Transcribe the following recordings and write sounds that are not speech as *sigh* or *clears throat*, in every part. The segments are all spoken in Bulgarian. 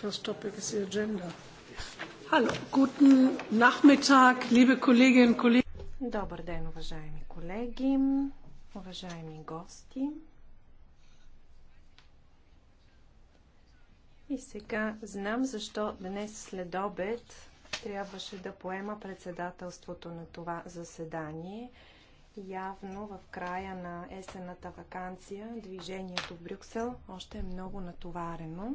first topic is the agenda. Hallo, guten Nachmittag, liebe Kolleginnen und Kollegen. Добър ден, уважаеми колеги, уважаеми гости. И сега знам защо днес след обед трябваше да поема председателството на това заседание. Явно в края на есената вакансия движението в Брюксел още е много натоварено.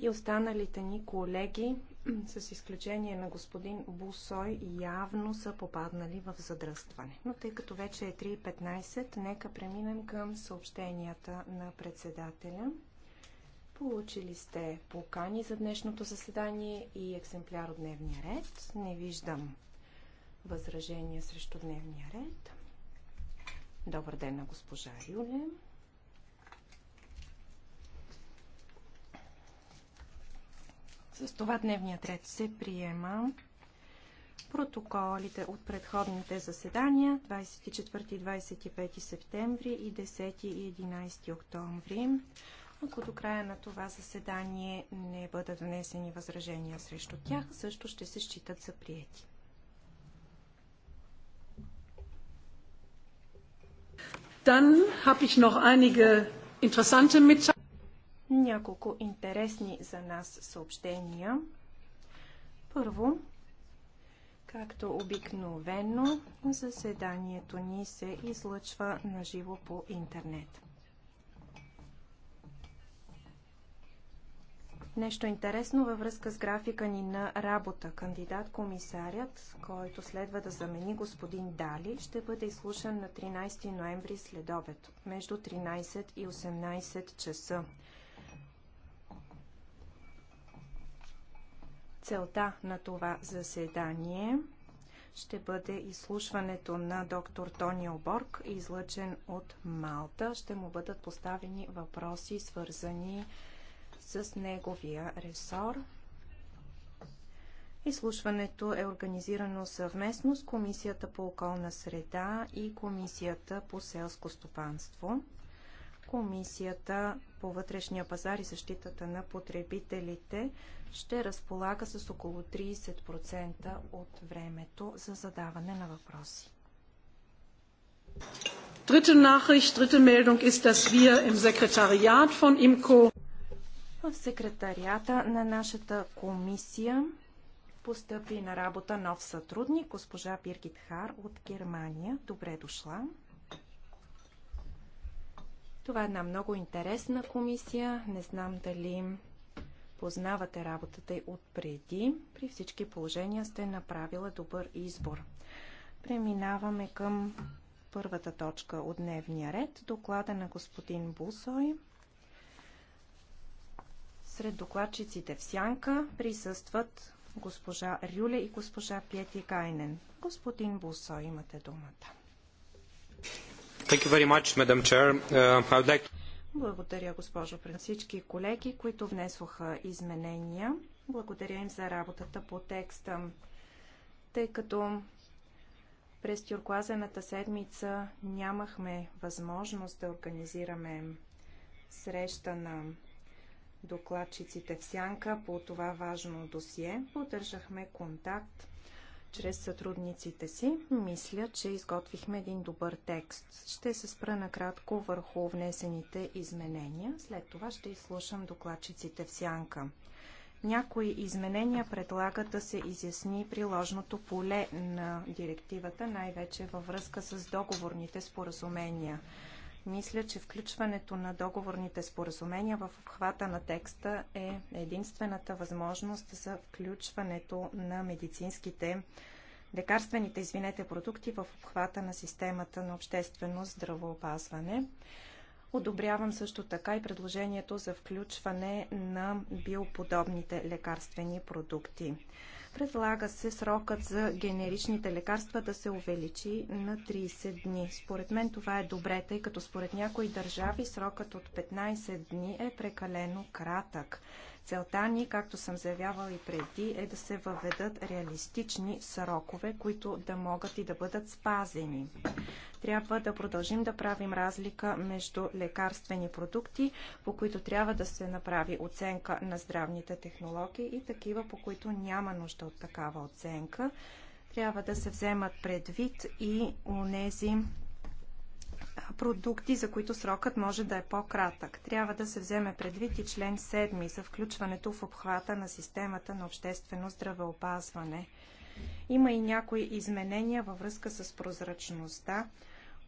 И останалите ни колеги, *clears throat* с изключение на господин Бусой, явно са попаднали в задръстване. Но тъй като вече е 3.15, нека преминем към съобщенията на председателя. Получили сте покани за днешното заседание и екземпляр от дневния ред. Не виждам възражения срещу дневния ред. Добър ден на госпожа Юлия. С това дневният ред се приема. Протоколите от предходните заседания 24 и 25 септември и 10 и 11 октомври. Ако до края на това заседание не бъдат внесени възражения срещу тях, също ще се считат за приети. Dann habe ich noch einige interessante Mitteilungen няколко интересни за нас съобщения. Първо, както обикновено, заседанието ни се излъчва на живо по интернет. Нещо интересно във връзка с графика ни на работа. Кандидат-комисарят, който следва да замени господин Дали, ще бъде изслушан на 13 ноември следобед, между 13 и 18 часа. Целта на това заседание ще бъде изслушването на доктор Тонио Борг, излъчен от Малта. Ще му бъдат поставени въпроси, свързани с неговия ресор. Изслушването е организирано съвместно с Комисията по околна среда и Комисията по селско стопанство. Комисията по вътрешния пазар и защитата на потребителите ще разполага с около 30% от времето за задаване на въпроси. Dritte Nachricht, dritte Meldung ist, dass wir im Sekretariat von в секретарията на нашата комисия постъпи на работа нов сътрудник, госпожа Биргит Хар от Германия. Добре дошла! Това е една много интересна комисия. Не знам дали познавате работата й отпреди. При всички положения сте направила добър избор. Преминаваме към първата точка от дневния ред. Доклада на господин Бусой. Сред докладчиците в Сянка присъстват госпожа Рюле и госпожа Пети Кайнен. Господин Бусой, имате думата. Благодаря, госпожо пред всички колеги, които внесоха изменения. Благодаря им за работата по текста. Тъй като през тюркуазената седмица нямахме възможност да организираме среща на докладчиците в Сянка по това важно досие. Поддържахме контакт чрез сътрудниците си. Мисля, че изготвихме един добър текст. Ще се спра накратко върху внесените изменения. След това ще изслушам докладчиците в сянка. Някои изменения предлагат да се изясни приложното поле на директивата, най-вече във връзка с договорните споразумения. Мисля, че включването на договорните споразумения в обхвата на текста е единствената възможност за включването на медицинските лекарствените, извинете, продукти в обхвата на системата на обществено здравоопазване. Одобрявам също така и предложението за включване на биоподобните лекарствени продукти. Предлага се срокът за генеричните лекарства да се увеличи на 30 дни. Според мен това е добре, тъй като според някои държави срокът от 15 дни е прекалено кратък. Целта ни, както съм заявявал и преди, е да се въведат реалистични срокове, които да могат и да бъдат спазени. Трябва да продължим да правим разлика между лекарствени продукти, по които трябва да се направи оценка на здравните технологии и такива, по които няма нужда от такава оценка. Трябва да се вземат предвид и у нези продукти, за които срокът може да е по-кратък. Трябва да се вземе предвид и член 7 за включването в обхвата на системата на обществено здравеопазване. Има и някои изменения във връзка с прозрачността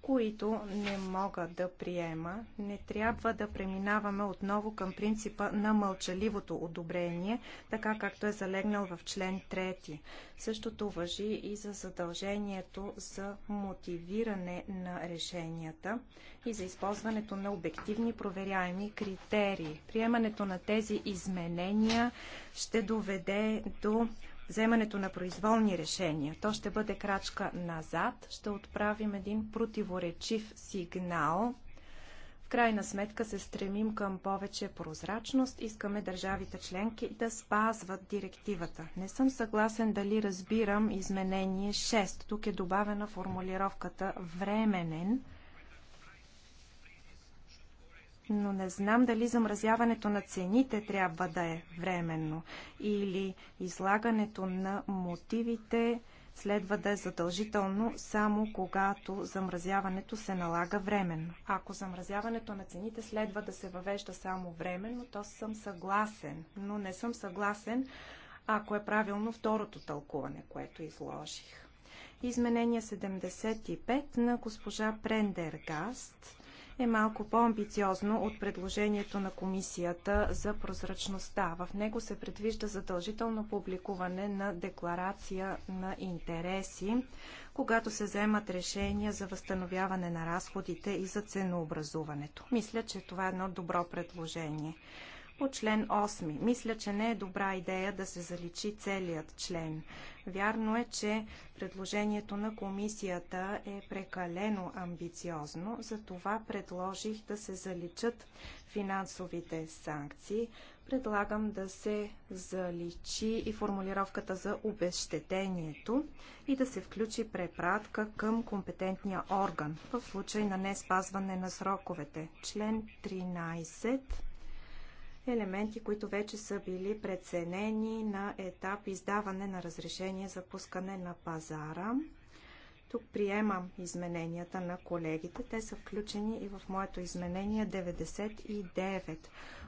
които не мога да приема. Не трябва да преминаваме отново към принципа на мълчаливото одобрение, така както е залегнал в член 3. Същото въжи и за задължението за мотивиране на решенията и за използването на обективни проверяеми критерии. Приемането на тези изменения ще доведе до вземането на произволни решения. То ще бъде крачка назад, ще отправим един противоречив сигнал. В крайна сметка се стремим към повече прозрачност, искаме държавите членки да спазват директивата. Не съм съгласен дали разбирам изменение 6. Тук е добавена формулировката временен но не знам дали замразяването на цените трябва да е временно или излагането на мотивите следва да е задължително само когато замразяването се налага временно. Ако замразяването на цените следва да се въвежда само временно, то съм съгласен, но не съм съгласен, ако е правилно второто тълкуване, което изложих. Изменение 75 на госпожа Прендергаст е малко по-амбициозно от предложението на комисията за прозрачността. В него се предвижда задължително публикуване на декларация на интереси, когато се вземат решения за възстановяване на разходите и за ценообразуването. Мисля, че това е едно добро предложение. По член 8. Мисля, че не е добра идея да се заличи целият член. Вярно е, че предложението на комисията е прекалено амбициозно, затова предложих да се заличат финансовите санкции. Предлагам да се заличи и формулировката за обещетението и да се включи препратка към компетентния орган в случай на неспазване на сроковете. Член 13 елементи, които вече са били преценени на етап издаване на разрешение за пускане на пазара. Тук приемам измененията на колегите. Те са включени и в моето изменение 99.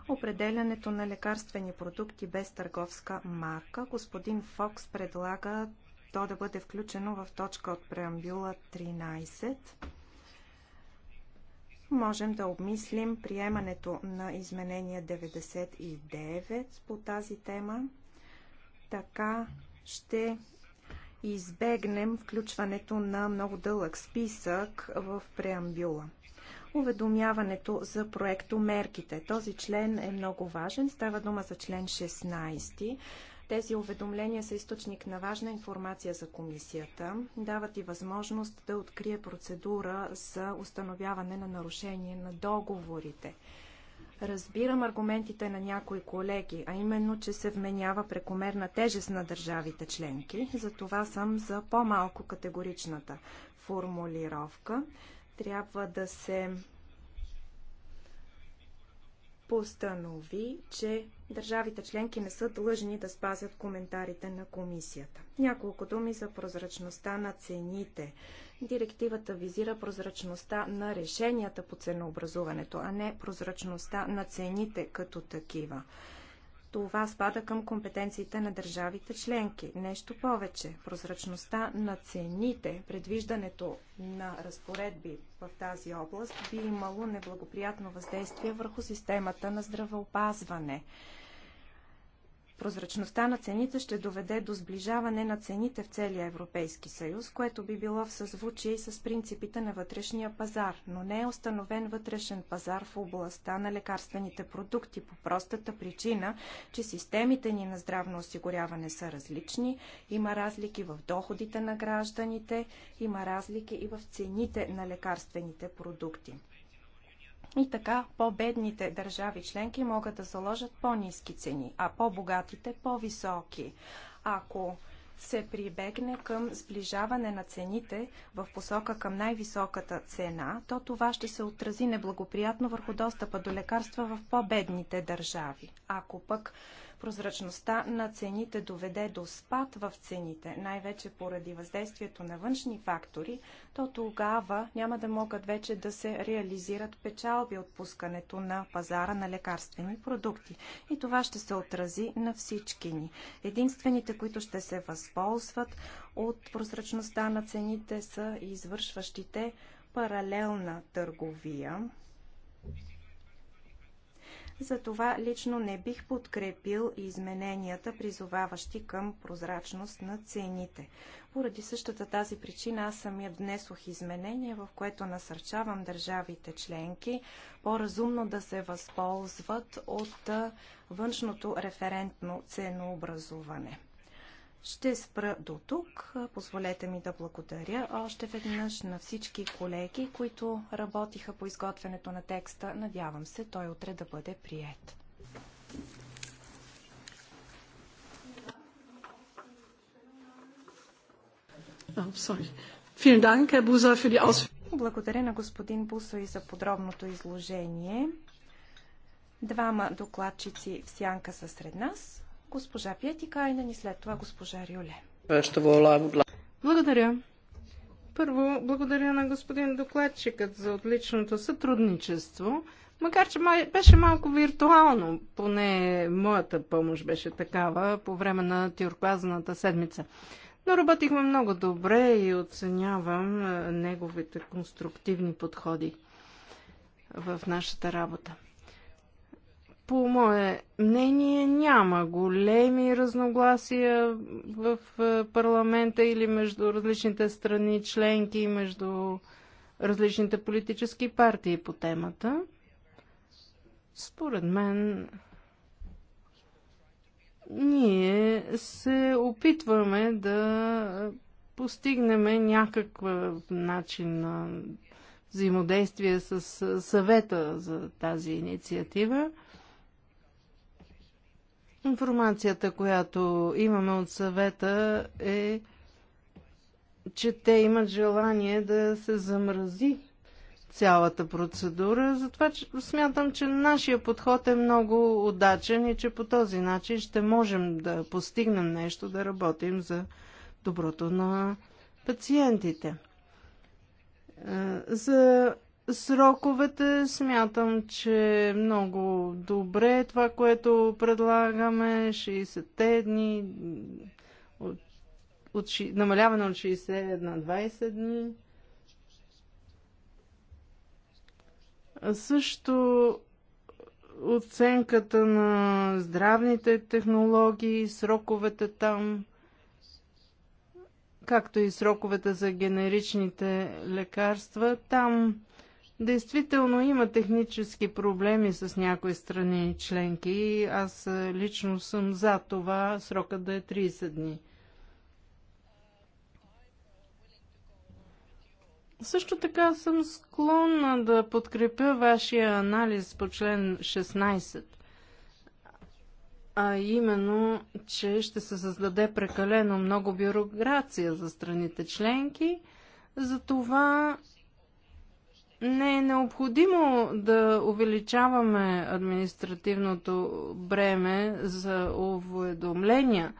Определянето на лекарствени продукти без търговска марка. Господин Фокс предлага то да бъде включено в точка от преамбюла 13 можем да обмислим приемането на изменение 99 по тази тема. Така ще избегнем включването на много дълъг списък в преамбюла. Уведомяването за проекто мерките. Този член е много важен. Става дума за член 16. Тези уведомления са източник на важна информация за комисията, дават и възможност да открие процедура за установяване на нарушение на договорите. Разбирам аргументите на някои колеги, а именно, че се вменява прекомерна тежест на държавите членки. Затова съм за по-малко категоричната формулировка. Трябва да се постанови, че държавите членки не са длъжни да спазят коментарите на комисията. Няколко думи за прозрачността на цените. Директивата визира прозрачността на решенията по ценообразуването, а не прозрачността на цените като такива. Това спада към компетенциите на държавите членки. Нещо повече. Прозрачността на цените, предвиждането на разпоредби в тази област би имало неблагоприятно въздействие върху системата на здравеопазване. Прозрачността на цените ще доведе до сближаване на цените в целия Европейски съюз, което би било в съзвучие и с принципите на вътрешния пазар, но не е установен вътрешен пазар в областта на лекарствените продукти по простата причина, че системите ни на здравно осигуряване са различни, има разлики в доходите на гражданите, има разлики и в цените на лекарствените продукти. И така по-бедните държави членки могат да заложат по-низки цени, а по-богатите по-високи. Ако се прибегне към сближаване на цените в посока към най-високата цена, то това ще се отрази неблагоприятно върху достъпа до лекарства в по-бедните държави. Ако пък Прозрачността на цените доведе до спад в цените, най-вече поради въздействието на външни фактори, то тогава няма да могат вече да се реализират печалби от пускането на пазара на лекарствени продукти. И това ще се отрази на всички ни. Единствените, които ще се възползват от прозрачността на цените са извършващите паралелна търговия затова лично не бих подкрепил измененията, призоваващи към прозрачност на цените. Поради същата тази причина аз самия внесох изменение, в което насърчавам държавите членки по-разумно да се възползват от външното референтно ценообразуване. Ще спра до тук. Позволете ми да благодаря още веднъж на всички колеги, които работиха по изготвянето на текста. Надявам се той утре да бъде прият. Oh, благодаря на господин Бусо и за подробното изложение. Двама докладчици в сянка са сред нас. Госпожа Пиетикайнен и след това госпожа Рюле. Благодаря. Първо, благодаря на господин докладчикът за отличното сътрудничество. Макар, че беше малко виртуално, поне моята помощ беше такава по време на тюркуазната седмица. Но работихме много добре и оценявам е, неговите конструктивни подходи в нашата работа. По мое мнение няма големи разногласия в е, парламента или между различните страни членки, между различните политически партии по темата. Според мен ние се опитваме да постигнем някакъв начин на взаимодействие с съвета за тази инициатива. Информацията, която имаме от съвета е, че те имат желание да се замрази цялата процедура. Затова че смятам, че нашия подход е много удачен и че по този начин ще можем да постигнем нещо, да работим за доброто на пациентите. Е, за Сроковете смятам, че е много добре е това, което предлагаме. 60-те дни, от, от, намаляване от 60 на 20 дни. Също оценката на здравните технологии, сроковете там, както и сроковете за генеричните лекарства. Там Действително има технически проблеми с някои страни членки. Аз лично съм за това срокът да е 30 дни. Също така съм склонна да подкрепя вашия анализ по член 16, а именно, че ще се създаде прекалено много бюрокрация за страните членки, затова не е необходимо да увеличаваме административното бреме за уведомления,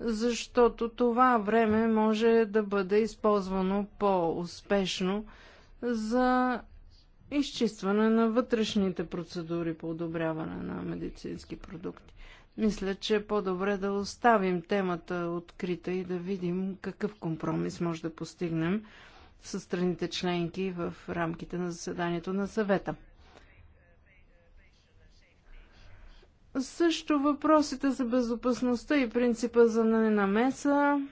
защото това време може да бъде използвано по-успешно за изчистване на вътрешните процедури по одобряване на медицински продукти. Мисля, че е по-добре да оставим темата открита и да видим какъв компромис може да постигнем с страните членки в рамките на заседанието на съвета. Също въпросите за безопасността и принципа за ненамеса.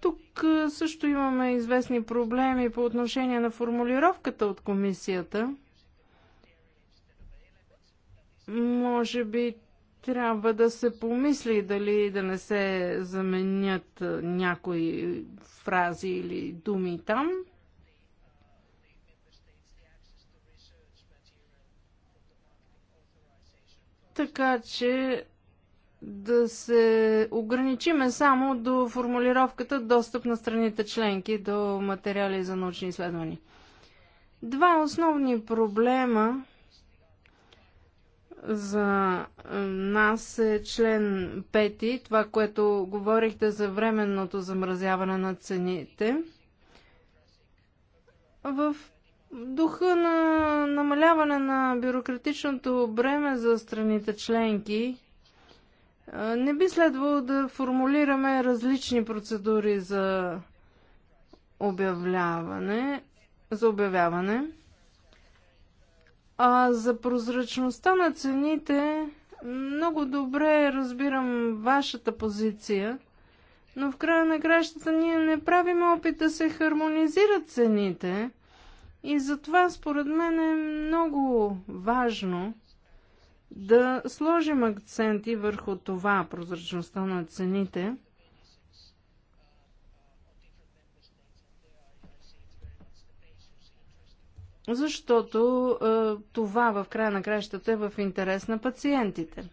Тук също имаме известни проблеми по отношение на формулировката от комисията. Може би трябва да се помисли дали да не се заменят някои фрази или думи там. Така че да се ограничиме само до формулировката достъп на страните членки до материали за научни изследвания. Два основни проблема – за е, нас е член 5, това, което говорихте за временното замразяване на цените. В духа на намаляване на бюрократичното бреме за страните членки, е, не би следвало да формулираме различни процедури за обявяване, за обявяване. А за прозрачността на цените много добре разбирам вашата позиция, но в края на кращата ние не правим опит да се хармонизират цените и затова според мен е много важно да сложим акценти върху това прозрачността на цените – защото е, това в края на кращата е в интерес на пациентите.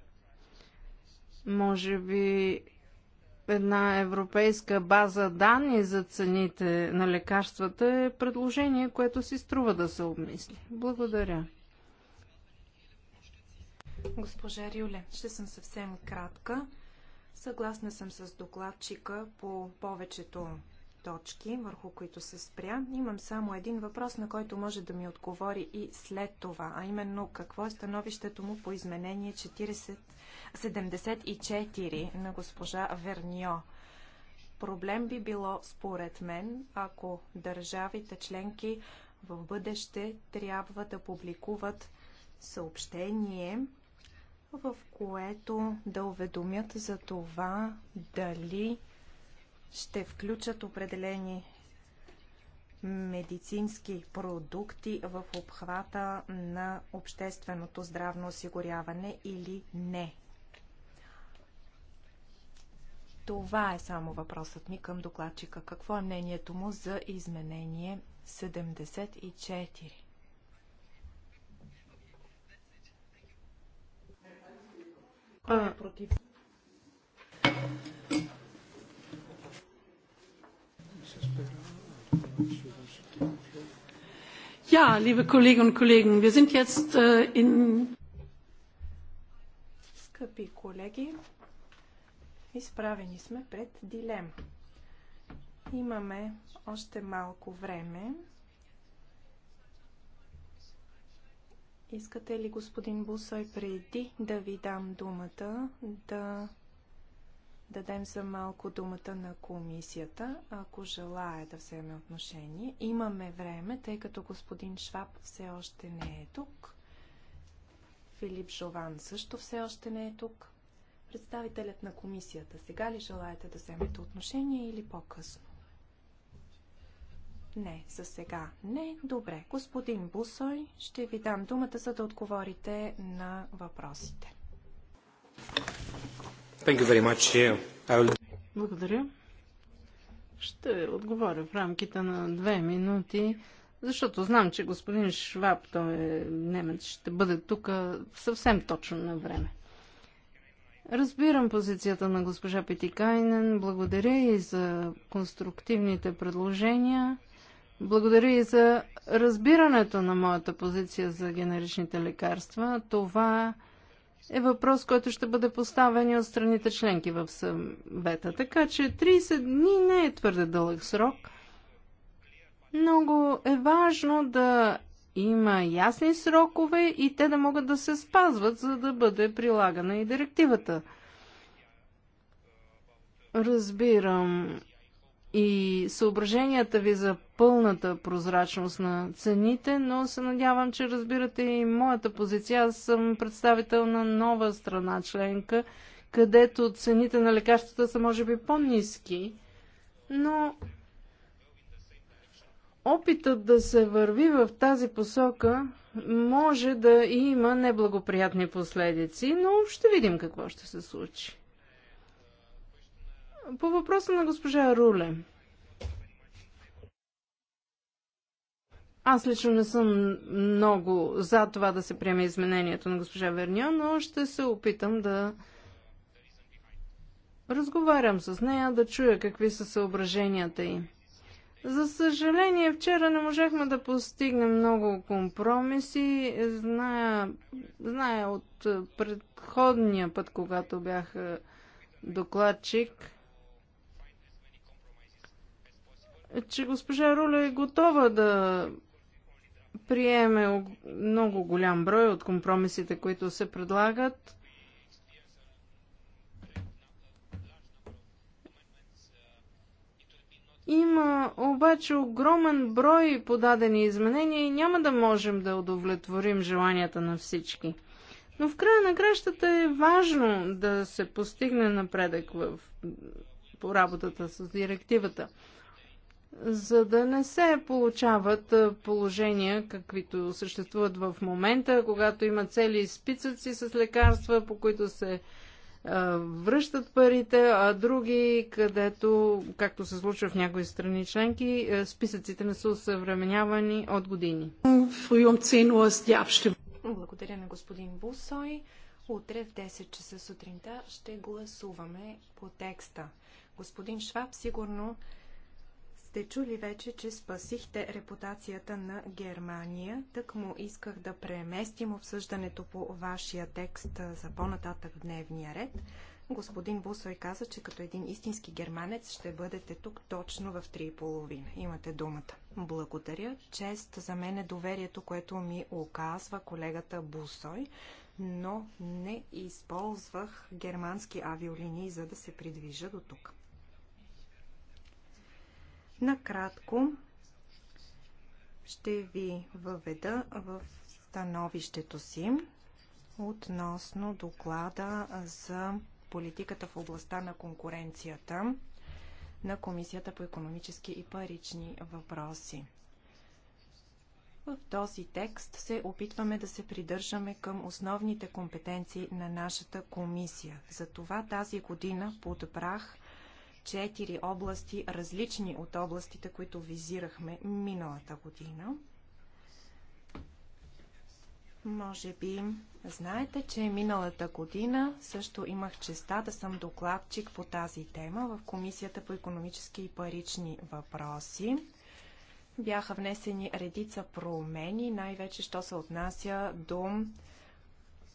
Може би една европейска база данни за цените на лекарствата е предложение, което си струва да се обмисли. Благодаря. Госпожа Рюле, ще съм съвсем кратка. Съгласна съм с докладчика по повечето точки, върху които се спря. Имам само един въпрос, на който може да ми отговори и след това, а именно какво е становището му по изменение 40... 74 на госпожа Верньо. Проблем би било, според мен, ако държавите членки в бъдеще трябва да публикуват съобщение, в което да уведомят за това дали ще включат определени медицински продукти в обхвата на общественото здравно осигуряване или не. Това е само въпросът ми към докладчика. Какво е мнението му за изменение 74? А, е против. Ja, liebe Kolleginnen und Kollegen, wir sind jetzt äh, in. Скъпи колеги, изправени сме пред дилема. Имаме още малко време. Искате ли, господин Бусой, преди да ви дам думата, да дадем за малко думата на комисията, ако желая да вземе отношение. Имаме време, тъй като господин Шваб все още не е тук. Филип Жован също все още не е тук. Представителят на комисията, сега ли желаете да вземете отношение или по-късно? Не, за сега не. Добре, господин Бусой, ще ви дам думата, за да отговорите на въпросите. Will... Благодаря. Ще отговоря в рамките на две минути, защото знам, че господин Шваб, той е немец, ще бъде тук съвсем точно на време. Разбирам позицията на госпожа Петикайнен. Благодаря и за конструктивните предложения. Благодаря и за разбирането на моята позиция за генеричните лекарства. Това е е въпрос, който ще бъде поставен и от страните членки в съвета. Така че 30 дни не е твърде дълъг срок. Много е важно да има ясни срокове и те да могат да се спазват, за да бъде прилагана и директивата. Разбирам и съображенията ви за пълната прозрачност на цените, но се надявам, че разбирате и моята позиция. Аз съм представител на нова страна членка, където цените на лекарствата са може би по-низки, но опитът да се върви в тази посока може да има неблагоприятни последици, но ще видим какво ще се случи. По въпроса на госпожа Руле. Аз лично не съм много за това да се приеме изменението на госпожа Верньо, но ще се опитам да разговарям с нея, да чуя какви са съображенията й. За съжаление, вчера не можахме да постигнем много компромиси. Зная, зная от предходния път, когато бях докладчик, че госпожа Руле е готова да приеме много голям брой от компромисите, които се предлагат. Има обаче огромен брой подадени изменения и няма да можем да удовлетворим желанията на всички. Но в края на кращата е важно да се постигне напредък в, по работата с директивата за да не се получават положения, каквито съществуват в момента, когато има цели списъци с лекарства, по които се връщат парите, а други, където, както се случва в някои страни членки, списъците не са съвременявани от години. Благодаря на господин Бусой. Утре в 10 часа сутринта ще гласуваме по текста. Господин Шваб сигурно сте чули вече, че спасихте репутацията на Германия. Тък му исках да преместим обсъждането по вашия текст за по-нататък дневния ред. Господин Бусой каза, че като един истински германец ще бъдете тук точно в 3.30. Имате думата. Благодаря. Чест за мен е доверието, което ми оказва колегата Бусой, но не използвах германски авиолинии, за да се придвижа до тук. Накратко ще ви въведа в становището си относно доклада за политиката в областта на конкуренцията на Комисията по економически и парични въпроси. В този текст се опитваме да се придържаме към основните компетенции на нашата комисия. Затова тази година подбрах четири области, различни от областите, които визирахме миналата година. Може би знаете, че миналата година също имах честа да съм докладчик по тази тема в Комисията по економически и парични въпроси. Бяха внесени редица промени, най-вече що се отнася до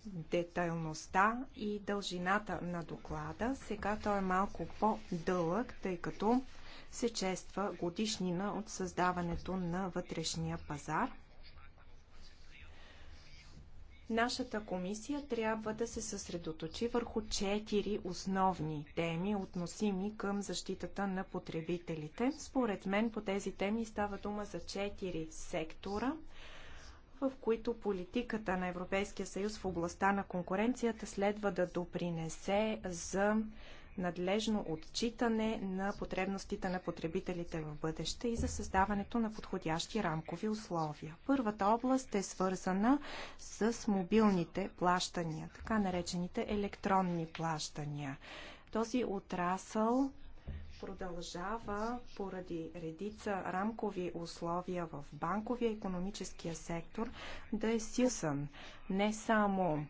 детайлността и дължината на доклада. Сега той е малко по-дълъг, тъй като се чества годишнина от създаването на вътрешния пазар. Нашата комисия трябва да се съсредоточи върху четири основни теми, относими към защитата на потребителите. Според мен по тези теми става дума за четири сектора – в които политиката на Европейския съюз в областта на конкуренцията следва да допринесе за надлежно отчитане на потребностите на потребителите в бъдеще и за създаването на подходящи рамкови условия. Първата област е свързана с мобилните плащания, така наречените електронни плащания. Този отрасъл продължава поради редица рамкови условия в банковия и економическия сектор да е силсън не само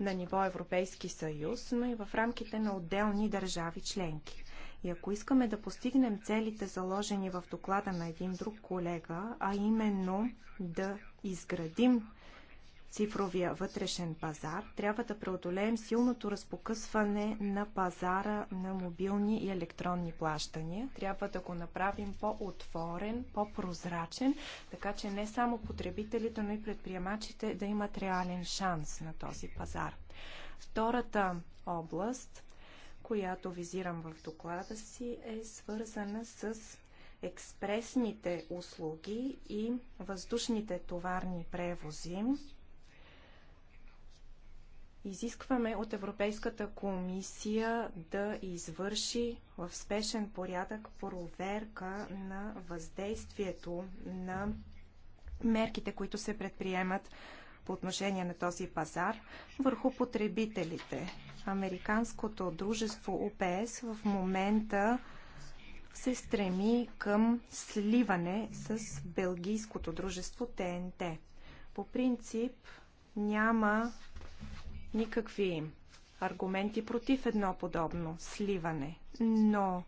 на ниво Европейски съюз, но и в рамките на отделни държави членки. И ако искаме да постигнем целите заложени в доклада на един друг колега, а именно да изградим цифровия вътрешен пазар, трябва да преодолеем силното разпокъсване на пазара на мобилни и електронни плащания. Трябва да го направим по-отворен, по-прозрачен, така че не само потребителите, но и предприемачите да имат реален шанс на този пазар. Втората област, която визирам в доклада си, е свързана с експресните услуги и въздушните товарни превози. Изискваме от Европейската комисия да извърши в спешен порядък проверка на въздействието на мерките, които се предприемат по отношение на този пазар върху потребителите. Американското дружество ОПС в момента се стреми към сливане с белгийското дружество ТНТ. По принцип няма никакви аргументи против едно подобно сливане, но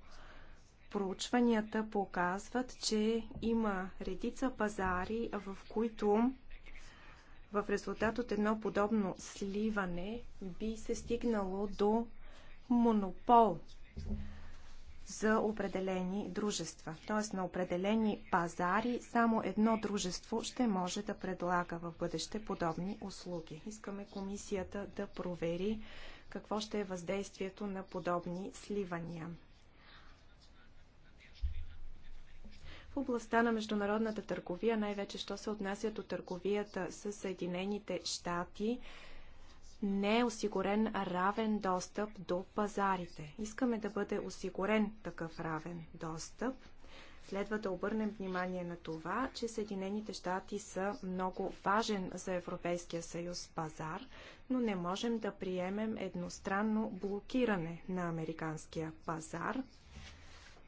проучванията показват, че има редица пазари, в които в резултат от едно подобно сливане би се стигнало до монопол за определени дружества. Т.е. на определени пазари само едно дружество ще може да предлага в бъдеще подобни услуги. Искаме комисията да провери какво ще е въздействието на подобни сливания. В областта на международната търговия, най-вече що се отнася до търговията с Съединените щати, не е осигурен равен достъп до пазарите. Искаме да бъде осигурен такъв равен достъп. Следва да обърнем внимание на това, че Съединените щати са много важен за Европейския съюз пазар, но не можем да приемем едностранно блокиране на американския пазар.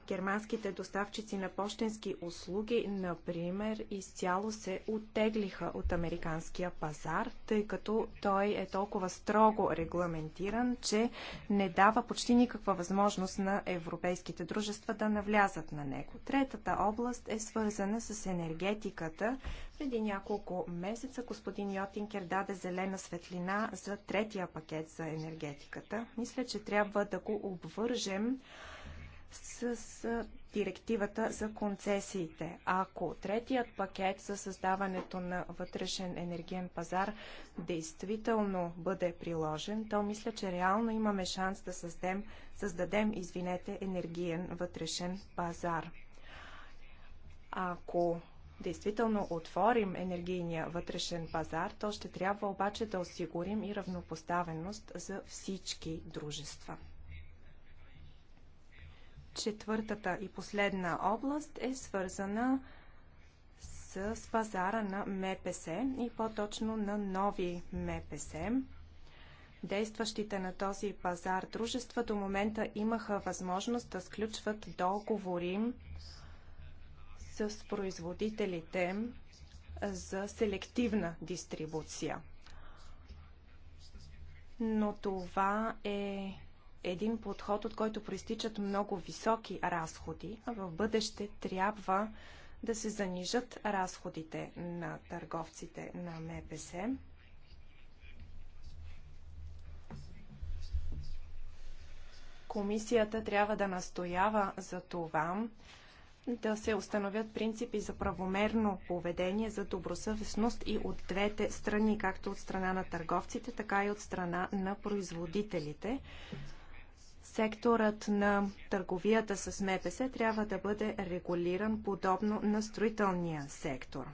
Германските доставчици на почтенски услуги, например, изцяло се оттеглиха от американския пазар, тъй като той е толкова строго регламентиран, че не дава почти никаква възможност на европейските дружества да навлязат на него. Третата област е свързана с енергетиката. Преди няколко месеца господин Йотинкер даде зелена светлина за третия пакет за енергетиката. Мисля, че трябва да го обвържем с директивата за концесиите. Ако третият пакет за създаването на вътрешен енергиен пазар действително бъде приложен, то мисля, че реално имаме шанс да създадем, създадем извинете, енергиен вътрешен пазар. Ако действително отворим енергийния вътрешен пазар, то ще трябва обаче да осигурим и равнопоставеност за всички дружества. Четвъртата и последна област е свързана с пазара на МПС и по-точно на нови МПС. Действащите на този пазар дружества до момента имаха възможност да сключват договори с производителите за селективна дистрибуция. Но това е един подход, от който проистичат много високи разходи, а в бъдеще трябва да се занижат разходите на търговците на МПС. Комисията трябва да настоява за това да се установят принципи за правомерно поведение, за добросъвестност и от двете страни, както от страна на търговците, така и от страна на производителите. Секторът на търговията с МПС трябва да бъде регулиран подобно на строителния сектор.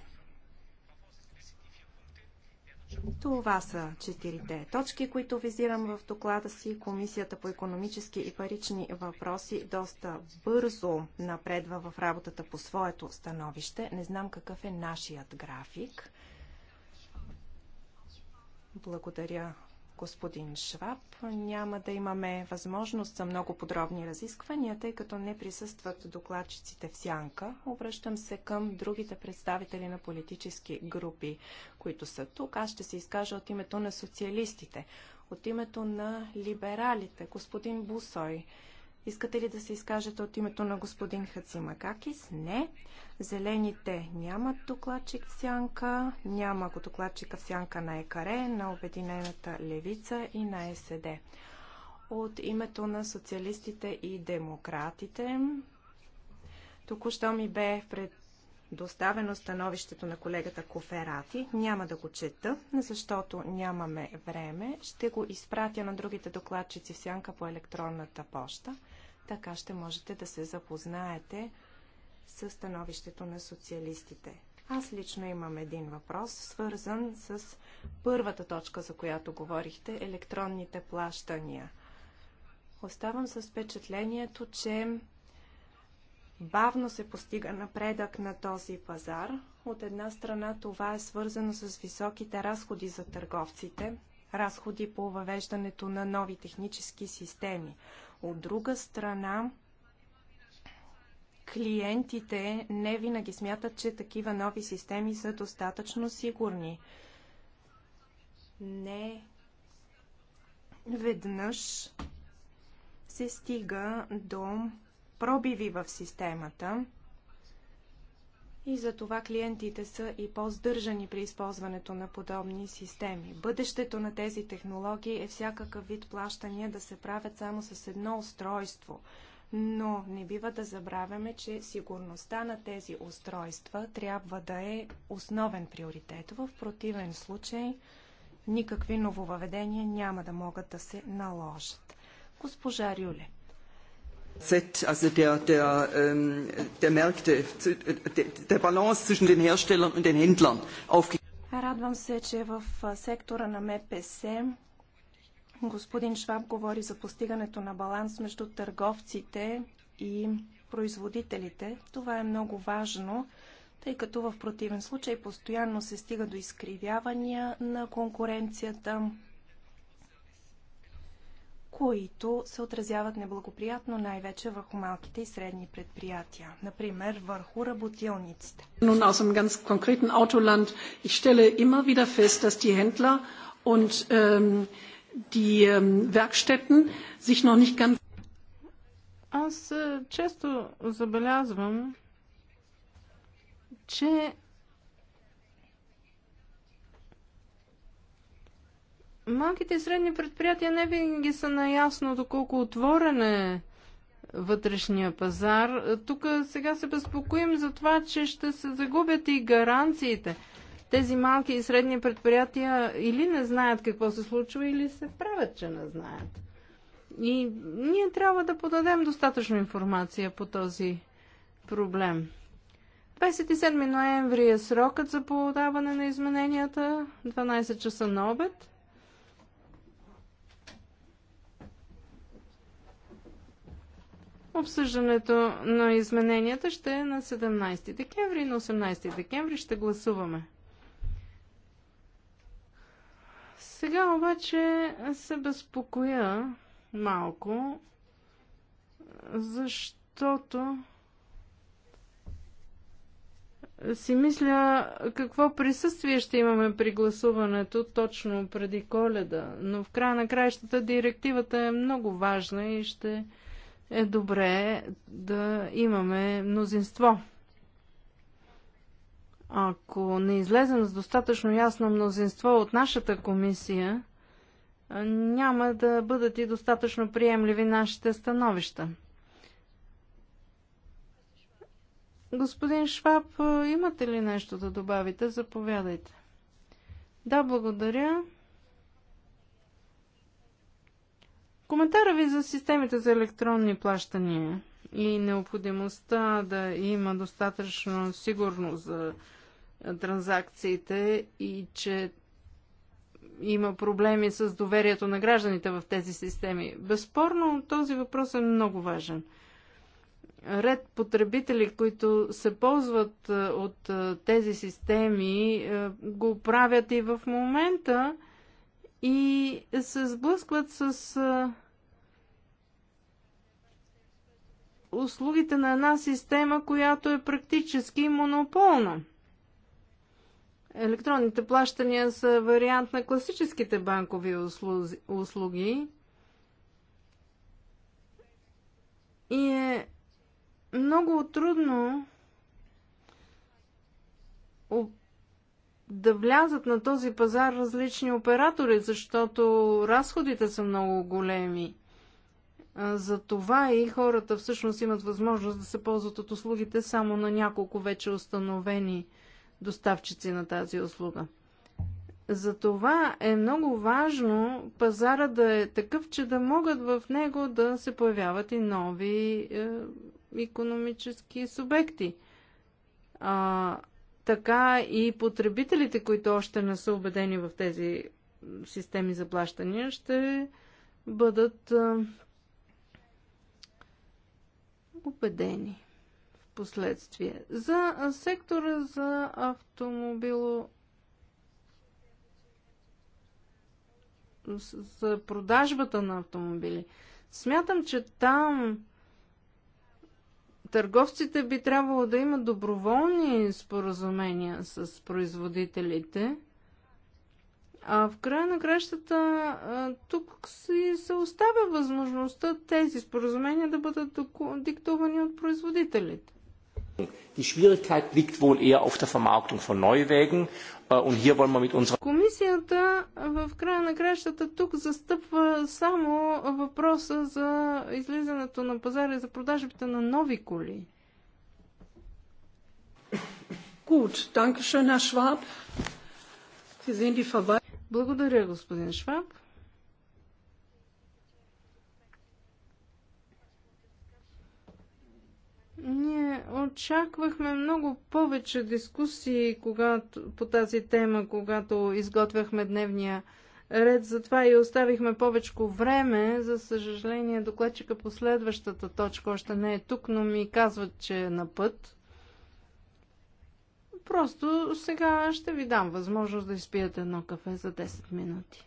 Това са четирите точки, които визирам в доклада си. Комисията по економически и парични въпроси доста бързо напредва в работата по своето становище. Не знам какъв е нашият график. Благодаря господин Шваб. Няма да имаме възможност за много подробни разисквания, тъй като не присъстват докладчиците в сянка. Обръщам се към другите представители на политически групи, които са тук. Аз ще се изкажа от името на социалистите, от името на либералите, господин Бусой. Искате ли да се изкажете от името на господин Хацимакакис? Не. Зелените нямат докладчик в сянка, няма го докладчика в сянка на ЕКАРЕ, на Обединената левица и на СД. От името на социалистите и демократите, току-що ми бе пред доставено становището на колегата Коферати. Няма да го чета, защото нямаме време. Ще го изпратя на другите докладчици в сянка по електронната поща. Така ще можете да се запознаете с становището на социалистите. Аз лично имам един въпрос, свързан с първата точка, за която говорихте – електронните плащания. Оставам с впечатлението, че бавно се постига напредък на този пазар. От една страна това е свързано с високите разходи за търговците, разходи по въвеждането на нови технически системи. От друга страна, клиентите не винаги смятат, че такива нови системи са достатъчно сигурни. Не веднъж се стига до пробиви в системата и за това клиентите са и по-здържани при използването на подобни системи. Бъдещето на тези технологии е всякакъв вид плащания да се правят само с едно устройство. Но не бива да забравяме, че сигурността на тези устройства трябва да е основен приоритет. В противен случай никакви нововъведения няма да могат да се наложат. Госпожа Рюле also der, der, ähm, der Märkte, der Balance zwischen den Herstellern und den Händlern Радвам се, че в сектора на МПС господин Шваб говори за постигането на баланс между търговците и производителите. Това е много важно, тъй като в противен случай постоянно се стига до изкривявания на конкуренцията, които се отразяват неблагоприятно най-вече върху малките и средни предприятия, например върху работилниците. Nun aus einem ganz konkreten Autoland. Ich stelle immer wieder fest, dass die Händler und ähm, die ähm, Werkstätten sich noch nicht ganz Аз э, често забелязвам, че Малките и средни предприятия не винаги са наясно доколко отворен е вътрешния пазар. Тук сега се безпокоим за това, че ще се загубят и гаранциите. Тези малки и средни предприятия или не знаят какво се случва, или се правят, че не знаят. И ние трябва да подадем достатъчно информация по този проблем. 27 ноември е срокът за подаване на измененията, 12 часа на обед. Обсъждането на измененията ще е на 17 декември. На 18 декември ще гласуваме. Сега обаче се безпокоя малко, защото си мисля какво присъствие ще имаме при гласуването точно преди коледа. Но в края на краищата директивата е много важна и ще е добре да имаме мнозинство. Ако не излезем с достатъчно ясно мнозинство от нашата комисия, няма да бъдат и достатъчно приемливи нашите становища. Господин Шваб, имате ли нещо да добавите? Заповядайте. Да, благодаря. Коментара ви за системите за електронни плащания и необходимостта да има достатъчно сигурност за транзакциите и че има проблеми с доверието на гражданите в тези системи. Безспорно, този въпрос е много важен. Ред потребители, които се ползват е, от е, тези системи, е, го правят и в момента и се сблъскват с услугите на една система, която е практически монополна. Електронните плащания са вариант на класическите банкови услуги и е много трудно да влязат на този пазар различни оператори, защото разходите са много големи. За това и хората всъщност имат възможност да се ползват от услугите само на няколко вече установени доставчици на тази услуга. За това е много важно пазара да е такъв, че да могат в него да се появяват и нови е, економически субекти. А, така и потребителите, които още не са убедени в тези системи за плащания, ще бъдат убедени в последствие. За сектора за автомобило за продажбата на автомобили. Смятам, че там Търговците би трябвало да имат доброволни споразумения с производителите, а в края на кращата тук си се оставя възможността тези споразумения да бъдат диктувани от производителите. Die Schwierigkeit liegt wohl eher auf der Vermarktung von Neuwegen Комисията в края на кращата тук застъпва само въпроса за излизането на пазара и за продажбите на нови коли. Herr Schwab. Благодаря, господин Шваб. Ние очаквахме много повече дискусии когато, по тази тема, когато изготвяхме дневния ред, затова и оставихме повече време. За съжаление, докладчика по следващата точка още не е тук, но ми казват, че е на път. Просто сега ще ви дам възможност да изпиете едно кафе за 10 минути.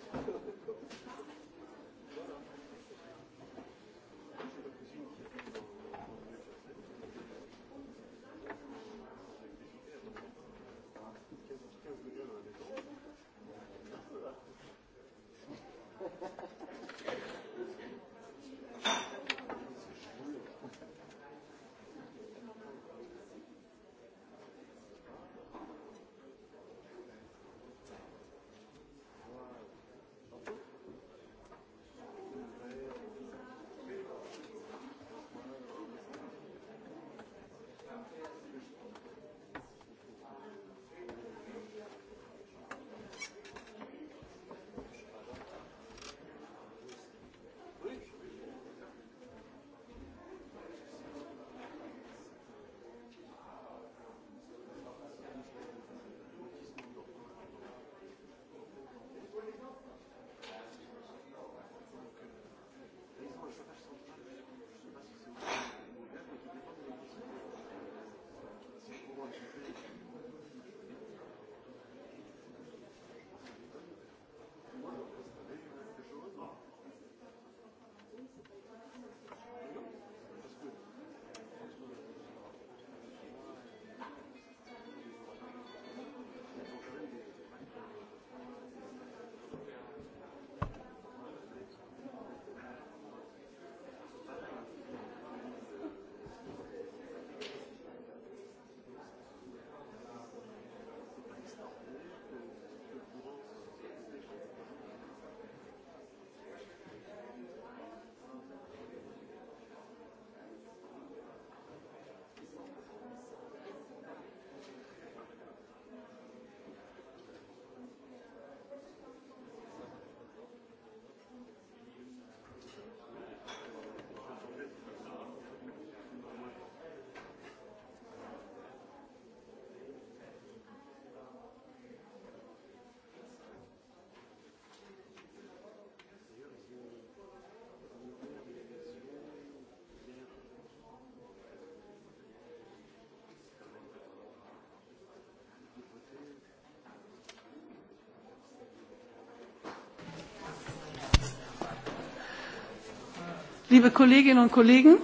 Liebe Kolleginnen und Kollegen,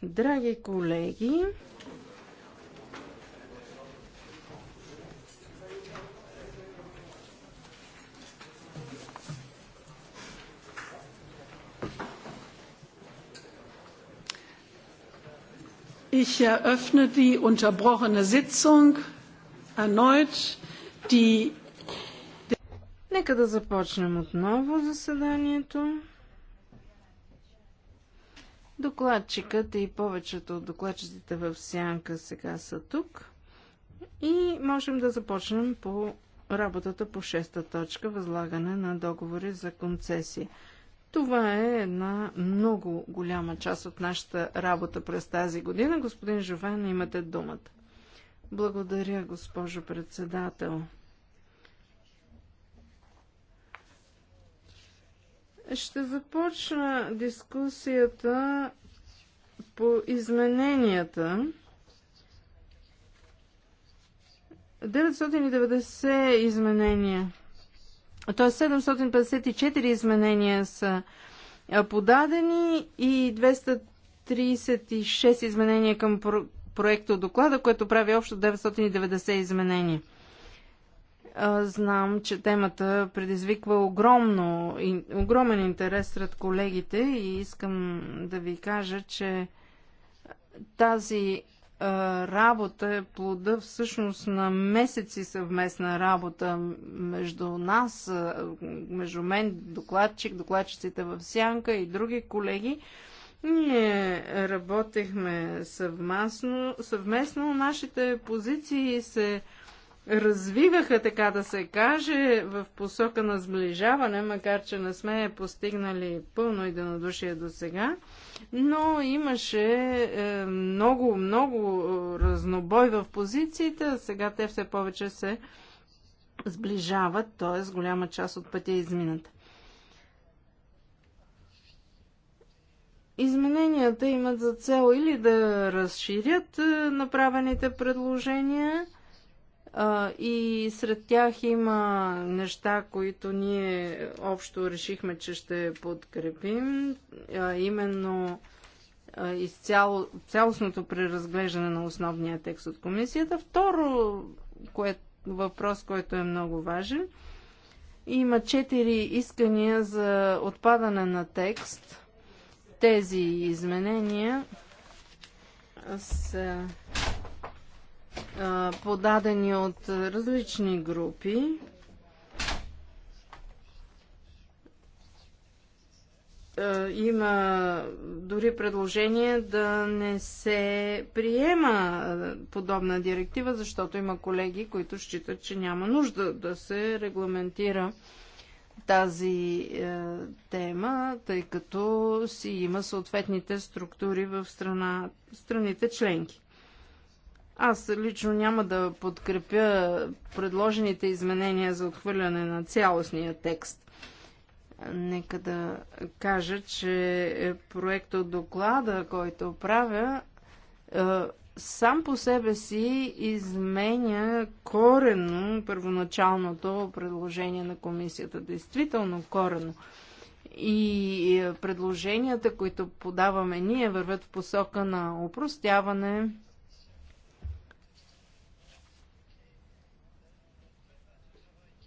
Драги колеги, Ich eröffne die unterbrochene Sitzung erneut. Die Нека да започнем отново заседанието. Докладчикът и повечето от докладчиците в Сянка сега са тук. И можем да започнем по работата по шеста точка възлагане на договори за концесии. Това е една много голяма част от нашата работа през тази година. Господин Жован, имате думата. Благодаря, госпожо председател. Ще започна дискусията по измененията. 990 изменения, т.е. 754 изменения са подадени и 236 изменения към проекта от доклада, което прави общо 990 изменения. Знам, че темата предизвиква огромно, огромен интерес сред колегите и искам да ви кажа, че тази работа е плода всъщност на месеци съвместна работа между нас, между мен, докладчик, докладчиците в Сянка и други колеги. Ние работехме съвместно, съвместно нашите позиции се развиваха, така да се каже, в посока на сближаване, макар че не сме постигнали пълно единодушие до сега, но имаше е, много, много е, разнобой в позициите, а сега те все повече се сближават, т.е. голяма част от пътя е измината. Измененията имат за цел или да разширят е, направените предложения – и сред тях има неща, които ние общо решихме, че ще подкрепим. Именно изцяло, цялостното преразглеждане на основния текст от комисията. Второ, кое, въпрос, който е много важен. Има четири искания за отпадане на текст. Тези изменения са подадени от различни групи. Има дори предложение да не се приема подобна директива, защото има колеги, които считат, че няма нужда да се регламентира тази е, тема, тъй като си има съответните структури в страна, страните членки. Аз лично няма да подкрепя предложените изменения за отхвърляне на цялостния текст. Нека да кажа, че проект от доклада, който правя, е, сам по себе си изменя корено първоначалното предложение на комисията. Действително корено. И е, предложенията, които подаваме ние, вървят в посока на упростяване,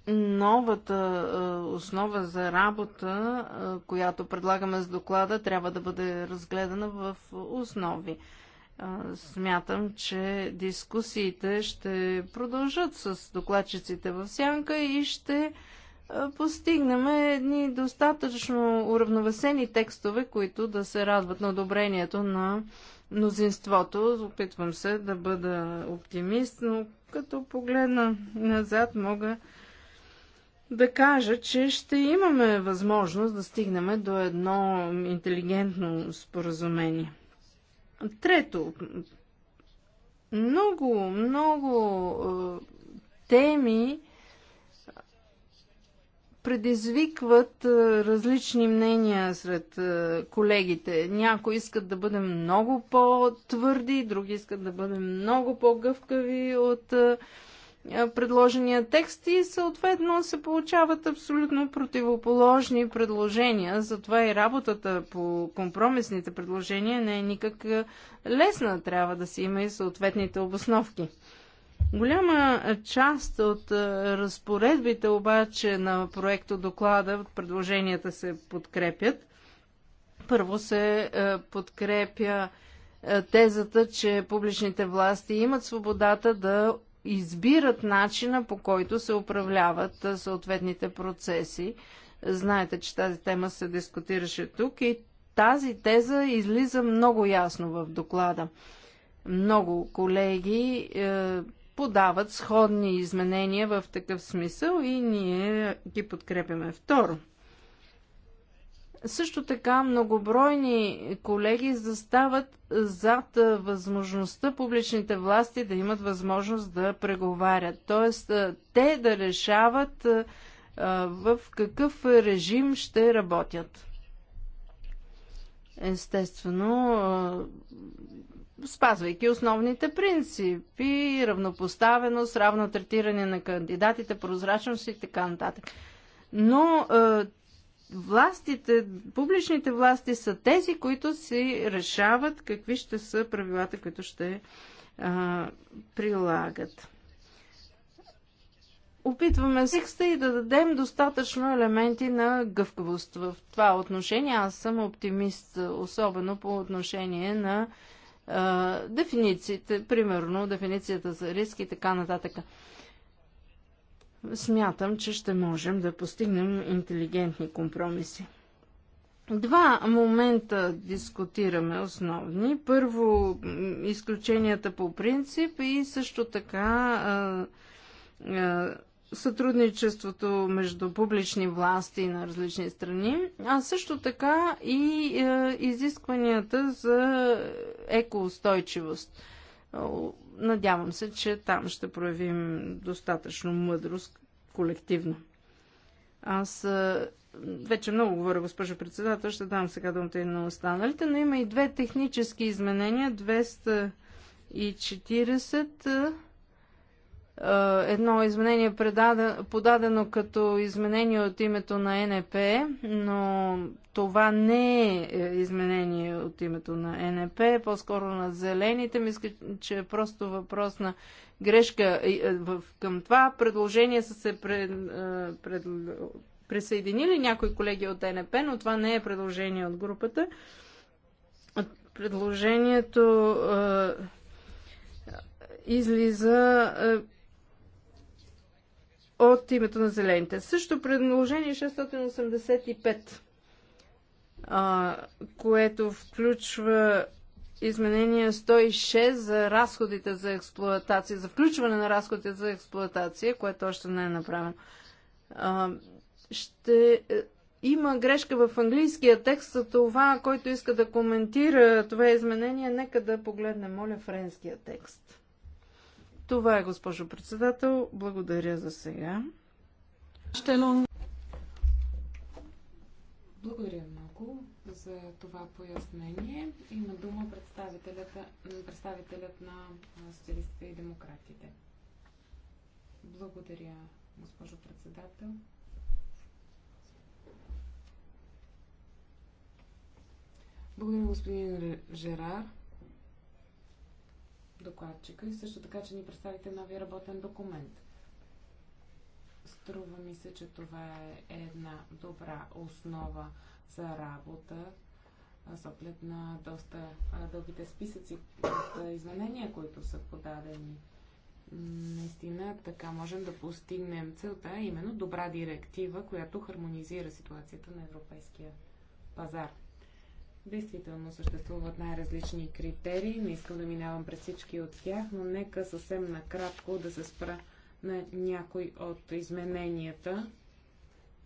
новата е, основа за работа, е, която предлагаме с доклада, трябва да бъде разгледана в основи. Е, смятам, че дискусиите ще продължат с докладчиците в сянка и ще постигнем едни достатъчно уравновесени текстове, които да се радват на одобрението на мнозинството. Опитвам се да бъда оптимист, но като погледна назад мога да кажа, че ще имаме възможност да стигнем до едно интелигентно споразумение. Трето, много, много е, теми предизвикват е, различни мнения сред е, колегите. Някои искат да бъдем много по-твърди, други искат да бъдем много по-гъвкави от предложения текст и съответно се получават абсолютно противоположни предложения. Затова и работата по компромисните предложения не е никак лесна. Трябва да си има и съответните обосновки. Голяма част от разпоредбите обаче на проекто доклада, от предложенията се подкрепят. Първо се подкрепя тезата, че публичните власти имат свободата да избират начина по който се управляват съответните процеси. Знаете, че тази тема се дискутираше тук и тази теза излиза много ясно в доклада. Много колеги е, подават сходни изменения в такъв смисъл и ние ги подкрепяме. Второ, също така многобройни колеги застават зад възможността публичните власти да имат възможност да преговарят. Тоест, те да решават в какъв режим ще работят. Естествено, спазвайки основните принципи, равнопоставеност, равно третиране на кандидатите, прозрачност и така нататък. Но властите, публичните власти са тези, които си решават какви ще са правилата, които ще а, прилагат. Опитваме се и да дадем достатъчно елементи на гъвкавост. В това отношение аз съм оптимист, особено по отношение на а, дефинициите, примерно дефиницията за риски и така нататък смятам, че ще можем да постигнем интелигентни компромиси. Два момента дискутираме основни. Първо, изключенията по принцип и също така сътрудничеството между публични власти на различни страни, а също така и изискванията за екоустойчивост Надявам се, че там ще проявим достатъчно мъдрост колективно. Аз вече много говоря, госпожо председател, ще дам сега думата и на останалите, но има и две технически изменения, 240 е, едно изменение подадено като изменение от името на НП, но това не е, е изменение от името на НП, по-скоро на зелените. Мисля, че е просто въпрос на грешка. Е, към това предложение са се пред, пред, присъединили някои колеги от НП, но това не е предложение от групата. Предложението излиза от името на зелените. Също предложение 685, а, което включва изменение 106 за разходите за експлуатация, за включване на разходите за експлуатация, което още не е направено. А, ще е, има грешка в английския текст, за това, който иска да коментира това изменение, нека да погледне, моля, френския текст. Това е, госпожо председател. Благодаря за сега. Благодаря много за това пояснение. Има дума представителят, представителят на социалистите и демократите. Благодаря, госпожо председател. Благодаря, господин Жерар докладчика и също така, че ни представите новия работен документ. Струва ми се, че това е една добра основа за работа с оглед на доста дългите списъци от изменения, които са подадени. Наистина така можем да постигнем целта, именно добра директива, която хармонизира ситуацията на европейския пазар. Действително съществуват най-различни критерии. Не искам да минавам през всички от тях, но нека съвсем накратко да се спра на някои от измененията,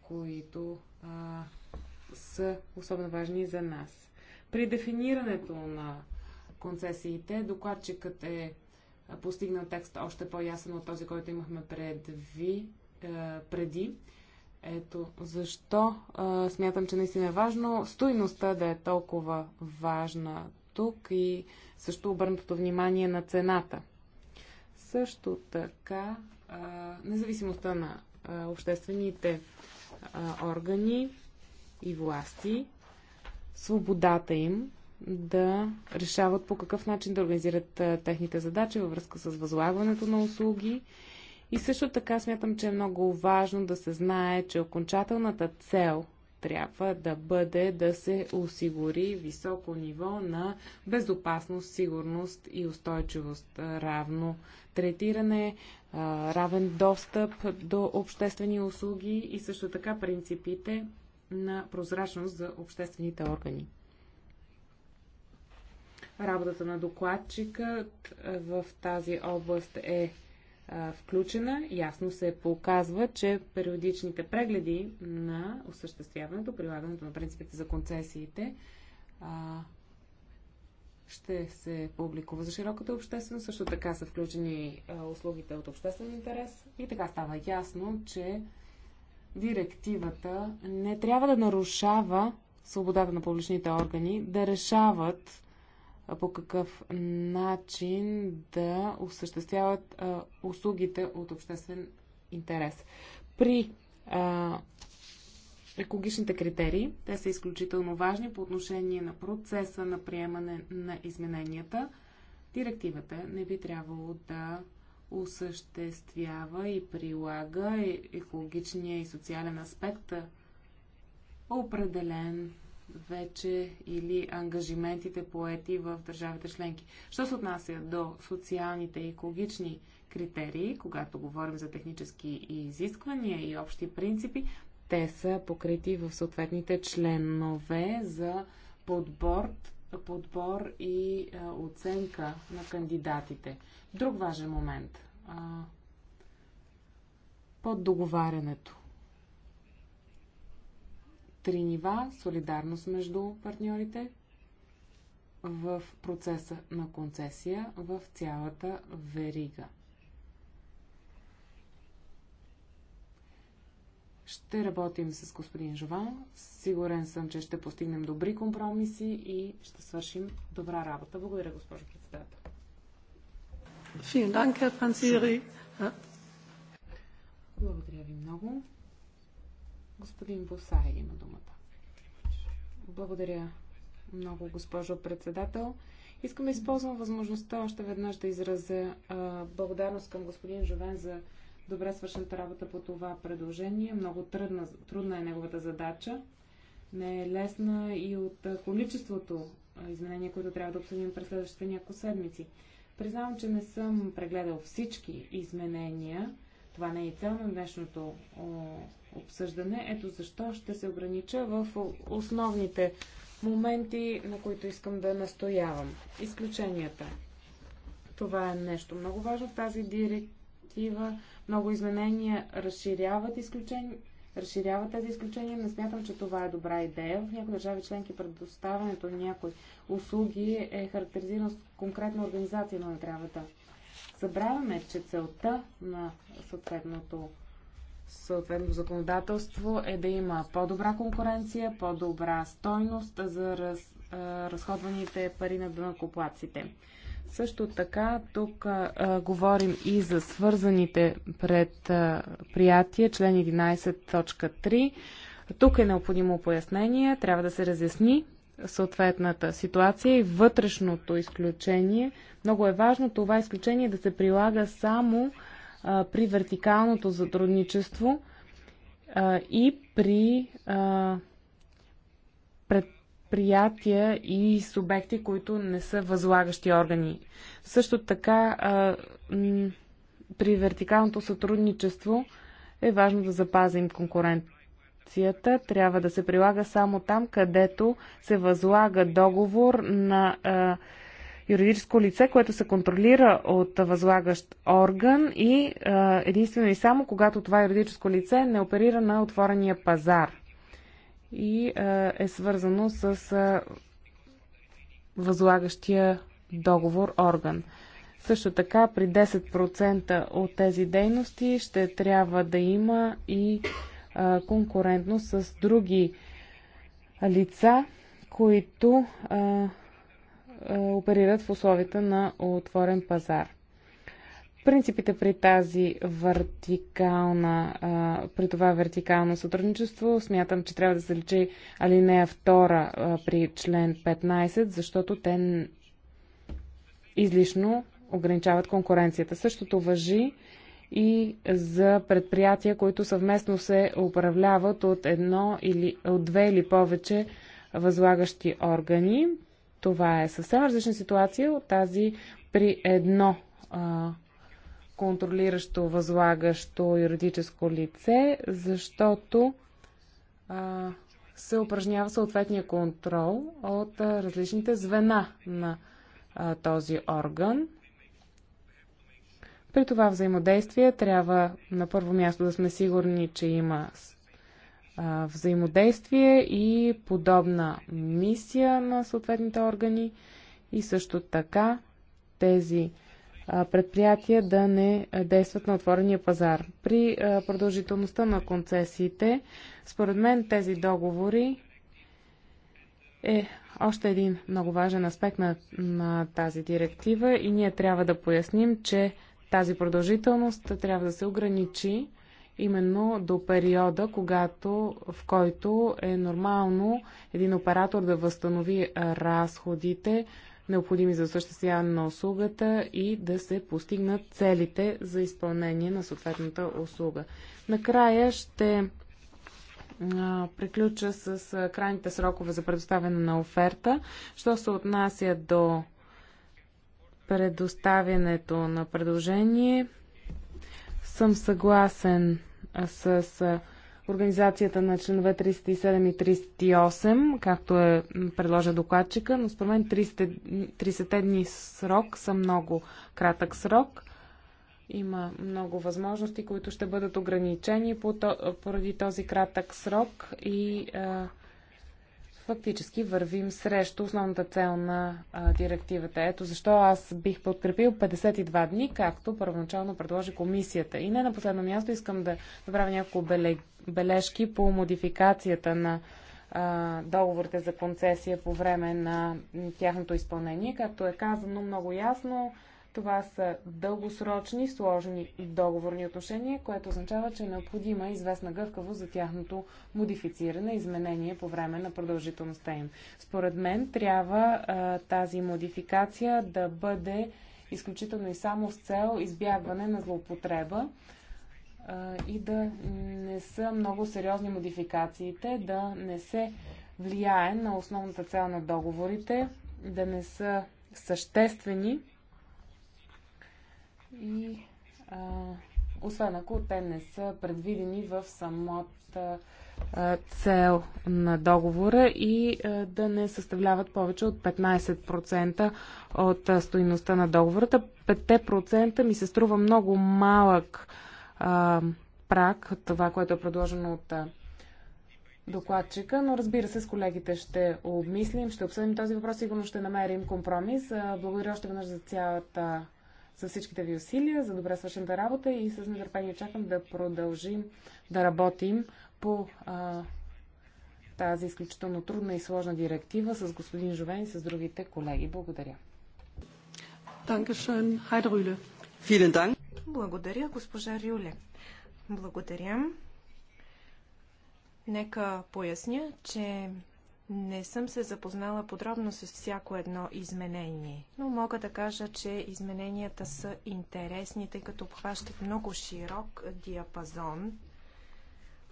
които а, са особено важни за нас. При дефинирането на концесиите докладчикът е постигнал текст още по-ясен от този, който имахме предви, е, преди. Ето защо а, смятам, че наистина е важно стойността да е толкова важна тук и също обърнатото внимание на цената. Също така, а, независимостта на а, обществените а, органи и власти, свободата им да решават по какъв начин да организират а, техните задачи във връзка с възлагането на услуги и също така смятам, че е много важно да се знае, че окончателната цел трябва да бъде да се осигури високо ниво на безопасност, сигурност и устойчивост, равно третиране, равен достъп до обществени услуги и също така принципите на прозрачност за обществените органи. Работата на докладчикът в тази област е включена, ясно се показва, че периодичните прегледи на осъществяването, прилагането на принципите за концесиите а, ще се публикува за широката общественост. Също така са включени а, услугите от обществен интерес и така става ясно, че директивата не трябва да нарушава свободата на публичните органи да решават по какъв начин да осъществяват а, услугите от обществен интерес. При а, екологичните критерии, те са изключително важни по отношение на процеса на приемане на измененията. Директивата не би трябвало да осъществява и прилага е, екологичния и социален аспект, определен вече или ангажиментите поети в държавите членки. Що се отнася до социалните и екологични критерии, когато говорим за технически изисквания и общи принципи, те са покрити в съответните членове за подбор, подбор и а, оценка на кандидатите. Друг важен момент. А, под договарянето три нива солидарност между партньорите в процеса на концесия в цялата верига. Ще работим с господин Жован. Сигурен съм, че ще постигнем добри компромиси и ще свършим добра работа. Благодаря, госпожо председател. Благодаря ви много. Господин Босай има думата. Благодаря много, госпожо председател. Искам да използвам възможността още веднъж да изразя благодарност към господин Жовен за добре свършената работа по това предложение. Много трудна, трудна е неговата задача. Не е лесна и от количеството изменения, които трябва да обсъдим през следващите няколко седмици. Признавам, че не съм прегледал всички изменения. Това не е и цел на днешното обсъждане. Ето защо ще се огранича в основните моменти, на които искам да настоявам. Изключенията. Това е нещо много важно. Тази директива, много изменения разширяват изключения, разширява тези изключения. Не смятам, че това е добра идея. В някои държави членки предоставянето на някои услуги е характеризирано с конкретна организация, но не трябва да забравяме, че целта на съответното съответното законодателство е да има по-добра конкуренция, по-добра стойност за раз, разходваните пари на дънакоплаците. Също така, тук а, а, говорим и за свързаните предприятия, член 11.3. Тук е необходимо пояснение, трябва да се разясни съответната ситуация и вътрешното изключение. Много е важно това изключение да се прилага само при вертикалното затрудничество а, и при а, предприятия и субекти, които не са възлагащи органи. Също така, а, при вертикалното сътрудничество е важно да запазим конкуренцията. Трябва да се прилага само там, където се възлага договор на а, юридическо лице, което се контролира от възлагащ орган и единствено и само когато това юридическо лице не оперира на отворения пазар и е свързано с възлагащия договор орган. Също така при 10% от тези дейности ще трябва да има и конкурентност с други лица, които а, е, оперират в условията на отворен пазар. Принципите при тази вертикална, е, при това вертикално сътрудничество смятам, че трябва да се лечи алинея 2 е, при член 15, защото те излишно ограничават конкуренцията. Същото въжи и за предприятия, които съвместно се управляват от едно или от две или повече възлагащи органи. Това е съвсем различна ситуация от тази при едно а, контролиращо, възлагащо юридическо лице, защото а, се упражнява съответния контрол от а, различните звена на а, този орган. При това взаимодействие трябва на първо място да сме сигурни, че има взаимодействие и подобна мисия на съответните органи и също така тези предприятия да не действат на отворения пазар. При продължителността на концесиите, според мен тези договори е още един много важен аспект на, на тази директива и ние трябва да поясним, че тази продължителност трябва да се ограничи именно до периода, когато, в който е нормално един оператор да възстанови разходите, необходими за осъществяване на услугата и да се постигнат целите за изпълнение на съответната услуга. Накрая ще приключа с крайните срокове за предоставяне на оферта. Що се отнася до предоставянето на предложение, съм съгласен с организацията на членове 37 и 38, както е предложа докладчика, но според мен 30, 30 дни срок са много кратък срок. Има много възможности, които ще бъдат ограничени по, поради този кратък срок и а, фактически вървим срещу основната цел на а, директивата. Ето защо аз бих подкрепил 52 дни, както първоначално предложи комисията. И не на последно място искам да направя няколко бележки по модификацията на а, договорите за концесия по време на тяхното изпълнение. Както е казано много ясно, това са дългосрочни, сложни договорни отношения, което означава, че е необходима известна гъвкавост за тяхното модифициране, изменение по време на продължителността им. Според мен трябва а, тази модификация да бъде изключително и само с цел избягване на злоупотреба а, и да не са много сериозни модификациите, да не се влияе на основната цел на договорите, да не са съществени и а, освен ако те не са предвидени в самата а, цел на договора и а, да не съставляват повече от 15% от а, стоиността на договората. 5% ми се струва много малък а, прак, това, което е предложено от а, докладчика, но разбира се, с колегите ще обмислим, ще обсъдим този въпрос, сигурно ще намерим компромис. Благодаря още веднъж за цялата за всичките ви усилия, за добре свършената работа и с нетърпение очаквам да продължим да работим по а, тази изключително трудна и сложна директива с господин Жовен и с другите колеги. Благодаря. Благодаря, госпожа Рюле. Благодаря. Нека поясня, че не съм се запознала подробно с всяко едно изменение, но мога да кажа, че измененията са интересни, тъй като обхващат много широк диапазон.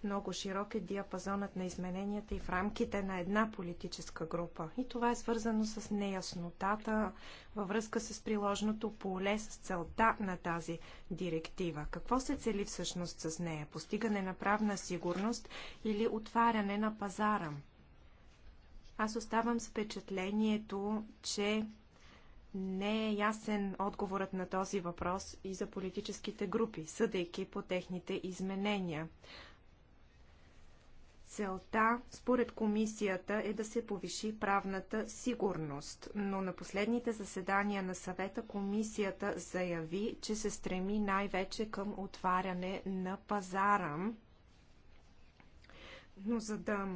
Много широк е диапазонът на измененията и в рамките на една политическа група. И това е свързано с неяснотата във връзка с приложното поле с целта на тази директива. Какво се цели всъщност с нея? Постигане на правна сигурност или отваряне на пазара? Аз оставам с впечатлението, че не е ясен отговорът на този въпрос и за политическите групи, съдейки по техните изменения. Целта, според комисията, е да се повиши правната сигурност, но на последните заседания на съвета комисията заяви, че се стреми най-вече към отваряне на пазара. Но за да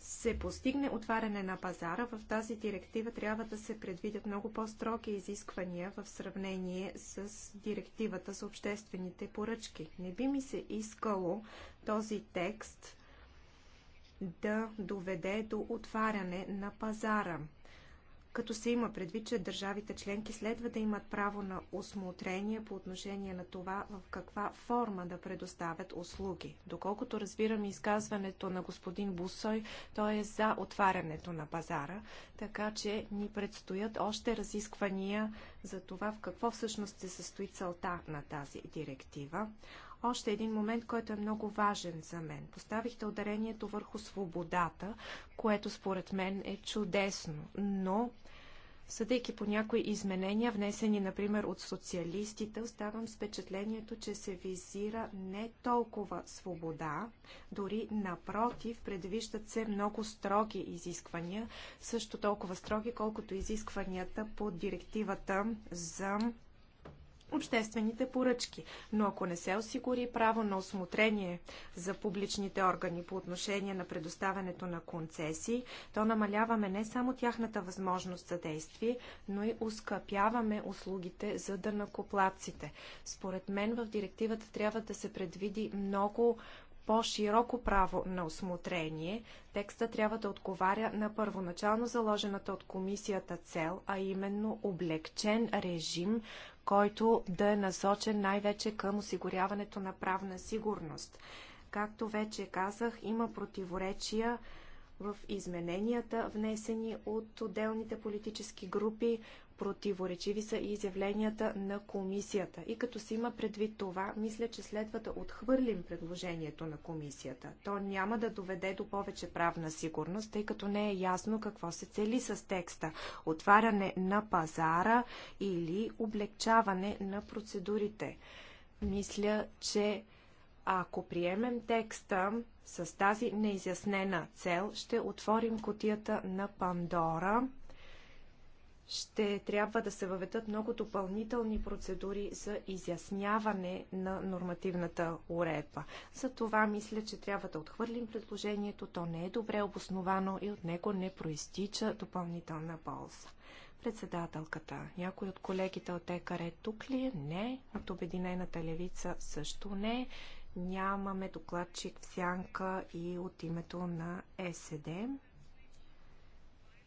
се постигне отваряне на пазара, в тази директива трябва да се предвидят много по-строги изисквания в сравнение с директивата за обществените поръчки. Не би ми се искало този текст да доведе до отваряне на пазара като се има предвид, че държавите членки следва да имат право на осмотрение по отношение на това в каква форма да предоставят услуги. Доколкото разбирам изказването на господин Бусой, той е за отварянето на пазара, така че ни предстоят още разисквания за това в какво всъщност се състои целта на тази директива още един момент, който е много важен за мен. Поставихте ударението върху свободата, което според мен е чудесно, но Съдейки по някои изменения, внесени, например, от социалистите, оставам с впечатлението, че се визира не толкова свобода, дори напротив, предвиждат се много строги изисквания, също толкова строги, колкото изискванията по директивата за обществените поръчки. Но ако не се осигури право на осмотрение за публичните органи по отношение на предоставянето на концесии, то намаляваме не само тяхната възможност за действие, но и ускъпяваме услугите за дънакоплатците. Според мен в директивата трябва да се предвиди много по-широко право на осмотрение, текста трябва да отговаря на първоначално заложената от комисията цел, а именно облегчен режим, който да е насочен най-вече към осигуряването на правна сигурност. Както вече казах, има противоречия в измененията, внесени от отделните политически групи, Противоречиви са и изявленията на комисията. И като се има предвид това, мисля, че следва да отхвърлим предложението на комисията. То няма да доведе до повече правна сигурност, тъй като не е ясно какво се цели с текста. Отваряне на пазара или облегчаване на процедурите. Мисля, че ако приемем текста с тази неизяснена цел, ще отворим котията на Пандора ще трябва да се въведат много допълнителни процедури за изясняване на нормативната уредба. За това мисля, че трябва да отхвърлим предложението. То не е добре обосновано и от него не проистича допълнителна полза. Председателката, някой от колегите от е тук ли е? Не. От Обединената левица също не. Нямаме докладчик в сянка и от името на ЕСД.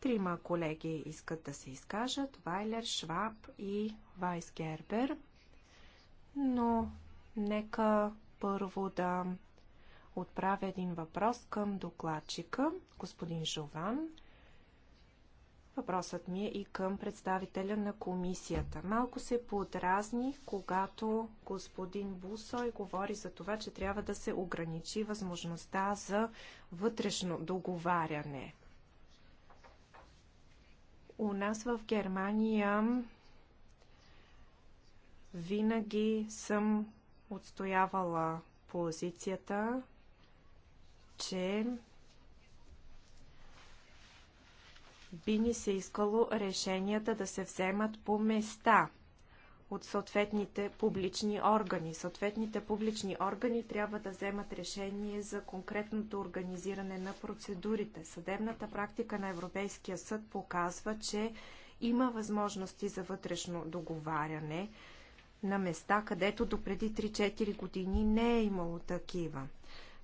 Трима колеги искат да се изкажат. Вайлер, Шваб и Вайс Гербер. Но нека първо да отправя един въпрос към докладчика, господин Жован. Въпросът ми е и към представителя на комисията. Малко се подразни, когато господин Бусой говори за това, че трябва да се ограничи възможността за вътрешно договаряне. У нас в Германия винаги съм отстоявала позицията, че би ни се искало решенията да се вземат по места – от съответните публични органи. Съответните публични органи трябва да вземат решение за конкретното организиране на процедурите. Съдебната практика на Европейския съд показва, че има възможности за вътрешно договаряне на места, където до преди 3-4 години не е имало такива.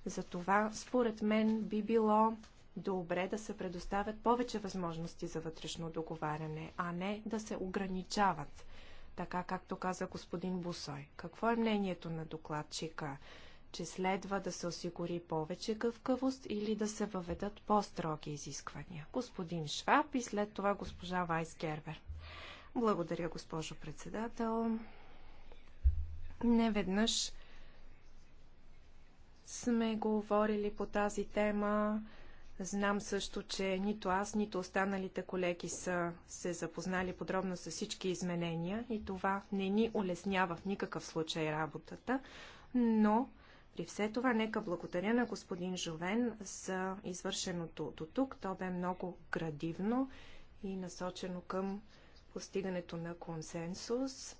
Затова, според мен, би било добре да се предоставят повече възможности за вътрешно договаряне, а не да се ограничават така както каза господин Бусой. Какво е мнението на докладчика? Че следва да се осигури повече гъвкавост или да се въведат по-строги изисквания? Господин Шваб и след това госпожа Вайс Гербер. Благодаря, госпожо председател. Неведнъж сме говорили по тази тема. Знам също, че нито аз, нито останалите колеги са се запознали подробно с всички изменения и това не ни улеснява в никакъв случай работата, но при все това нека благодаря на господин Жовен за извършеното до тук. То бе много градивно и насочено към постигането на консенсус.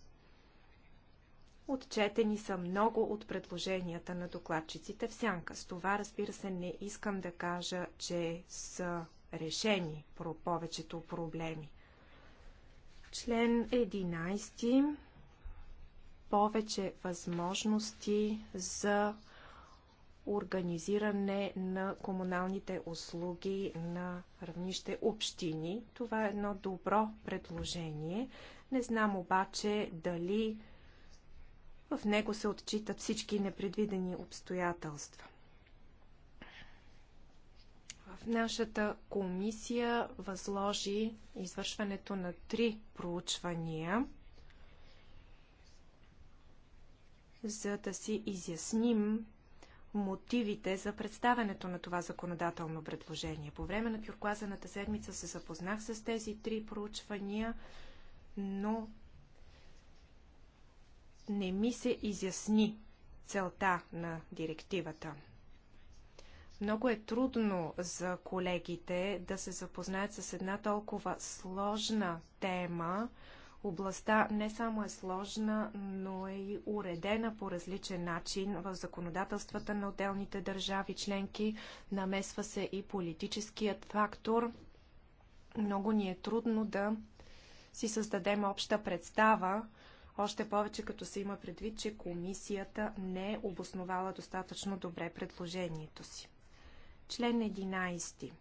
Отчетени са много от предложенията на докладчиците в сянка. С това, разбира се, не искам да кажа, че са решени про повечето проблеми. Член 11. Повече възможности за организиране на комуналните услуги на равнище общини. Това е едно добро предложение. Не знам обаче дали в него се отчитат всички непредвидени обстоятелства. В нашата комисия възложи извършването на три проучвания, за да си изясним мотивите за представянето на това законодателно предложение. По време на кюрклазаната седмица се запознах с тези три проучвания, но не ми се изясни целта на директивата. Много е трудно за колегите да се запознаят с една толкова сложна тема. Областта не само е сложна, но е и уредена по различен начин в законодателствата на отделните държави членки. Намесва се и политическият фактор. Много ни е трудно да си създадем обща представа още повече като се има предвид, че комисията не е обосновала достатъчно добре предложението си. Член 11.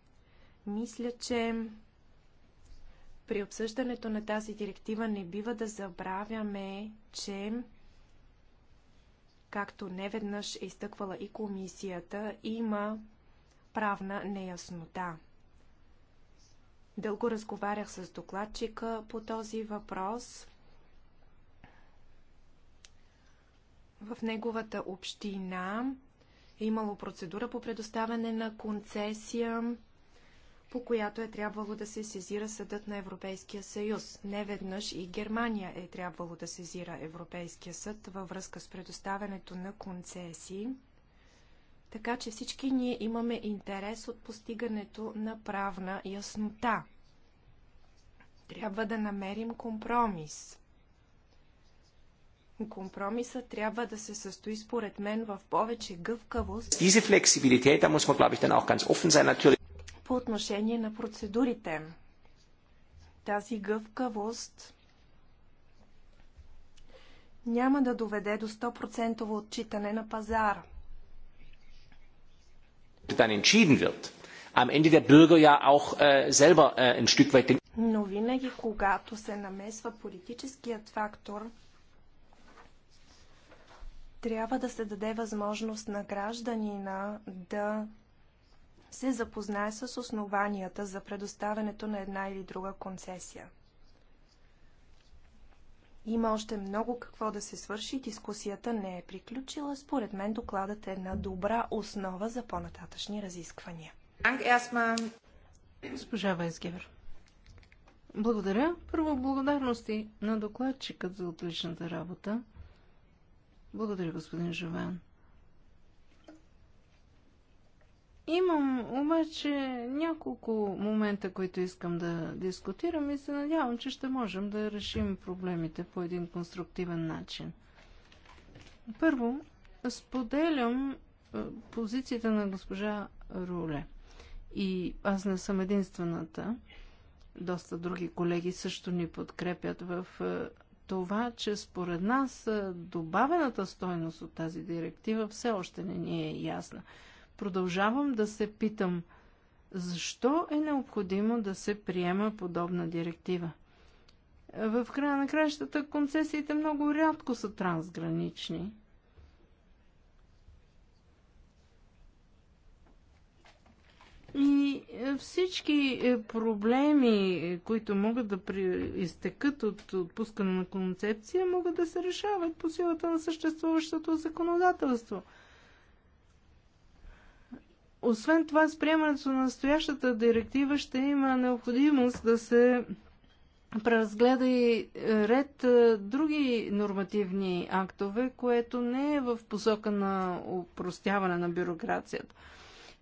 Мисля, че при обсъждането на тази директива не бива да забравяме, че както неведнъж е изтъквала и комисията, има правна неяснота. Дълго разговарях с докладчика по този въпрос. В неговата община е имало процедура по предоставяне на концесия, по която е трябвало да се сезира съдът на Европейския съюз. Неведнъж и Германия е трябвало да сезира Европейския съд във връзка с предоставянето на концесии. Така че всички ние имаме интерес от постигането на правна яснота. Трябва да намерим компромис. Компромиса трябва да се състои според мен в повече гъвкавост. Diese Flexibilität, da muss man glaube ich dann auch ganz offen sein natürlich. По отношение на процедурите. Тази гъвкавост няма да доведе до 100% отчитане на пазара. Dann entschieden wird, am Ende der Bürger ja auch äh, selber äh, ein Stück weit Но винаги, когато се намесва политическият фактор, трябва да се даде възможност на гражданина да се запознае с основанията за предоставянето на една или друга концесия. Има още много какво да се свърши, дискусията не е приключила. Според мен докладът е една добра основа за по-нататъчни разисквания. Госпожа Вайсгевер. Благодаря. Първо благодарности на докладчикът за отличната работа. Благодаря, господин Жован. Имам обаче няколко момента, които искам да дискутирам и се надявам, че ще можем да решим проблемите по един конструктивен начин. Първо, споделям е, позицията на госпожа Руле. И аз не съм единствената. Доста други колеги също ни подкрепят в е, това, че според нас добавената стойност от тази директива все още не ни е ясна. Продължавам да се питам, защо е необходимо да се приема подобна директива? Е, в края на краищата концесиите много рядко са трансгранични – И е, всички е, проблеми, които могат да изтекат от отпускане на концепция, могат да се решават по силата на съществуващото законодателство. Освен това, с приемането на настоящата директива ще има необходимост да се преразгледа и е, ред други нормативни актове, което не е в посока на упростяване на бюрокрацията.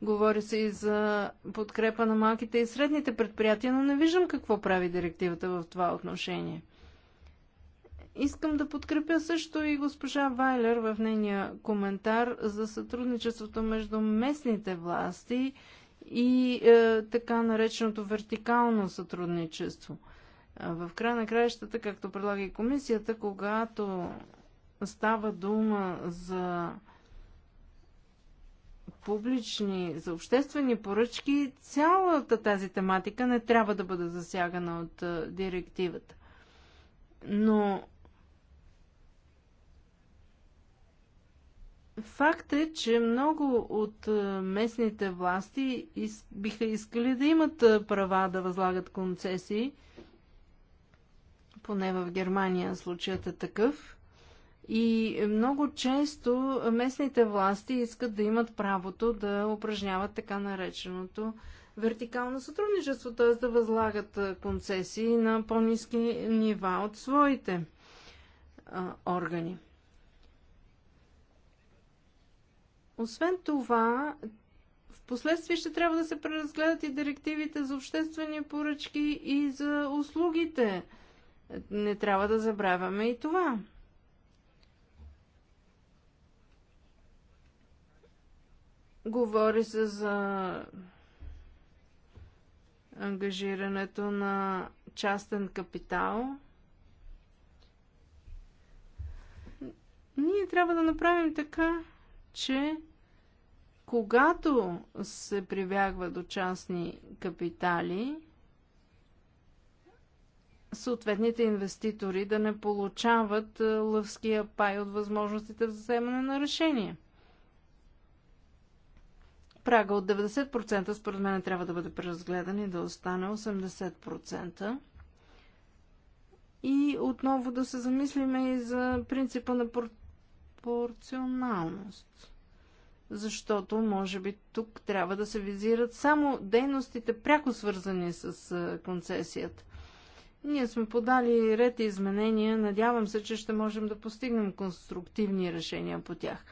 Говори се и за подкрепа на малките и средните предприятия, но не виждам какво прави директивата в това отношение. Искам да подкрепя също и госпожа Вайлер в нейния коментар за сътрудничеството между местните власти и е, така нареченото вертикално сътрудничество. Е, в края на краищата, както предлага и комисията, когато става дума за публични, за обществени поръчки, цялата тази тематика не трябва да бъде засягана от директивата. Но Факт е, че много от местните власти биха искали да имат права да възлагат концесии. Поне в Германия случаят е такъв. И много често местните власти искат да имат правото да упражняват така нареченото вертикално сътрудничество, т.е. да възлагат концесии на по-низки нива от своите а, органи. Освен това, в последствие ще трябва да се преразгледат и директивите за обществени поръчки и за услугите. Не трябва да забравяме и това. Говори се за ангажирането на частен капитал. Ние трябва да направим така, че когато се прибягва до частни капитали, съответните инвеститори да не получават лъвския пай от възможностите за вземане на решения. Прага от 90% според мен трябва да бъде преразгледан и да остане 80%. И отново да се замислиме и за принципа на пропорционалност. Защото, може би, тук трябва да се визират само дейностите, пряко свързани с концесията. Ние сме подали ред и изменения. Надявам се, че ще можем да постигнем конструктивни решения по тях.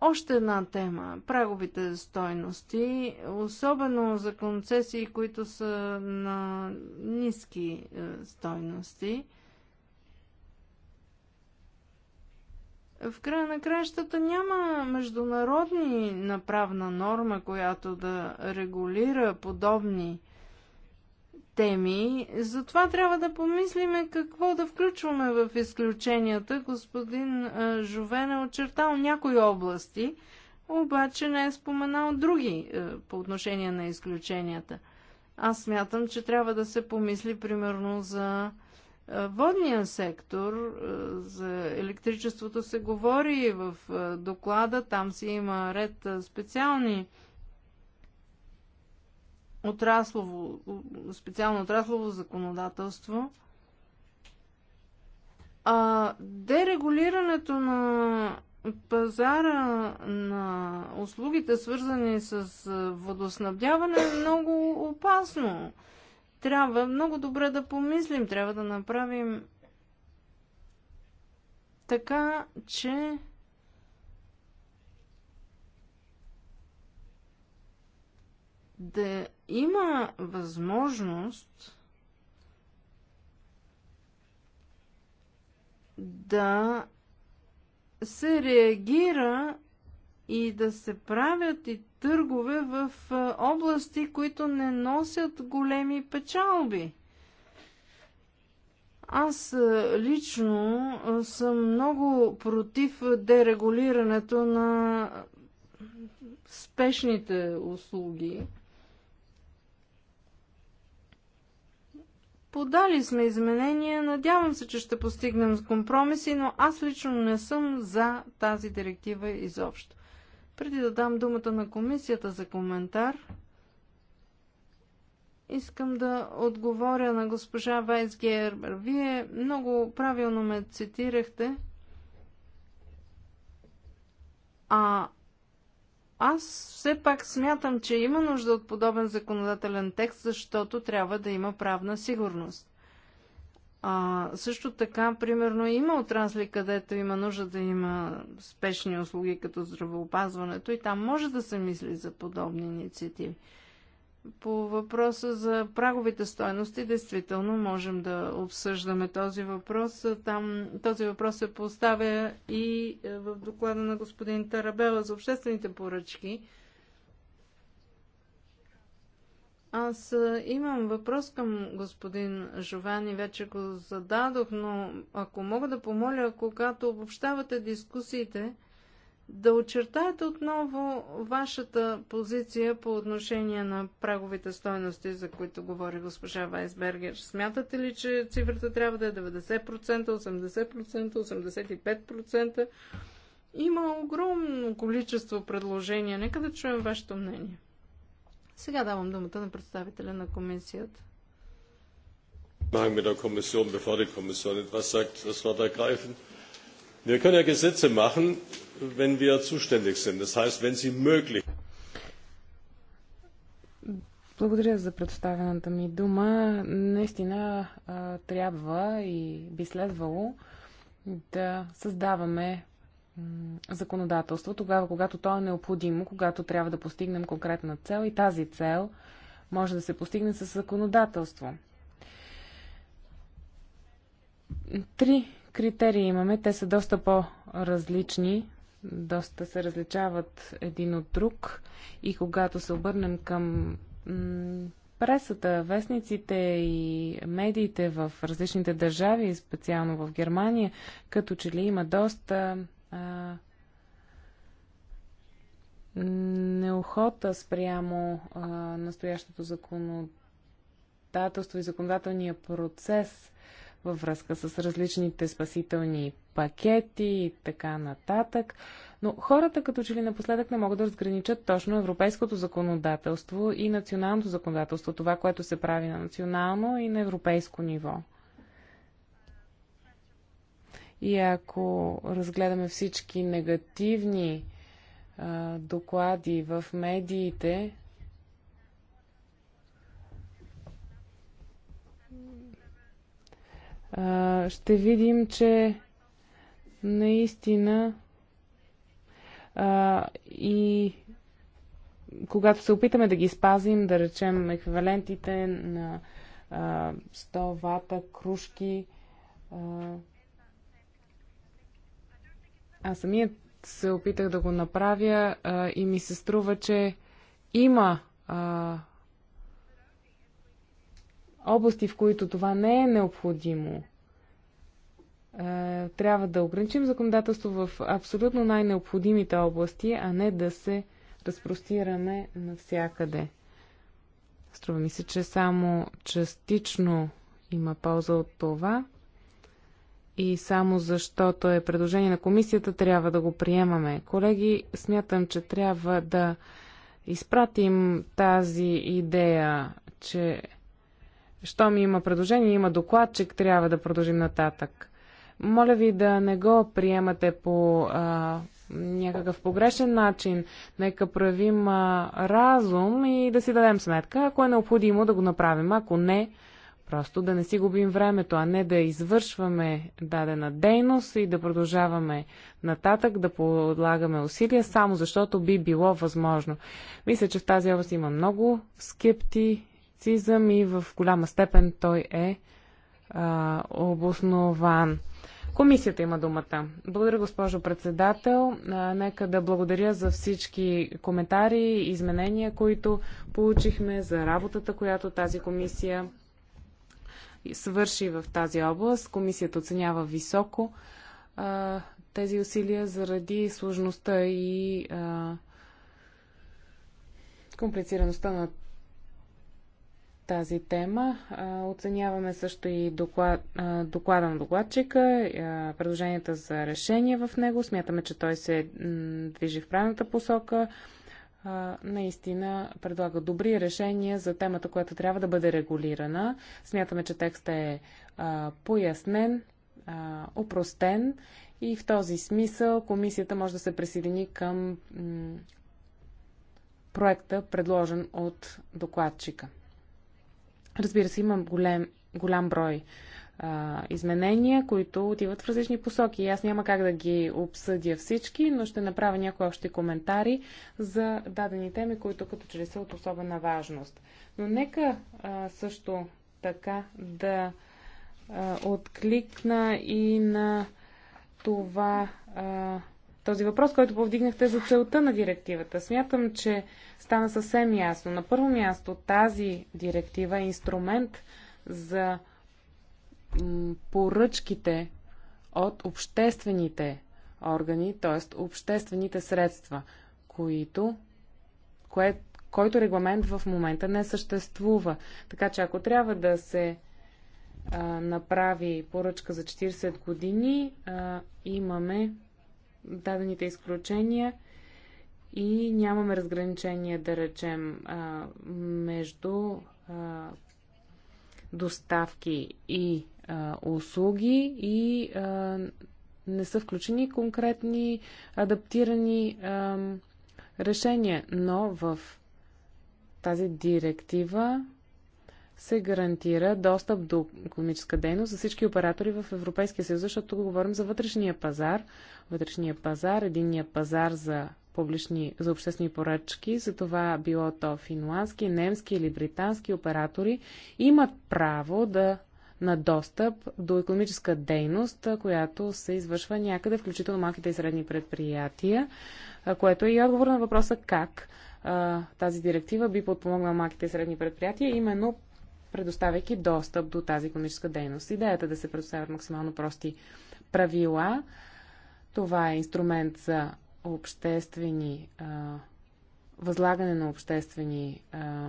Още една тема праговите стойности, особено за концесии, които са на ниски е, стойности. В края на краищата няма международни направна норма, която да регулира подобни теми. Затова трябва да помислиме какво да включваме в изключенията. Господин Жовен е очертал някои области, обаче не е споменал други по отношение на изключенията. Аз смятам, че трябва да се помисли примерно за водния сектор. За електричеството се говори в доклада, там си има ред специални отраслово, специално отраслово законодателство. А дерегулирането на пазара на услугите, свързани с водоснабдяване, е много опасно. Трябва много добре да помислим, трябва да направим така, че да има възможност да се реагира и да се правят и търгове в области, които не носят големи печалби. Аз лично съм много против дерегулирането на спешните услуги. Подали сме изменения, надявам се, че ще постигнем компромиси, но аз лично не съм за тази директива изобщо. Преди да дам думата на комисията за коментар, искам да отговоря на госпожа Вайс Вие много правилно ме цитирахте, а аз все пак смятам, че има нужда от подобен законодателен текст, защото трябва да има правна сигурност. А, също така, примерно, има отрасли, където има нужда да има спешни услуги, като здравеопазването, и там може да се мисли за подобни инициативи. По въпроса за праговите стоености, действително можем да обсъждаме този въпрос. Там този въпрос се поставя и е, в доклада на господин Тарабела за обществените поръчки. Аз е, имам въпрос към господин Жовани, вече го зададох, но ако мога да помоля, когато обобщавате дискусиите, да очертаете отново вашата позиция по отношение на праговите стоености, за които говори госпожа Вайсбергер. Смятате ли, че цифрата трябва да е 90%, 80%, 85%? Има огромно количество предложения. Нека да чуем вашето мнение. Сега давам думата на представителя на комисията. Mit der Kommission, bevor die Kommission etwas sagt, das Wort ergreifen. Wir können ja Gesetze machen, wenn wir zuständig sind. Das heißt, wenn sie möglich. Благодаря за представената ми дума. Наистина трябва и би следвало да създаваме законодателство тогава, когато то е необходимо, когато трябва да постигнем конкретна цел и тази цел може да се постигне с законодателство. Три критерии имаме. Те са доста по-различни доста се различават един от друг и когато се обърнем към пресата, вестниците и медиите в различните държави, специално в Германия, като че ли има доста а, неохота спрямо а, настоящото законодателство и законодателния процес във връзка с различните спасителни пакети и така нататък. Но хората като че ли напоследък не могат да разграничат точно европейското законодателство и националното законодателство, това, което се прави на национално и на европейско ниво. И ако разгледаме всички негативни а, доклади в медиите, ще видим, че наистина а, и когато се опитаме да ги спазим, да речем еквивалентите на а, 100 вата, кружки, а, аз самият се опитах да го направя а, и ми се струва, че има а, области, в които това не е необходимо, е, трябва да ограничим законодателство в абсолютно най-необходимите области, а не да се разпростираме навсякъде. Струва ми се, че само частично има полза от това и само защото е предложение на комисията, трябва да го приемаме. Колеги, смятам, че трябва да изпратим тази идея, че щом има предложение, има доклад, че трябва да продължим нататък. Моля ви да не го приемате по а, някакъв погрешен начин. Нека правим а, разум и да си дадем сметка, ако е необходимо да го направим. Ако не, просто да не си губим времето, а не да извършваме дадена дейност и да продължаваме нататък, да подлагаме усилия, само защото би било възможно. Мисля, че в тази област има много скепти цизъм и в голяма степен той е а, обоснован. Комисията има думата. Благодаря, госпожо председател. А, нека да благодаря за всички коментари и изменения, които получихме, за работата, която тази комисия свърши в тази област. Комисията оценява високо а, тези усилия заради сложността и а, комплицираността на тази тема. Оценяваме също и доклад, доклада на докладчика, предложенията за решение в него. Смятаме, че той се движи в правилната посока. Наистина предлага добри решения за темата, която трябва да бъде регулирана. Смятаме, че текстът е пояснен, опростен и в този смисъл комисията може да се присъедини към проекта, предложен от докладчика. Разбира се, имам голем, голям брой а, изменения, които отиват в различни посоки. Аз няма как да ги обсъдя всички, но ще направя някои още коментари за дадени теми, които като че ли са от особена важност. Но нека а, също така да а, откликна и на това. А, този въпрос, който повдигнахте за целта на директивата. Смятам, че стана съвсем ясно. На първо място тази директива е инструмент за поръчките от обществените органи, т.е. обществените средства, които, кое, който регламент в момента не съществува. Така че ако трябва да се а, направи поръчка за 40 години, а, имаме дадените изключения и нямаме разграничение, да речем, между доставки и услуги и не са включени конкретни адаптирани решения, но в тази директива се гарантира достъп до економическа дейност за всички оператори в Европейския съюз, защото тук говорим за вътрешния пазар, вътрешния пазар, единния пазар за публични, за обществени поръчки, за това било то финландски, немски или британски оператори, имат право да на достъп до економическа дейност, която се извършва някъде, включително малките и средни предприятия, което е и отговор на въпроса как тази директива би подпомогнала малките и средни предприятия, именно предоставяйки достъп до тази економическа дейност. Идеята е да се предоставят максимално прости правила. Това е инструмент за обществени, а, възлагане на обществени а,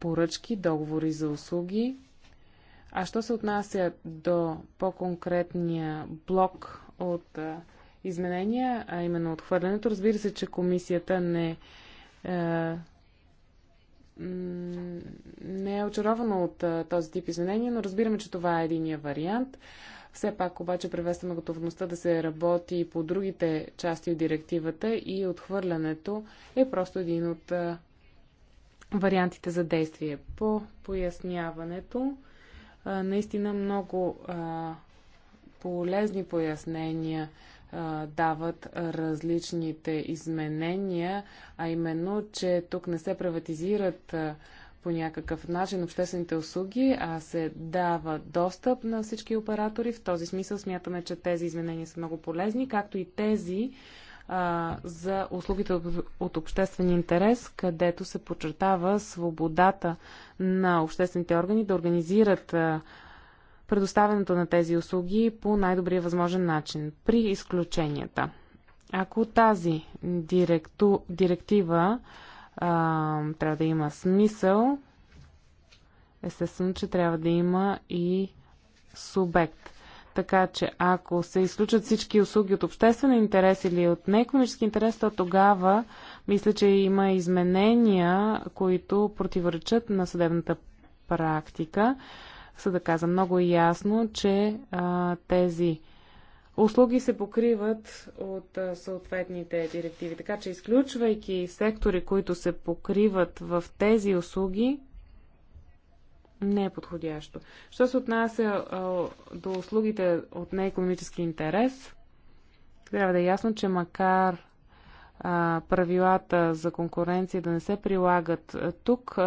поръчки, договори за услуги. А що се отнася до по-конкретния блок от а, изменения, а именно отхвърлянето, разбира се, че комисията не не е очаровано от този тип изменения, но разбираме, че това е единия вариант. Все пак обаче приветстваме готовността да се работи и по другите части от директивата и отхвърлянето е просто един от вариантите за действие. По поясняването, наистина много полезни пояснения дават различните изменения, а именно, че тук не се приватизират по някакъв начин обществените услуги, а се дава достъп на всички оператори. В този смисъл смятаме, че тези изменения са много полезни, както и тези а, за услугите от, от обществен интерес, където се подчертава свободата на обществените органи да организират а, предоставянето на тези услуги по най-добрия възможен начин, при изключенията. Ако тази директу, директива а, трябва да има смисъл, естествено, че трябва да има и субект. Така че ако се изключат всички услуги от обществен интерес или от неекономически интерес, то тогава мисля, че има изменения, които противоречат на съдебната практика. Съда каза много ясно, че а, тези услуги се покриват от а, съответните директиви. Така че, изключвайки сектори, които се покриват в тези услуги, не е подходящо. Що се отнася а, до услугите от неекономически интерес, трябва да е ясно, че макар а, правилата за конкуренция да не се прилагат тук,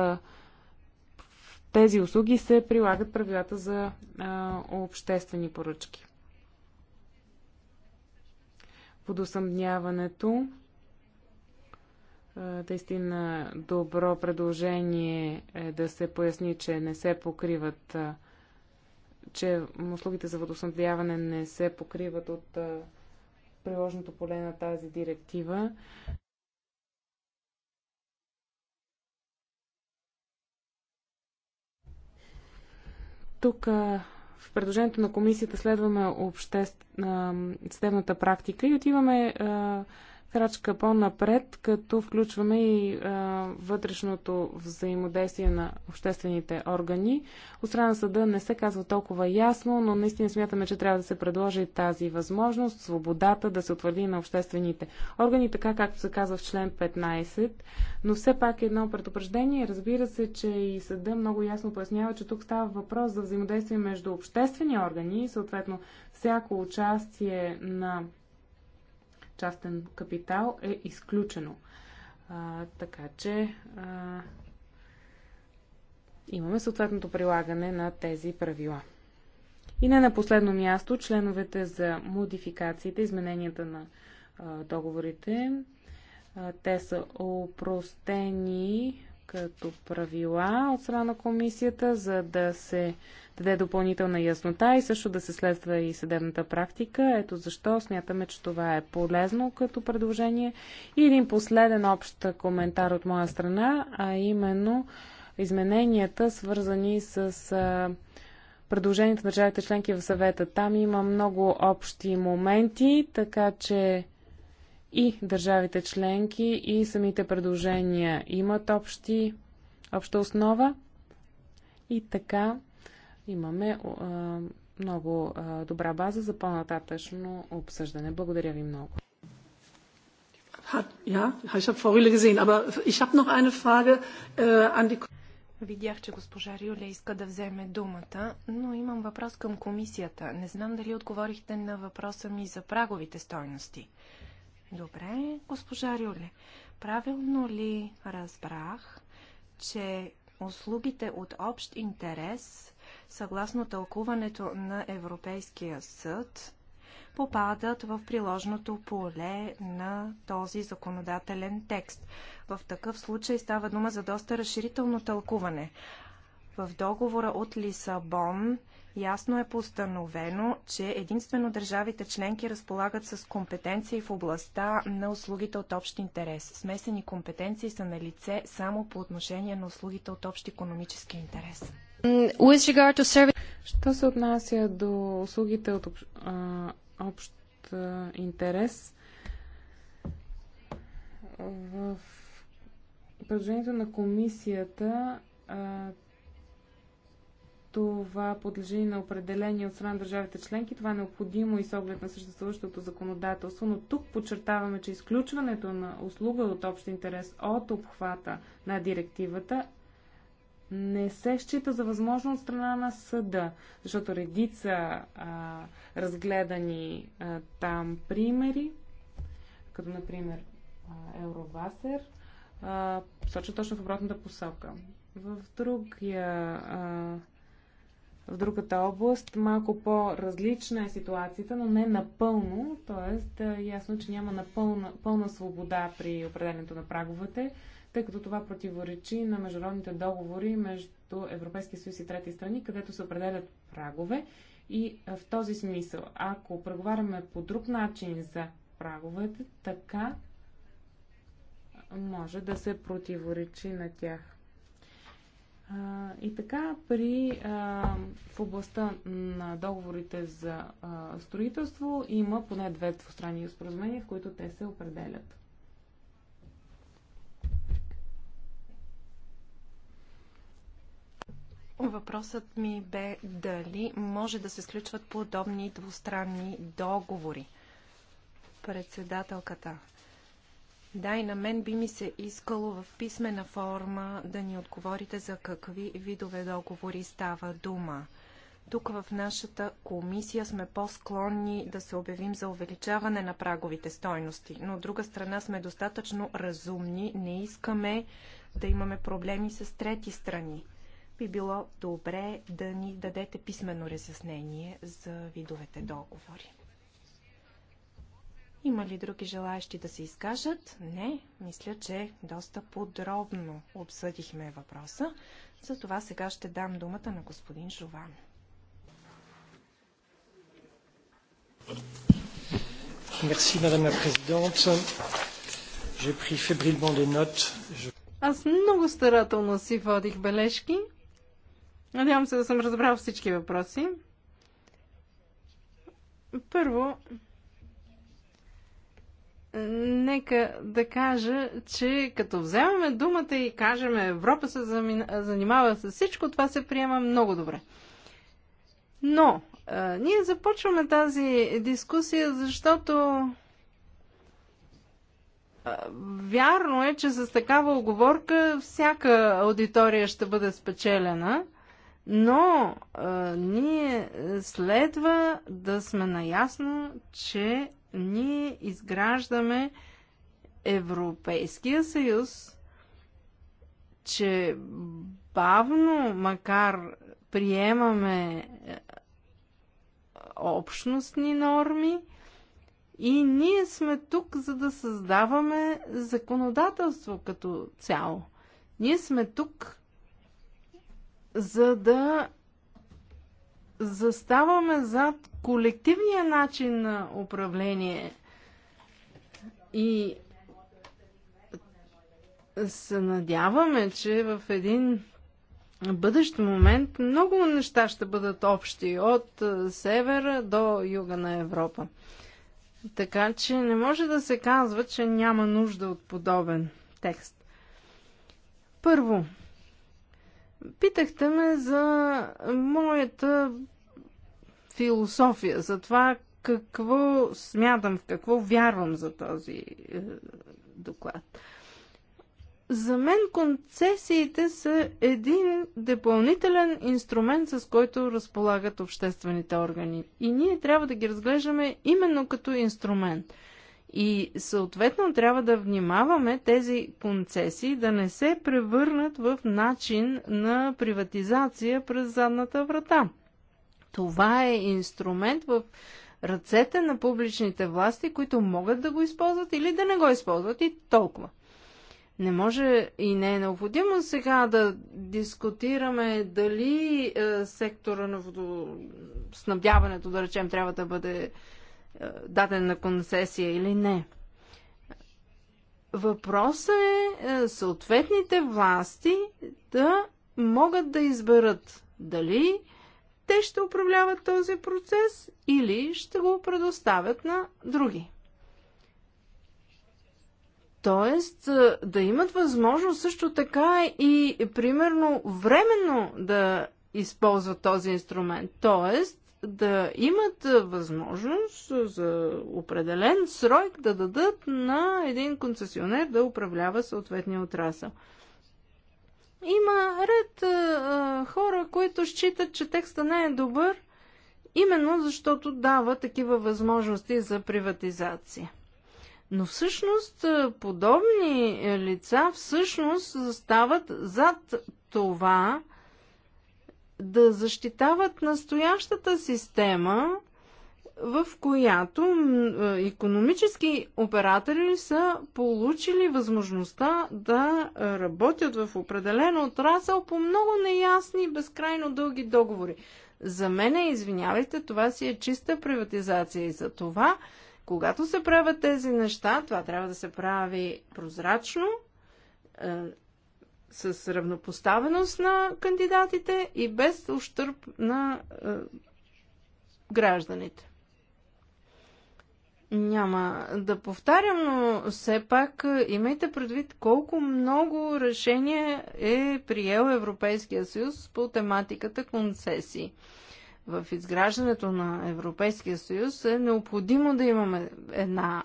тези услуги се прилагат правилата за а, обществени поръчки. Подосъмняването Наистина добро предложение е да се поясни, че не се покриват, че услугите за водосъмдяване не се покриват от приложното поле на тази директива. Тук в предложението на комисията следваме обществ... съдебната практика и отиваме крачка по-напред, като включваме и а, вътрешното взаимодействие на обществените органи. От страна на съда не се казва толкова ясно, но наистина смятаме, че трябва да се предложи тази възможност, свободата да се утвърди на обществените органи, така както се казва в член 15. Но все пак едно предупреждение. Разбира се, че и съда много ясно пояснява, че тук става въпрос за взаимодействие между обществени органи и съответно всяко участие на частен капитал е изключено. А, така че а, имаме съответното прилагане на тези правила. И не на последно място, членовете за модификациите, измененията на а, договорите. А, те са опростени като правила от страна на комисията, за да се даде допълнителна яснота и също да се следва и съдебната практика. Ето защо смятаме, че това е полезно като предложение. И един последен общ коментар от моя страна, а именно измененията, свързани с предложението на държавите членки в съвета. Там има много общи моменти, така че и държавите членки и самите предложения имат общи, обща основа. И така имаме а, много а, добра база за по-нататъчно обсъждане. Благодаря ви много. Äh, Видях, че госпожа Рюле иска да вземе думата, но имам въпрос към комисията. Не знам дали отговорихте на въпроса ми за праговите стойности. Добре, госпожа Рюле, правилно ли разбрах, че услугите от общ интерес, съгласно тълкуването на Европейския съд, попадат в приложното поле на този законодателен текст. В такъв случай става дума за доста разширително тълкуване. В договора от Лисабон ясно е постановено, че единствено държавите членки разполагат с компетенции в областта на услугите от общ интерес. Смесени компетенции са на лице само по отношение на услугите от общ економически интерес. Що се отнася до услугите от а, общ а, интерес, в предложението на комисията а, това подлежи на определение от страна на държавите членки. Това е необходимо и с оглед на съществуващото законодателство, но тук подчертаваме, че изключването на услуга от общ интерес от обхвата на директивата не се счита за възможно от страна на съда, защото редица а, разгледани а, там примери, като например а, Евровасер, а, сочат точно в обратната посока. В другия а, в другата област. Малко по-различна е ситуацията, но не напълно, т.е. е ясно, че няма напълна, пълна свобода при определенето на праговете, тъй като това противоречи на международните договори между Европейския съюз и трети страни, където се определят прагове. И е, в този смисъл, ако преговаряме по друг начин за праговете, така може да се противоречи на тях. И така, при, в областта на договорите за строителство има поне две двустранни споразумения, в които те се определят. Въпросът ми бе дали може да се сключват подобни двустранни договори. Председателката. Да, и на мен би ми се искало в писмена форма да ни отговорите за какви видове договори става дума. Тук в нашата комисия сме по-склонни да се обявим за увеличаване на праговите стойности, но от друга страна сме достатъчно разумни, не искаме да имаме проблеми с трети страни. Би било добре да ни дадете писмено разяснение за видовете договори. Има ли други желаящи да се изкажат? Не. Мисля, че доста подробно обсъдихме въпроса. Затова сега ще дам думата на господин Жован. Мерси, мадам la présidente. J'ai pris fébrilement des notes. Аз много старателно си водих бележки. Надявам се да съм разбрал всички въпроси. Първо, Нека да кажа, че като вземаме думата и кажем Европа се занимава с всичко, това се приема много добре. Но, а, ние започваме тази дискусия, защото Вярно е, че с такава оговорка всяка аудитория ще бъде спечелена, но а, ние следва да сме наясно, че ние изграждаме Европейския съюз, че бавно, макар приемаме е, общностни норми, и ние сме тук, за да създаваме законодателство като цяло. Ние сме тук, за да заставаме зад колективния начин на управление и се надяваме, че в един бъдещ момент много неща ще бъдат общи от е, севера до юга на Европа. Така че не може да се казва, че няма нужда от подобен текст. Първо, Питахте ме за моята философия, за това какво смятам, в какво вярвам за този е, доклад. За мен концесиите са един допълнителен инструмент, с който разполагат обществените органи. И ние трябва да ги разглеждаме именно като инструмент – и съответно трябва да внимаваме тези концесии да не се превърнат в начин на приватизация през задната врата. Това е инструмент в ръцете на публичните власти, които могат да го използват или да не го използват и толкова. Не може и не е необходимо сега да дискутираме дали е, сектора на водоснабдяването, да речем, трябва да бъде е, даден на концесия или не. Въпросът е, е съответните власти да могат да изберат дали те ще управляват този процес или ще го предоставят на други. Тоест е, да имат възможност също така и примерно временно да използват този инструмент. Тоест да имат възможност за определен срок да дадат на един концесионер да управлява съответния отрасъл. Има ред а, хора, които считат, че текста не е добър, именно защото дава такива възможности за приватизация. Но всъщност подобни лица всъщност застават зад това, да защитават настоящата система, в която економически оператори са получили възможността да работят в определен отрасъл по много неясни и безкрайно дълги договори. За мен, извинявайте, това си е чиста приватизация и за това, когато се правят тези неща, това трябва да се прави прозрачно, е, с равнопоставеност на кандидатите и без ущърп на е, гражданите. Няма да повтарям, но все пак е, имайте предвид колко много решения е приел Европейския съюз по тематиката концесии. В изграждането на Европейския съюз е необходимо да имаме една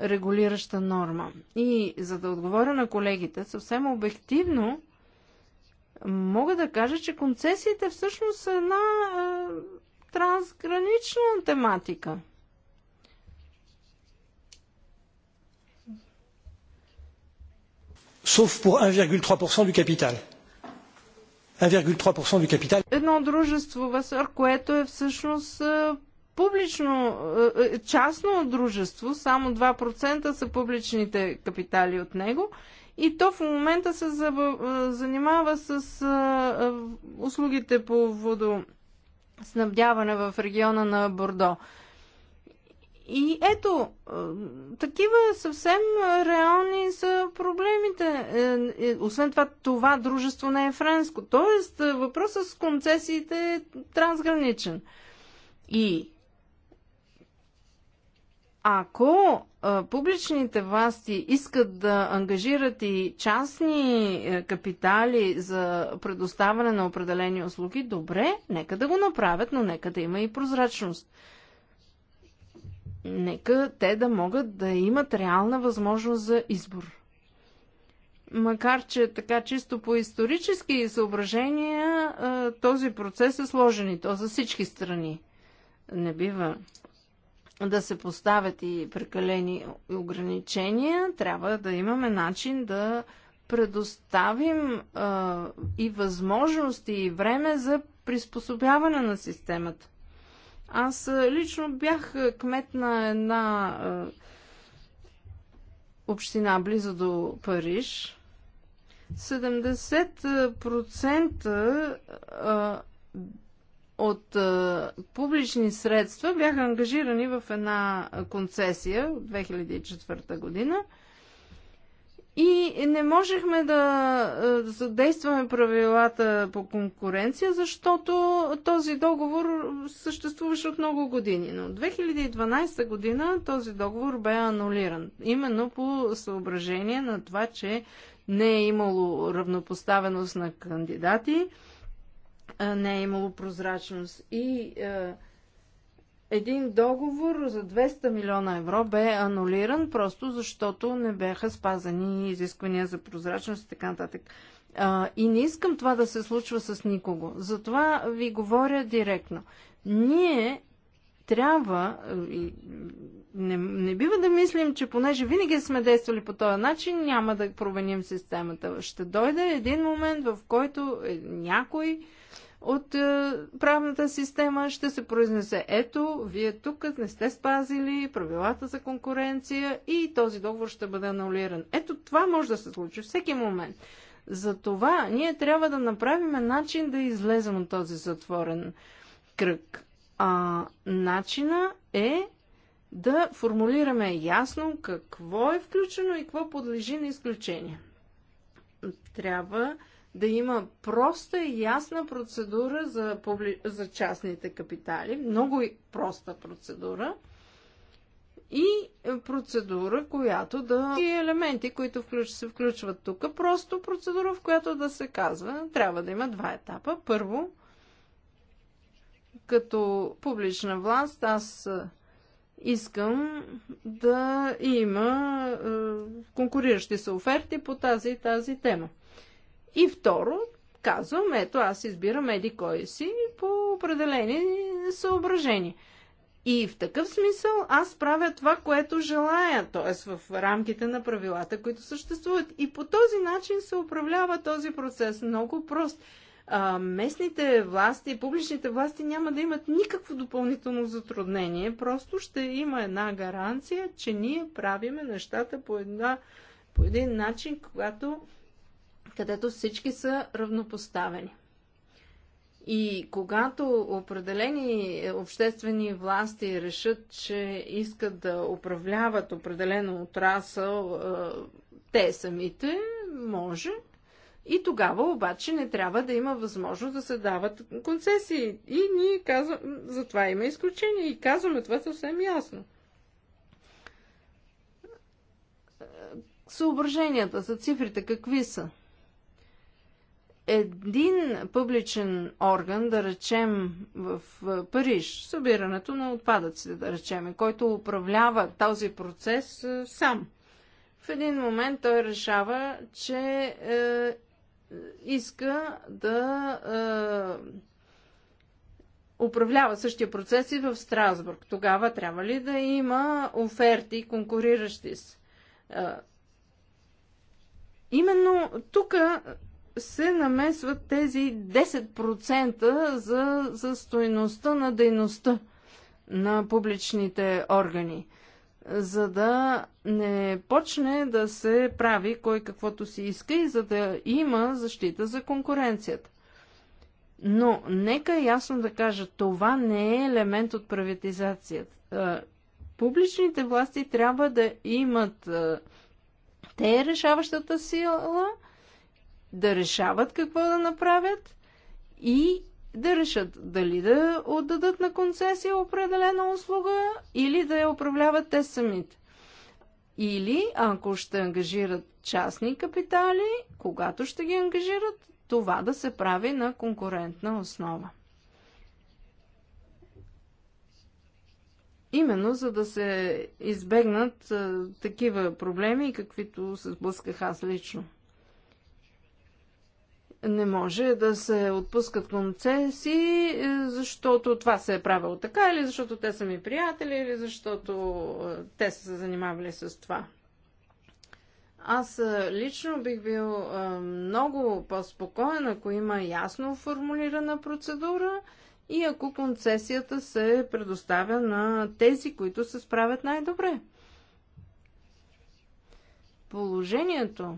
регулираща норма. И за да отговоря на колегите, съвсем обективно мога да кажа, че концесиите всъщност са една е, трансгранична тематика. Sauf pour 1,3% du capital. 1,3% du capital. Едно дружество, Васър, което е всъщност публично, е, е, частно дружество, само 2% са публичните капитали от него и то в момента се е, занимава с услугите по водоснабдяване в региона на Бордо. И ето, такива съвсем реални са проблемите. Освен това, това дружество не е френско. Тоест, въпросът с концесиите е трансграничен. И ако а, публичните власти искат да ангажират и частни е, капитали за предоставяне на определени услуги, добре, нека да го направят, но нека да има и прозрачност. Нека те да могат да имат реална възможност за избор. Макар, че така чисто по исторически съображения е, този процес е сложен и то за всички страни. Не бива да се поставят и прекалени ограничения, трябва да имаме начин да предоставим а, и възможности и време за приспособяване на системата. Аз лично бях кмет на една а, община близо до Париж. 70% а, от а, е, публични средства бяха ангажирани в една концесия от 2004 година и не можехме да е, задействаме правилата по конкуренция, защото този договор съществуваше от много години. Но 2012 година този договор бе анулиран. Именно по съображение на това, че не е имало равнопоставеност на кандидати, не е имало прозрачност. И е, един договор за 200 милиона евро бе анулиран, просто защото не бяха спазани изисквания за прозрачност и така нататък. А, и не искам това да се случва с никого. Затова ви говоря директно. Ние трябва, не, не бива да мислим, че понеже винаги сме действали по този начин, няма да променим системата. Ще дойде един момент, в който е някой от е, правната система ще се произнесе. Ето, вие тук не сте спазили правилата за конкуренция и този договор ще бъде анулиран. Ето, това може да се случи всеки момент. Затова ние трябва да направим начин да излезем от този затворен кръг. А начина е да формулираме ясно какво е включено и какво подлежи на изключение. Трябва да има проста и ясна процедура за, публи... за частните капитали, много проста процедура и процедура, която да... И елементи, които включ... се включват тук, просто процедура, в която да се казва, трябва да има два етапа. Първо, като публична власт, аз искам да има е, конкуриращи се оферти по тази и тази тема. И второ, казвам, ето аз избирам еди кой си по определени съображения. И в такъв смисъл аз правя това, което желая, т.е. в рамките на правилата, които съществуват. И по този начин се управлява този процес много прост. А, местните власти, публичните власти няма да имат никакво допълнително затруднение, просто ще има една гаранция, че ние правиме нещата по, една, по един начин, когато където всички са равнопоставени. И когато определени обществени власти решат, че искат да управляват определено отрасъл, е, те самите може. И тогава обаче не трябва да има възможност да се дават концесии. И ние казваме, затова има изключение и казваме това съвсем ясно. Е, съображенията за цифрите какви са? един публичен орган, да речем в Париж, събирането на отпадъците, да речем, който управлява този процес е, сам. В един момент той решава, че е, иска да е, управлява същия процес и в Страсбург. Тогава трябва ли да има оферти, конкуриращи се? Именно тук се намесват тези 10% за, за стоеността на дейността на публичните органи, за да не почне да се прави кой каквото си иска и за да има защита за конкуренцията. Но нека ясно да кажа, това не е елемент от приватизацията. Публичните власти трябва да имат те е решаващата сила, да решават какво да направят и да решат дали да отдадат на концесия определена услуга или да я управляват те самите. Или, ако ще ангажират частни капитали, когато ще ги ангажират, това да се прави на конкурентна основа. Именно за да се избегнат а, такива проблеми, каквито се сблъсках аз лично. Не може да се отпускат концесии, е, защото това се е правило така, или защото те са ми приятели, или защото е, те са се занимавали с това. Аз е, лично бих бил много по-спокоен, ако има ясно формулирана процедура и ако концесията се предоставя на тези, които се справят най-добре. Положението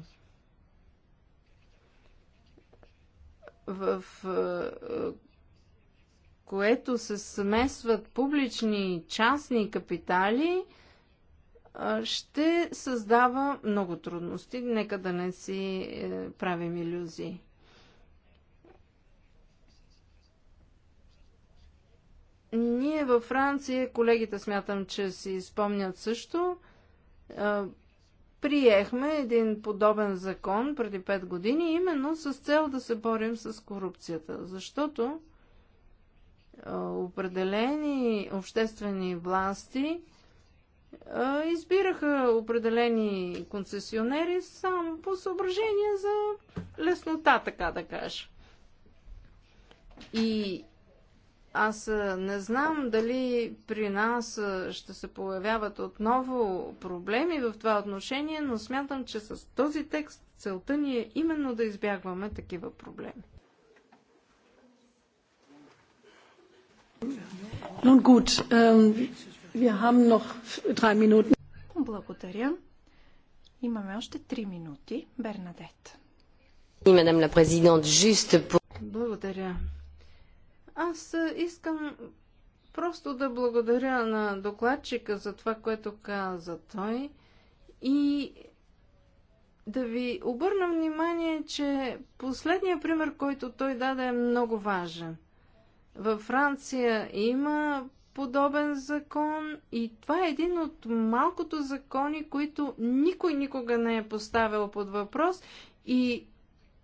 в е, което се смесват публични и частни капитали, е, ще създава много трудности. Нека да не си е, правим иллюзии. Ние във Франция, колегите смятам, че си спомнят също, приехме един подобен закон преди 5 години, именно с цел да се борим с корупцията. Защото определени обществени власти избираха определени концесионери само по съображение за леснота, така да кажа. И аз не знам дали при нас ще се появяват отново проблеми в това отношение, но смятам, че с този текст целта ни е именно да избягваме такива проблеми. Nun gut, ähm, wir haben noch drei Minuten. Благодаря. Имаме още три минути. Бернадет. Благодаря. Аз искам просто да благодаря на докладчика за това, което каза той и да ви обърна внимание, че последният пример, който той даде е много важен. Във Франция има подобен закон и това е един от малкото закони, които никой никога не е поставил под въпрос и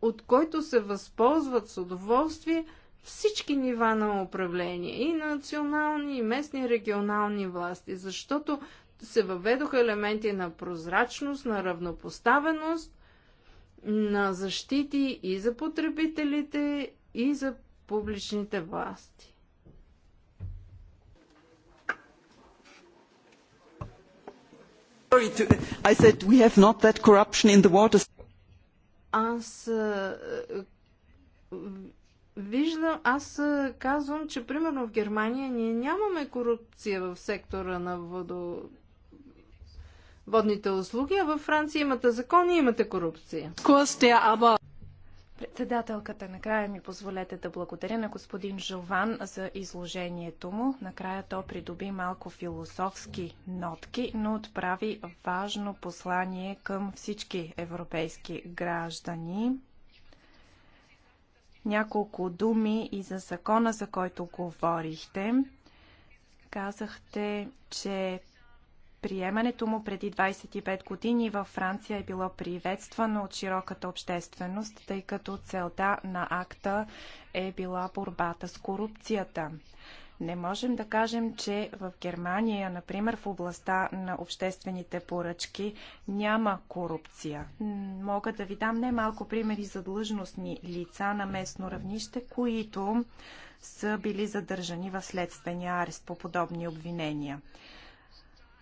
от който се възползват с удоволствие – всички нива на управление и национални, и местни, и регионални власти, защото се въведоха елементи на прозрачност, на равнопоставеност, на защити и за потребителите, и за публичните власти. I said we have not that corruption in the Аз виждам, аз казвам, че примерно в Германия ние нямаме корупция в сектора на водо... водните услуги, а във Франция имате закони и имате корупция. Председателката, накрая ми позволете да благодаря на господин Жован за изложението му. Накрая то придоби малко философски нотки, но отправи важно послание към всички европейски граждани. Няколко думи и за закона, за който говорихте. Казахте, че приемането му преди 25 години във Франция е било приветствано от широката общественост, тъй като целта на акта е била борбата с корупцията. Не можем да кажем, че в Германия, например, в областта на обществените поръчки няма корупция. Мога да ви дам немалко примери за длъжностни лица на местно равнище, които са били задържани в следствения арест по подобни обвинения.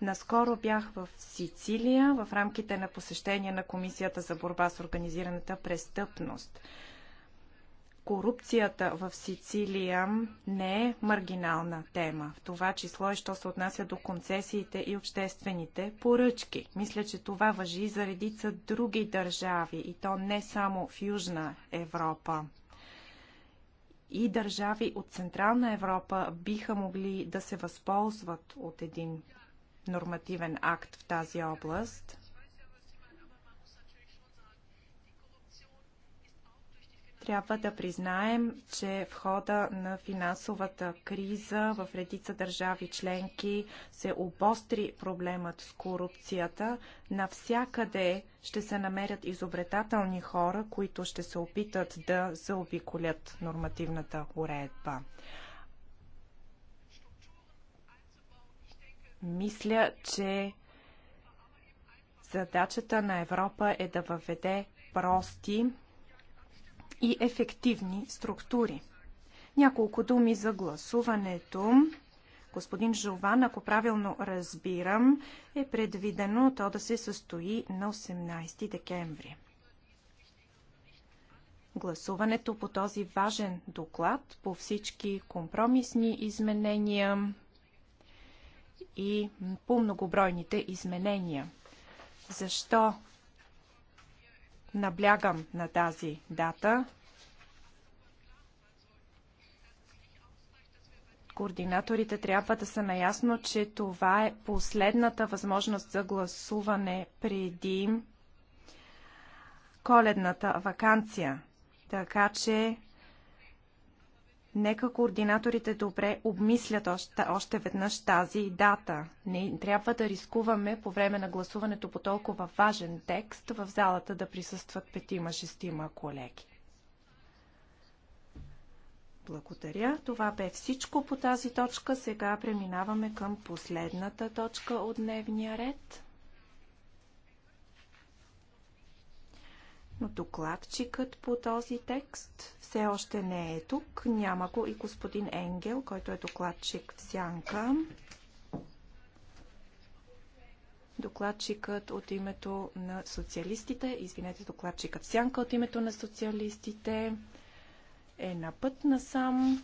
Наскоро бях в Сицилия в рамките на посещение на Комисията за борба с организираната престъпност. Корупцията в Сицилия не е маргинална тема. В това число е, що се отнася до концесиите и обществените поръчки. Мисля, че това въжи и за редица други държави, и то не само в Южна Европа и държави от Централна Европа биха могли да се възползват от един нормативен акт в тази област. Трябва да признаем, че в хода на финансовата криза в редица държави членки се обостри проблемът с корупцията. Навсякъде ще се намерят изобретателни хора, които ще се опитат да заобиколят нормативната уредба. Мисля, че задачата на Европа е да въведе прости и ефективни структури. Няколко думи за гласуването. Господин Жован, ако правилно разбирам, е предвидено то да се състои на 18 декември. Гласуването по този важен доклад, по всички компромисни изменения и по многобройните изменения. Защо Наблягам на тази дата. Координаторите трябва да са наясно, че това е последната възможност за гласуване преди коледната вакансия. Така че Нека координаторите добре обмислят още, още веднъж тази дата. Не трябва да рискуваме по време на гласуването по толкова важен текст в залата да присъстват петима-шестима колеги. Благодаря. Това бе всичко по тази точка. Сега преминаваме към последната точка от дневния ред. Но докладчикът по този текст все още не е тук. Няма го и господин Енгел, който е докладчик в Сянка. Докладчикът от името на социалистите, извинете, докладчикът в Сянка от името на социалистите е на път насам.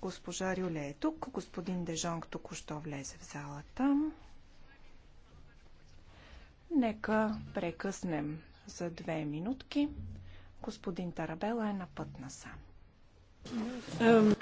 Госпожа Рюле е тук, господин Дежонг току-що влезе в залата. Нека прекъснем за две минутки. Господин Тарабела е на път насам. Um...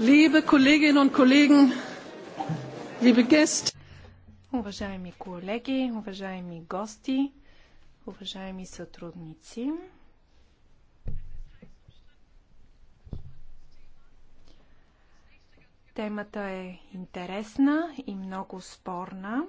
Liebe Kolleginnen und Kollegen, liebe Gäste. Уважаеми колеги, уважаеми гости, уважаеми сътрудници. Темата е интересна и много спорна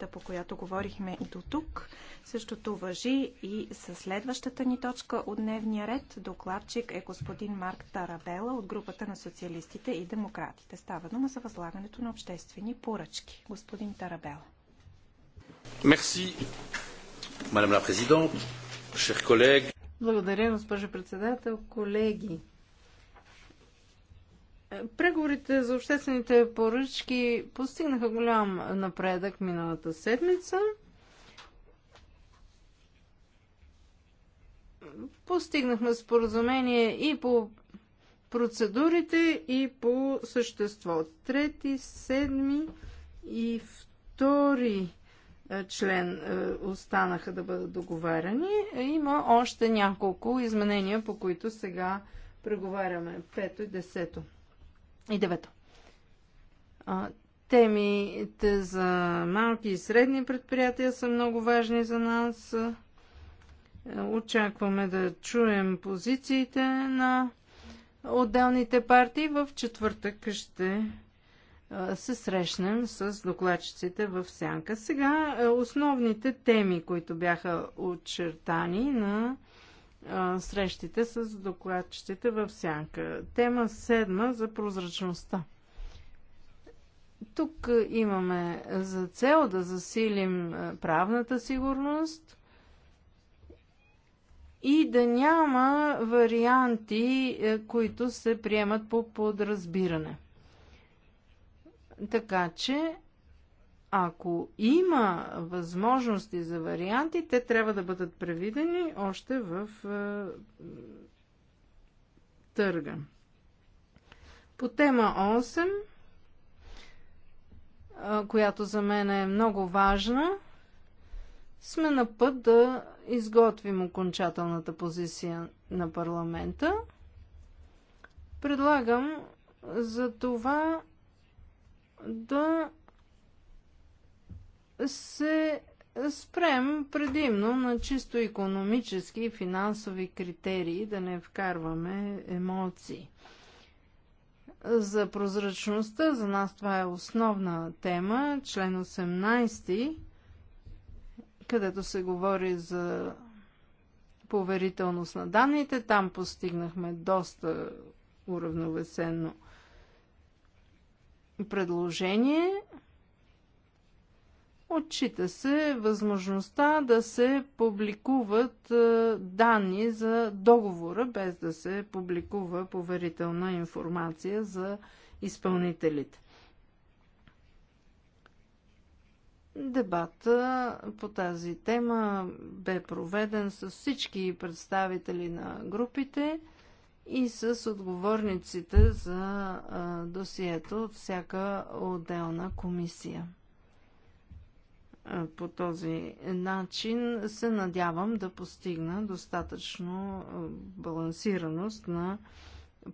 темата, по която говорихме до тук. Същото въжи и със следващата ни точка от дневния ред. Докладчик е господин Марк Тарабела от групата на социалистите и демократите. Става дума за възлагането на обществени поръчки. Господин Тарабела. Мерси, мадам ла президент, шер колег. Благодаря, госпожо председател, колеги. Преговорите за обществените поръчки постигнаха голям напредък миналата седмица. Постигнахме споразумение и по процедурите, и по същество. Трети, седми и втори е, член е, останаха да бъдат договаряни. Има още няколко изменения, по които сега преговаряме. Пето и десето. И девето. Темите за малки и средни предприятия са много важни за нас. Очакваме да чуем позициите на отделните партии. В четвъртък ще се срещнем с докладчиците в Сянка. Сега е, основните теми, които бяха очертани на срещите с докладчетите в сянка. Тема 7 за прозрачността. Тук имаме за цел да засилим правната сигурност и да няма варианти, които се приемат по подразбиране. Така че ако има възможности за варианти, те трябва да бъдат превидени още в е, търга. По тема 8, е, която за мен е много важна, сме на път да изготвим окончателната позиция на парламента. Предлагам за това да се спрем предимно на чисто економически и финансови критерии, да не вкарваме емоции. За прозрачността, за нас това е основна тема, член 18, където се говори за поверителност на данните. Там постигнахме доста уравновесено предложение. Отчита се възможността да се публикуват е, данни за договора, без да се публикува поверителна информация за изпълнителите. Дебата по тази тема бе проведен с всички представители на групите и с отговорниците за е, досието от всяка отделна комисия по този начин се надявам да постигна достатъчно балансираност на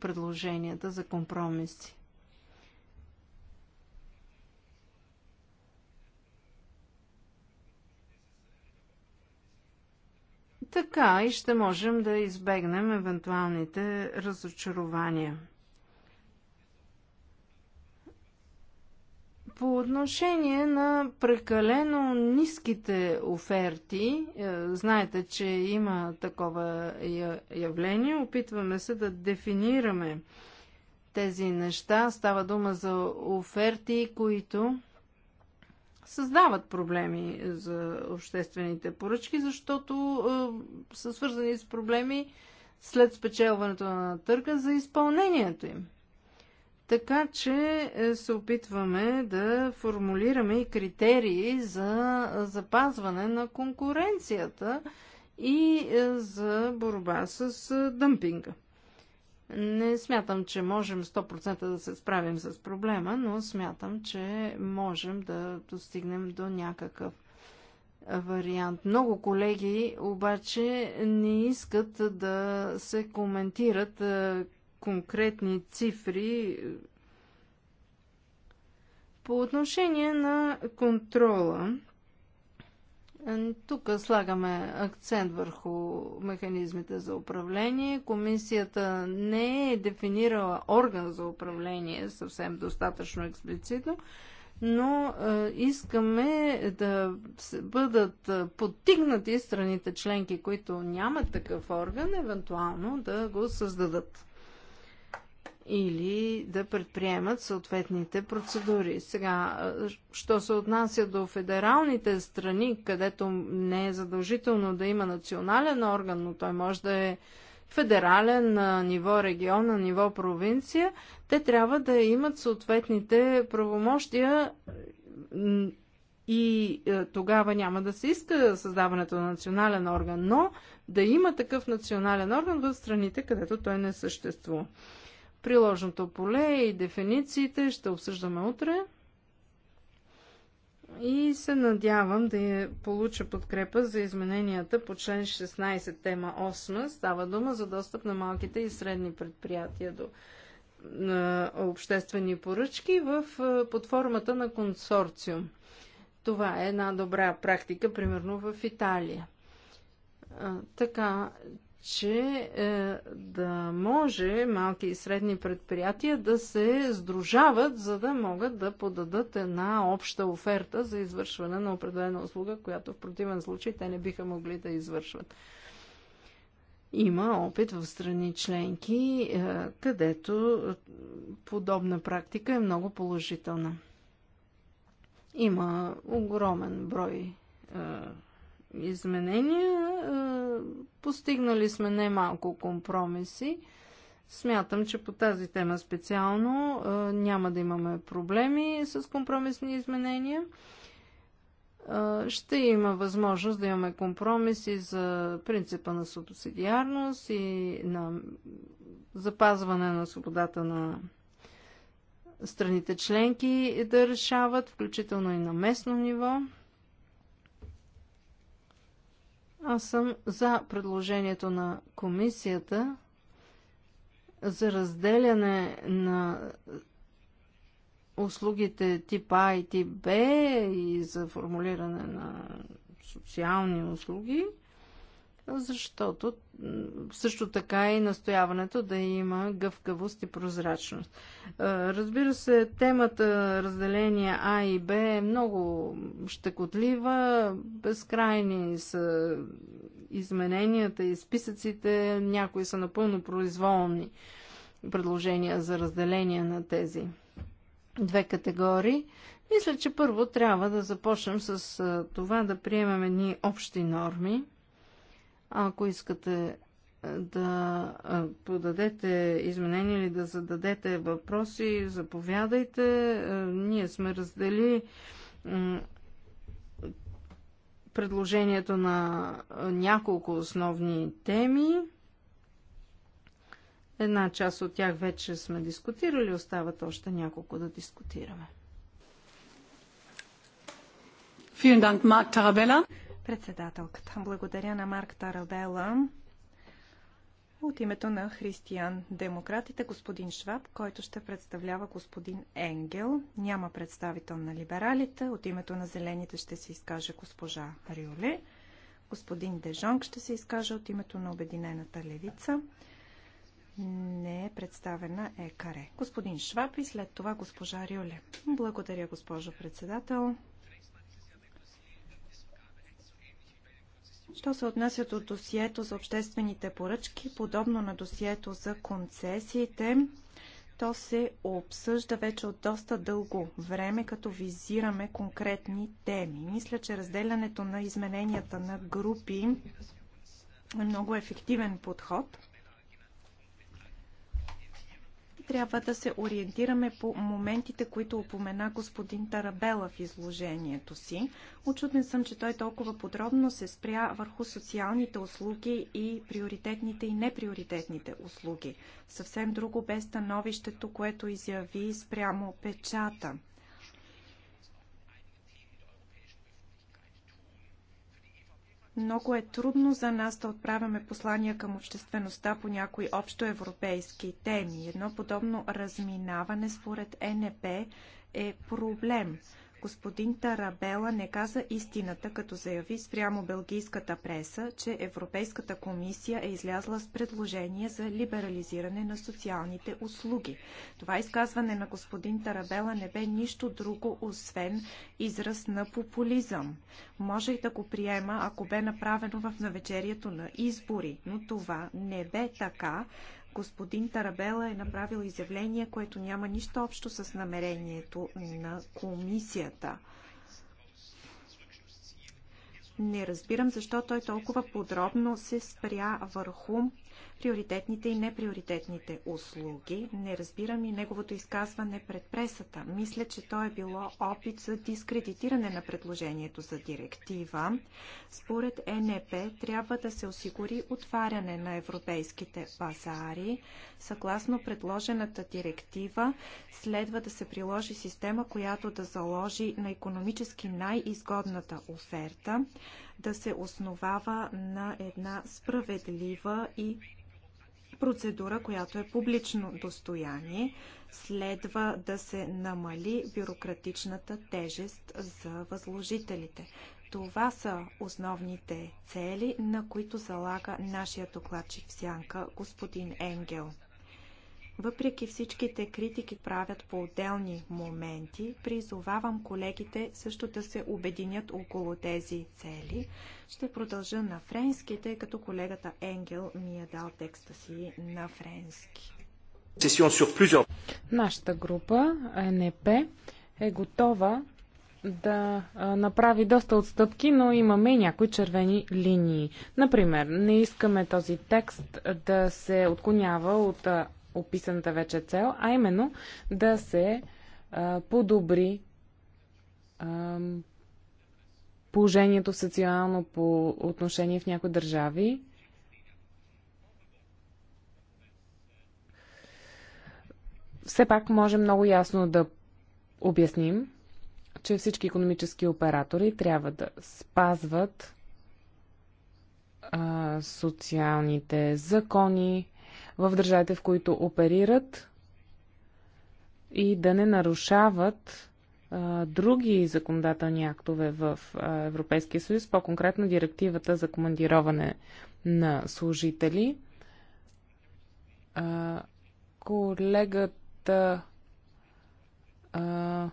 предложенията за компромиси. Така и ще можем да избегнем евентуалните разочарования. По отношение на прекалено ниските оферти, е, знаете, че има такова явление, опитваме се да дефинираме тези неща. Става дума за оферти, които създават проблеми за обществените поръчки, защото е, са свързани с проблеми след спечелването на търга за изпълнението им. Така че е, се опитваме да формулираме и критерии за запазване на конкуренцията и е, за борба с е, дъмпинга. Не смятам, че можем 100% да се справим с проблема, но смятам, че можем да достигнем до някакъв вариант. Много колеги обаче не искат да се коментират конкретни цифри. По отношение на контрола, тук слагаме акцент върху механизмите за управление. Комисията не е дефинирала орган за управление съвсем достатъчно експлицитно, но е, искаме да бъдат подтигнати страните членки, които нямат такъв орган, евентуално да го създадат или да предприемат съответните процедури. Сега, що се отнася до федералните страни, където не е задължително да има национален орган, но той може да е федерален на ниво регион, на ниво провинция, те трябва да имат съответните правомощия и е, тогава няма да се иска създаването на национален орган, но да има такъв национален орган в страните, където той не съществува. Приложното поле и дефинициите ще обсъждаме утре. И се надявам да я получа подкрепа за измененията по член 16, тема 8. Става дума за достъп на малките и средни предприятия до на обществени поръчки в, под формата на консорциум. Това е една добра практика, примерно в Италия. А, така, че е, да може малки и средни предприятия да се сдружават, за да могат да подадат една обща оферта за извършване на определена услуга, която в противен случай те не биха могли да извършват. Има опит в страни членки, е, където подобна практика е много положителна. Има огромен брой е, изменения. Е, постигнали сме немалко компромиси. Смятам, че по тази тема специално е, няма да имаме проблеми с компромисни изменения. Е, ще има възможност да имаме компромиси за принципа на субсидиарност и на запазване на свободата на страните членки да решават, включително и на местно ниво. Аз съм за предложението на комисията за разделяне на услугите тип А и тип Б и за формулиране на социални услуги, защото също така и настояването да има гъвкавост и прозрачност. Разбира се, темата разделение А и Б е много щекотлива, безкрайни са измененията и списъците, някои са напълно произволни предложения за разделение на тези две категории. Мисля, че първо трябва да започнем с това да приемем едни общи норми – ако искате е, да е, подадете изменения или да зададете въпроси, заповядайте. Е, ние сме раздели предложението на няколко основни теми. Една част от тях вече сме дискутирали, остават още няколко да дискутираме. Vielen Dank, Mark Tarabella. Председателката. Благодаря на Марк Тарабела. От името на християн демократите господин Шваб, който ще представлява господин Енгел. Няма представител на либералите. От името на зелените ще се изкаже госпожа Риоле. Господин Дежонг ще се изкаже от името на Обединената левица. Не е представена ЕКАРЕ. Е. Господин Шваб и след това госпожа Риоле. Благодаря, госпожо председател. Що се отнася до досието за обществените поръчки, подобно на досието за концесиите, то се обсъжда вече от доста дълго време, като визираме конкретни теми. Мисля, че разделянето на измененията на групи е много ефективен подход трябва да се ориентираме по моментите, които упомена господин Тарабела в изложението си. Очуден съм, че той толкова подробно се спря върху социалните услуги и приоритетните и неприоритетните услуги. Съвсем друго бе становището, което изяви спрямо печата. Много е трудно за нас да отправяме послания към обществеността по някои общоевропейски теми. Едно подобно разминаване според НП е проблем. Господин Тарабела не каза истината, като заяви спрямо белгийската преса, че Европейската комисия е излязла с предложение за либерализиране на социалните услуги. Това изказване на господин Тарабела не бе нищо друго, освен израз на популизъм. Може и да го приема, ако бе направено в навечерието на избори, но това не бе така господин Тарабела е направил изявление, което няма нищо общо с намерението на комисията. Не разбирам защо той толкова подробно се спря върху приоритетните и неприоритетните услуги. Не разбирам и неговото изказване пред пресата. Мисля, че то е било опит за дискредитиране на предложението за директива. Според ЕНП трябва да се осигури отваряне на европейските пазари. Съгласно предложената директива следва да се приложи система, която да заложи на економически най-изгодната оферта да се основава на една справедлива и процедура, която е публично достояние. Следва да се намали бюрократичната тежест за възложителите. Това са основните цели, на които залага нашия докладчик в сянка господин Енгел. Въпреки всичките критики правят по отделни моменти, призовавам колегите също да се обединят около тези цели. Ще продължа на френски, тъй като колегата Енгел ми е дал текста си на френски. Нашата група е НП е готова да направи доста отстъпки, но имаме и някои червени линии. Например, не искаме този текст да се отклонява от описаната вече цел, а именно да се а, подобри а, положението социално по отношение в някои държави. Все пак може много ясно да обясним, че всички економически оператори трябва да спазват а, социалните закони, в държавите, в които оперират и да не нарушават а, други законодателни актове в а, Европейския съюз, по-конкретно директивата за командироване на служители. А, колегата а,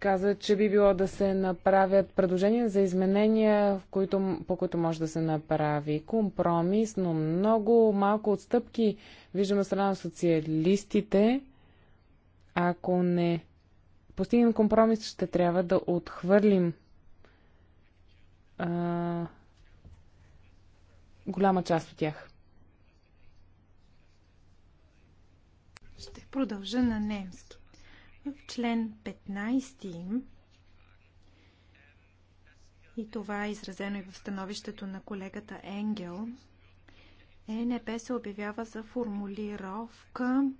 каза, че би било да се направят предложения за изменения, в които, по които може да се направи компромис, но много малко отстъпки виждаме страна на социалистите. Ако не постигнем компромис, ще трябва да отхвърлим а, голяма част от тях. Ще продължа на немски. В член 15 и това е изразено и в становището на колегата Енгел, ЕНП се обявява за формулировка,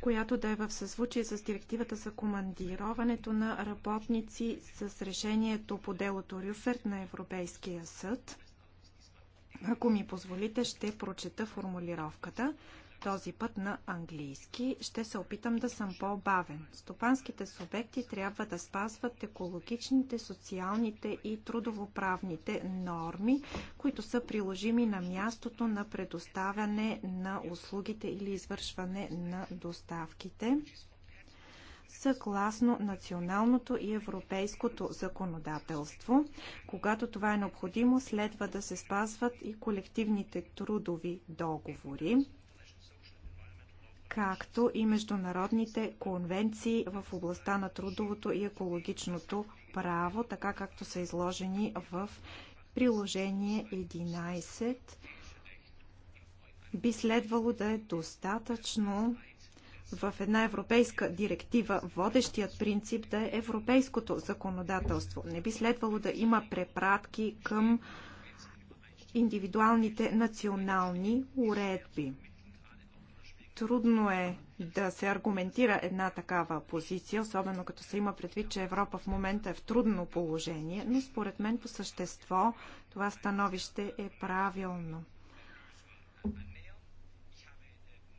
която да е в съзвучие с директивата за командироването на работници с решението по делото Рюферт на Европейския съд. Ако ми позволите, ще прочета формулировката този път на английски. Ще се опитам да съм по-бавен. Стопанските субекти трябва да спазват екологичните, социалните и трудовоправните норми, които са приложими на мястото на предоставяне на услугите или извършване на доставките съгласно националното и европейското законодателство. Когато това е необходимо, следва да се спазват и колективните трудови договори както и международните конвенции в областта на трудовото и екологичното право, така както са изложени в приложение 11. Би следвало да е достатъчно в една европейска директива водещият принцип да е европейското законодателство. Не би следвало да има препратки към индивидуалните национални уредби. Трудно е да се аргументира една такава позиция, особено като се има предвид, че Европа в момента е в трудно положение, но според мен по същество това становище е правилно.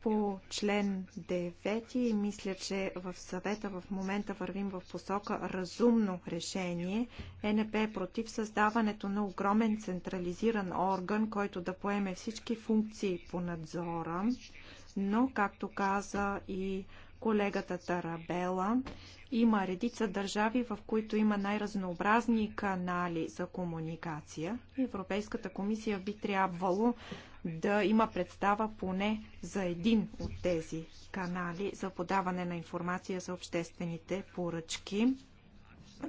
По член 9 мисля, че в съвета в момента вървим в посока разумно решение. Е НП е против създаването на огромен централизиран орган, който да поеме всички функции по надзора но, както каза и колегата Тарабела, има редица държави, в които има най-разнообразни канали за комуникация. Европейската комисия би трябвало да има представа поне за един от тези канали за подаване на информация за обществените поръчки.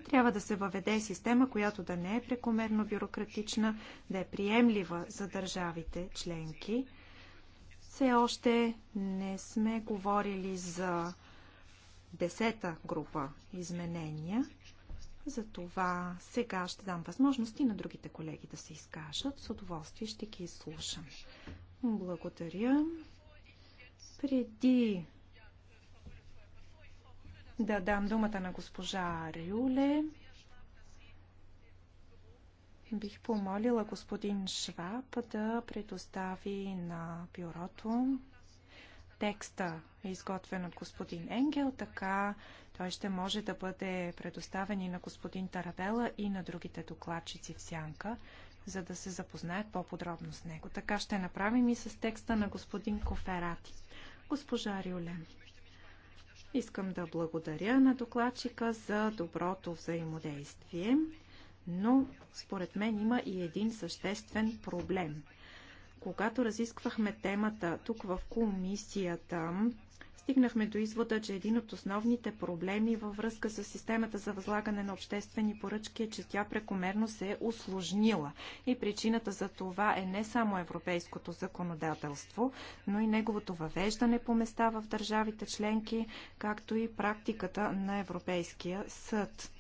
Трябва да се въведе система, която да не е прекомерно бюрократична, да е приемлива за държавите членки. Все още не сме говорили за десета група изменения. Затова сега ще дам възможности на другите колеги да се изкажат. С удоволствие ще ги изслушам. Благодаря. Преди да дам думата на госпожа Рюле, Бих помолила господин Шваб да предостави на бюрото текста, изготвен от господин Енгел, така той ще може да бъде предоставен и на господин Тарабела и на другите докладчици в Сянка, за да се запознаят по-подробно с него. Така ще направим и с текста на господин Коферати. Госпожа Рюлен, искам да благодаря на докладчика за доброто взаимодействие. Но, според мен, има и един съществен проблем. Когато разисквахме темата тук в комисията, стигнахме до извода, че един от основните проблеми във връзка с системата за възлагане на обществени поръчки е, че тя прекомерно се е усложнила. И причината за това е не само европейското законодателство, но и неговото въвеждане по места в държавите членки, както и практиката на Европейския съд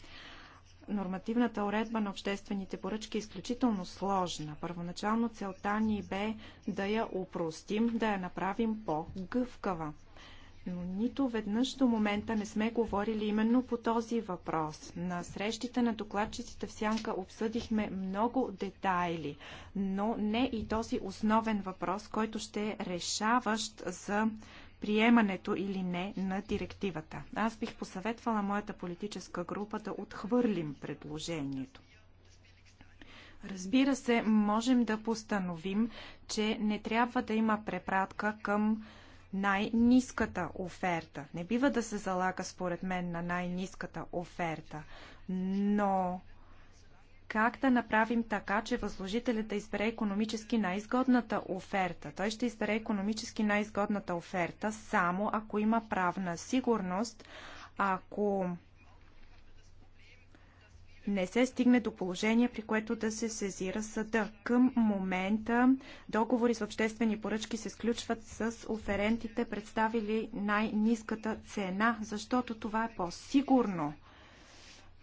нормативната уредба на обществените поръчки е изключително сложна. Първоначално целта ни бе да я упростим, да я направим по-гъвкава. Но нито веднъж до момента не сме говорили именно по този въпрос. На срещите на докладчиците в Сянка обсъдихме много детайли, но не и този основен въпрос, който ще е решаващ за приемането или не на директивата. Аз бих посъветвала моята политическа група да отхвърлим предложението. Разбира се, можем да постановим, че не трябва да има препратка към най-низката оферта. Не бива да се залага, според мен, на най-низката оферта, но как да направим така, че възложителят да избере економически най-изгодната оферта. Той ще избере економически най-изгодната оферта само ако има правна сигурност, ако не се стигне до положение, при което да се сезира съда. Към момента договори с обществени поръчки се сключват с оферентите, представили най-низката цена, защото това е по-сигурно.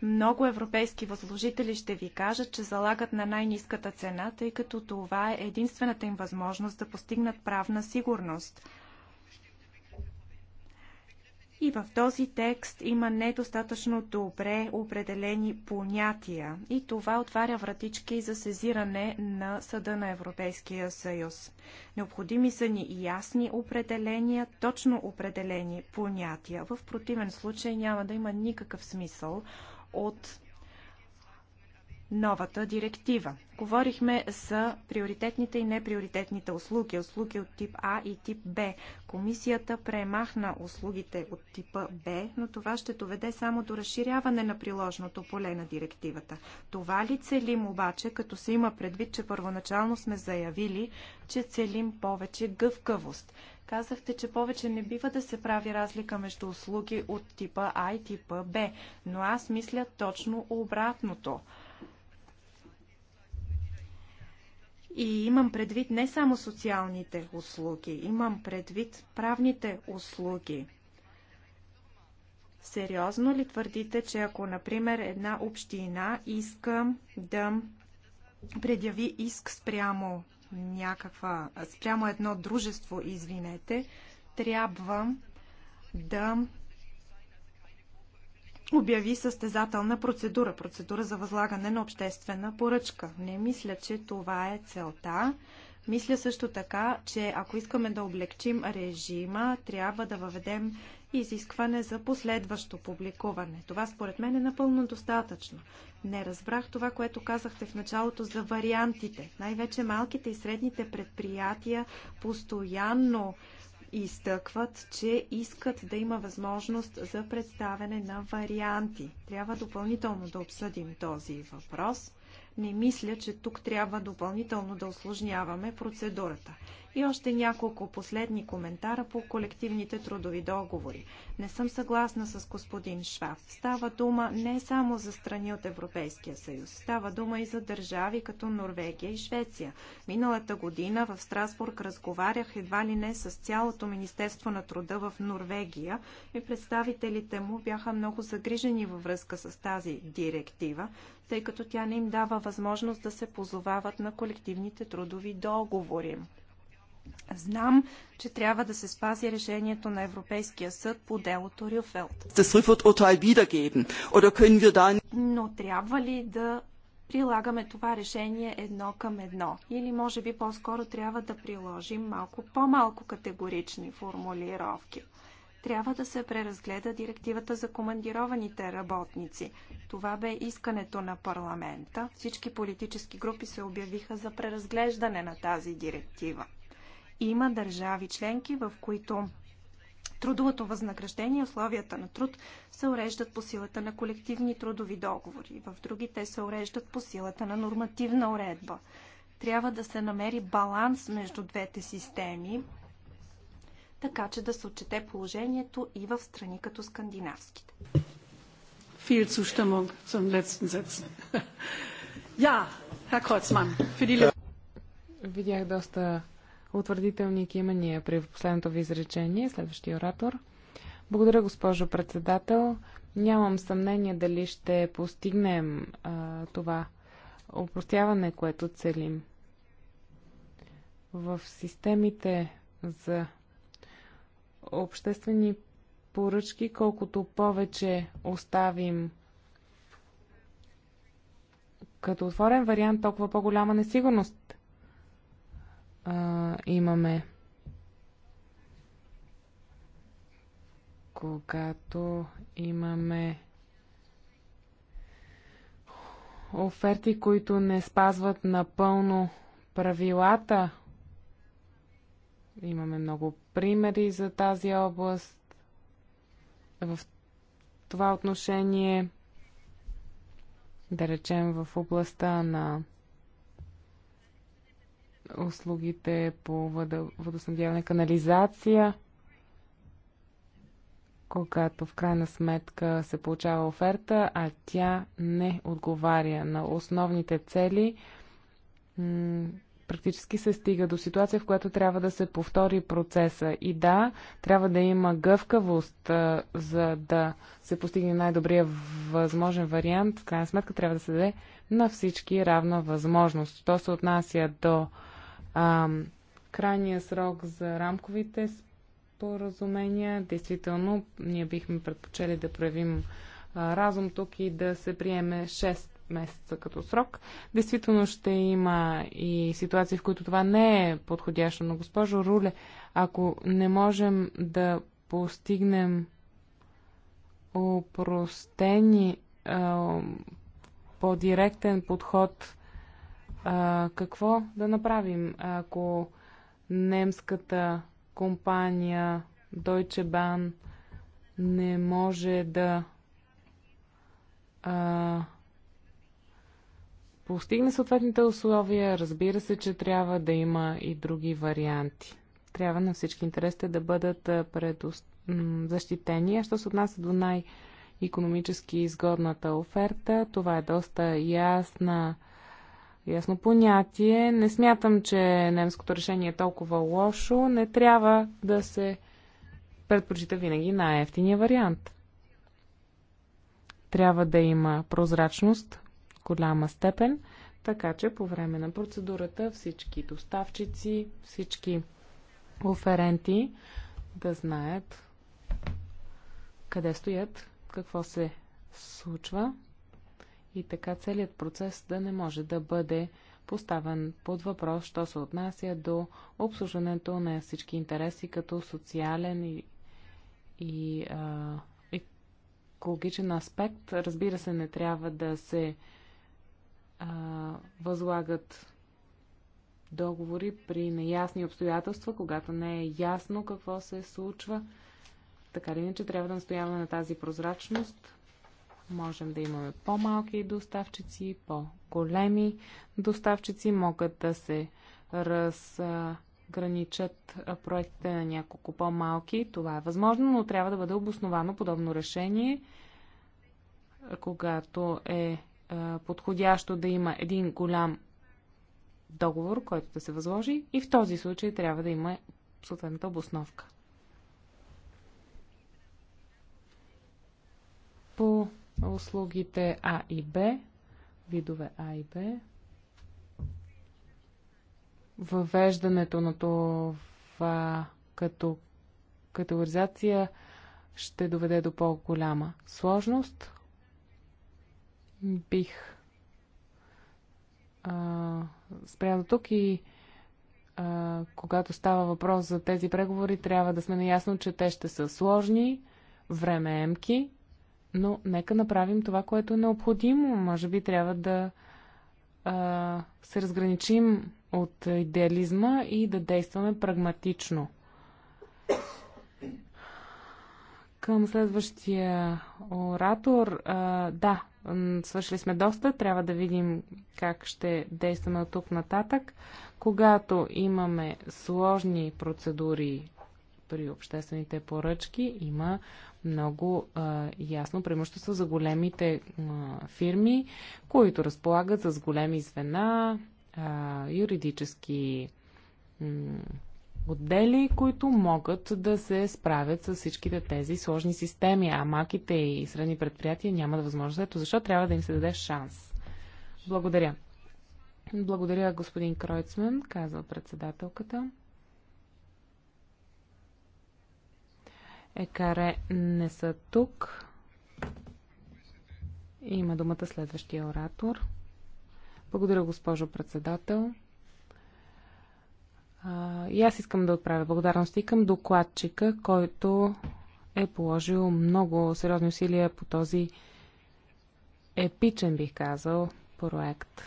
Много европейски възложители ще ви кажат, че залагат на най-низката цена, тъй като това е единствената им възможност да постигнат правна сигурност. И в този текст има недостатъчно добре определени понятия и това отваря вратички за сезиране на Съда на Европейския съюз. Необходими са ни ясни определения, точно определени понятия. В противен случай няма да има никакъв смисъл от новата директива. Говорихме за приоритетните и неприоритетните услуги, услуги от тип А и тип Б. Комисията премахна услугите от типа Б, но това ще доведе само до разширяване на приложното поле на директивата. Това ли целим обаче, като се има предвид, че първоначално сме заявили, че целим повече гъвкавост? Казахте, че повече не бива да се прави разлика между услуги от типа А и типа Б, но аз мисля точно обратното. И имам предвид не само социалните услуги, имам предвид правните услуги. Сериозно ли твърдите, че ако, например, една община иска да предяви иск спрямо някаква, спрямо едно дружество, извинете, трябва да обяви състезателна процедура, процедура за възлагане на обществена поръчка. Не мисля, че това е целта. Мисля също така, че ако искаме да облегчим режима, трябва да въведем изискване за последващо публикуване. Това според мен е напълно достатъчно. Не разбрах това, което казахте в началото за вариантите. Най-вече малките и средните предприятия постоянно изтъкват, че искат да има възможност за представяне на варианти. Трябва допълнително да обсъдим този въпрос. Не мисля, че тук трябва допълнително да осложняваме процедурата. И още няколко последни коментара по колективните трудови договори. Не съм съгласна с господин Шваб. Става дума не само за страни от Европейския съюз. Става дума и за държави като Норвегия и Швеция. Миналата година в Страсбург разговарях едва ли не с цялото Министерство на труда в Норвегия и представителите му бяха много загрижени във връзка с тази директива, тъй като тя не им дава възможност да се позовават на колективните трудови договори. Знам, че трябва да се спази решението на Европейския съд по делото Рюфелд. Но трябва ли да прилагаме това решение едно към едно? Или може би по-скоро трябва да приложим малко по-малко категорични формулировки? Трябва да се преразгледа директивата за командированите работници. Това бе искането на парламента. Всички политически групи се обявиха за преразглеждане на тази директива. Има държави членки, в които трудовото възнаграждение и условията на труд се уреждат по силата на колективни трудови договори. В други те се уреждат по силата на нормативна уредба. Трябва да се намери баланс между двете системи, така че да се отчете положението и в страни като скандинавските. Viel Zustimmung zum letzten Satz. *laughs* Ja, Herr Kreuzmann, für die Видях доста утвърдителни кимания е при последното ви изречение. Следващия оратор. Благодаря, госпожо председател. Нямам съмнение дали ще постигнем а, това опростяване, което целим. В системите за обществени поръчки, колкото повече оставим като отворен вариант, толкова по-голяма несигурност а, имаме. Когато имаме оферти, които не спазват напълно правилата, имаме много примери за тази област. В това отношение, да речем в областта на услугите по водоснабдяване канализация, когато в крайна сметка се получава оферта, а тя не отговаря на основните цели, практически се стига до ситуация, в която трябва да се повтори процеса. И да, трябва да има гъвкавост, за да се постигне най-добрия възможен вариант. В крайна сметка трябва да се даде на всички равна възможност. Що се отнася до а, крайния срок за рамковите споразумения. Действително, ние бихме предпочели да проявим а, разум тук и да се приеме 6 месеца като срок. Действително ще има и ситуации, в които това не е подходящо. Но, госпожо Руле, ако не можем да постигнем упростени по-директен подход а, какво да направим, ако немската компания Deutsche Bahn не може да а, постигне съответните условия, разбира се, че трябва да има и други варианти. Трябва на всички интересите да бъдат предост... защитени. А що се отнася до най- економически изгодната оферта, това е доста ясна ясно понятие. Не смятам, че немското решение е толкова лошо. Не трябва да се предпочита винаги най-ефтиния вариант. Трябва да има прозрачност в голяма степен, така че по време на процедурата всички доставчици, всички оференти да знаят къде стоят, какво се случва и така целият процес да не може да бъде поставен под въпрос, що се отнася до обслужването на всички интереси, като социален и, и а, екологичен аспект. Разбира се, не трябва да се а, възлагат договори при неясни обстоятелства, когато не е ясно какво се случва. Така или иначе трябва да настояваме на тази прозрачност, можем да имаме по-малки доставчици, по-големи доставчици, могат да се разграничат проектите на няколко по-малки. Това е възможно, но трябва да бъде обосновано подобно решение, когато е подходящо да има един голям договор, който да се възложи и в този случай трябва да има съответната обосновка. По услугите А и Б, видове А и Б, въвеждането на това като категоризация ще доведе до по-голяма сложност. Бих а, спрял тук и а, когато става въпрос за тези преговори, трябва да сме наясно, че те ще са сложни, времеемки е но нека направим това, което е необходимо. Може би трябва да а, се разграничим от идеализма и да действаме прагматично. Към следващия оратор. А, да, свършили сме доста. Трябва да видим как ще действаме от тук нататък. Когато имаме сложни процедури при обществените поръчки, има много а, ясно преимущество за големите а, фирми, които разполагат с големи звена, а, юридически отдели, които могат да се справят с всичките тези сложни системи, а малките и средни предприятия нямат възможност. Ето защо трябва да им се даде шанс. Благодаря. Благодаря, господин Кройцман, казва председателката. Екаре не са тук. Има думата следващия оратор. Благодаря, госпожо председател. А, и аз искам да отправя благодарности към докладчика, който е положил много сериозни усилия по този епичен, бих казал, проект.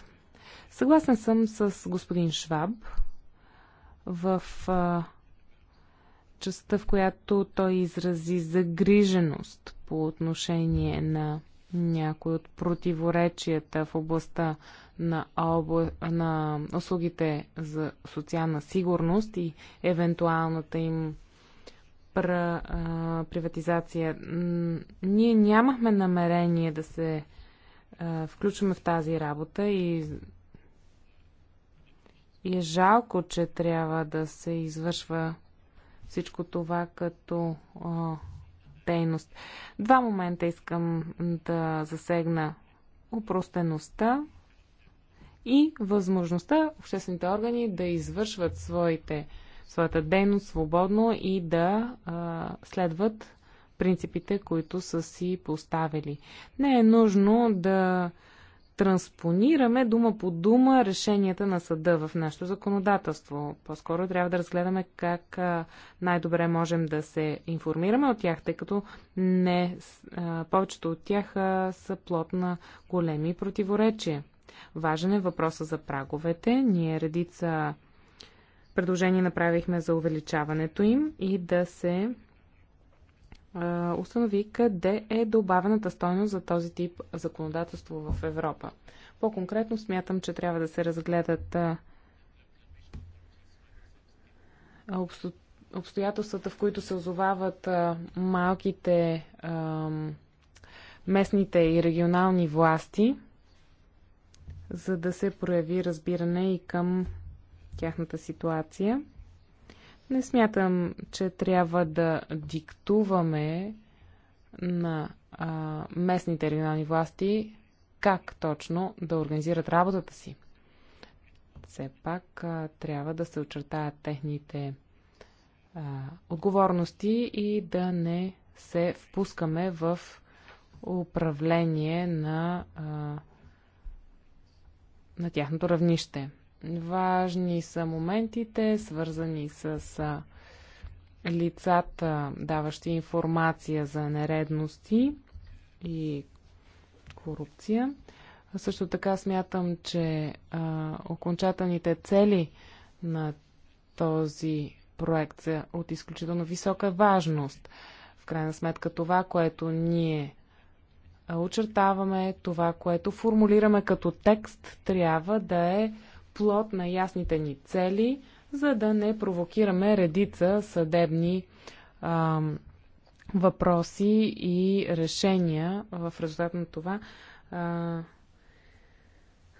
Съгласен съм с господин Шваб в а, частта, в която той изрази загриженост по отношение на някои от противоречията в областта на, обла... на услугите за социална сигурност и евентуалната им пра... приватизация. Ние нямахме намерение да се включваме в тази работа и... и е жалко, че трябва да се извършва всичко това като а, дейност. Два момента искам да засегна. упростеността и възможността обществените органи да извършват своите, своята дейност свободно и да а, следват принципите, които са си поставили. Не е нужно да транспонираме дума по дума решенията на съда в нашето законодателство. По-скоро трябва да разгледаме как най-добре можем да се информираме от тях, тъй като не, повечето от тях са плод на големи противоречия. Важен е въпроса за праговете. Ние редица предложения направихме за увеличаването им и да се установи къде е добавената стойност за този тип законодателство в Европа. По-конкретно смятам, че трябва да се разгледат обстоятелствата, в които се озовават малките местните и регионални власти, за да се прояви разбиране и към тяхната ситуация. Не смятам, че трябва да диктуваме на а, местните регионални власти как точно да организират работата си. Все пак а, трябва да се очертаят техните а, отговорности и да не се впускаме в управление на, а, на тяхното равнище. Важни са моментите, свързани с лицата, даващи информация за нередности и корупция. Също така смятам, че а, окончателните цели на този проект са от изключително висока важност. В крайна сметка това, което ние очертаваме, това, което формулираме като текст, трябва да е плод на ясните ни цели, за да не провокираме редица съдебни а, въпроси и решения в резултат на това а,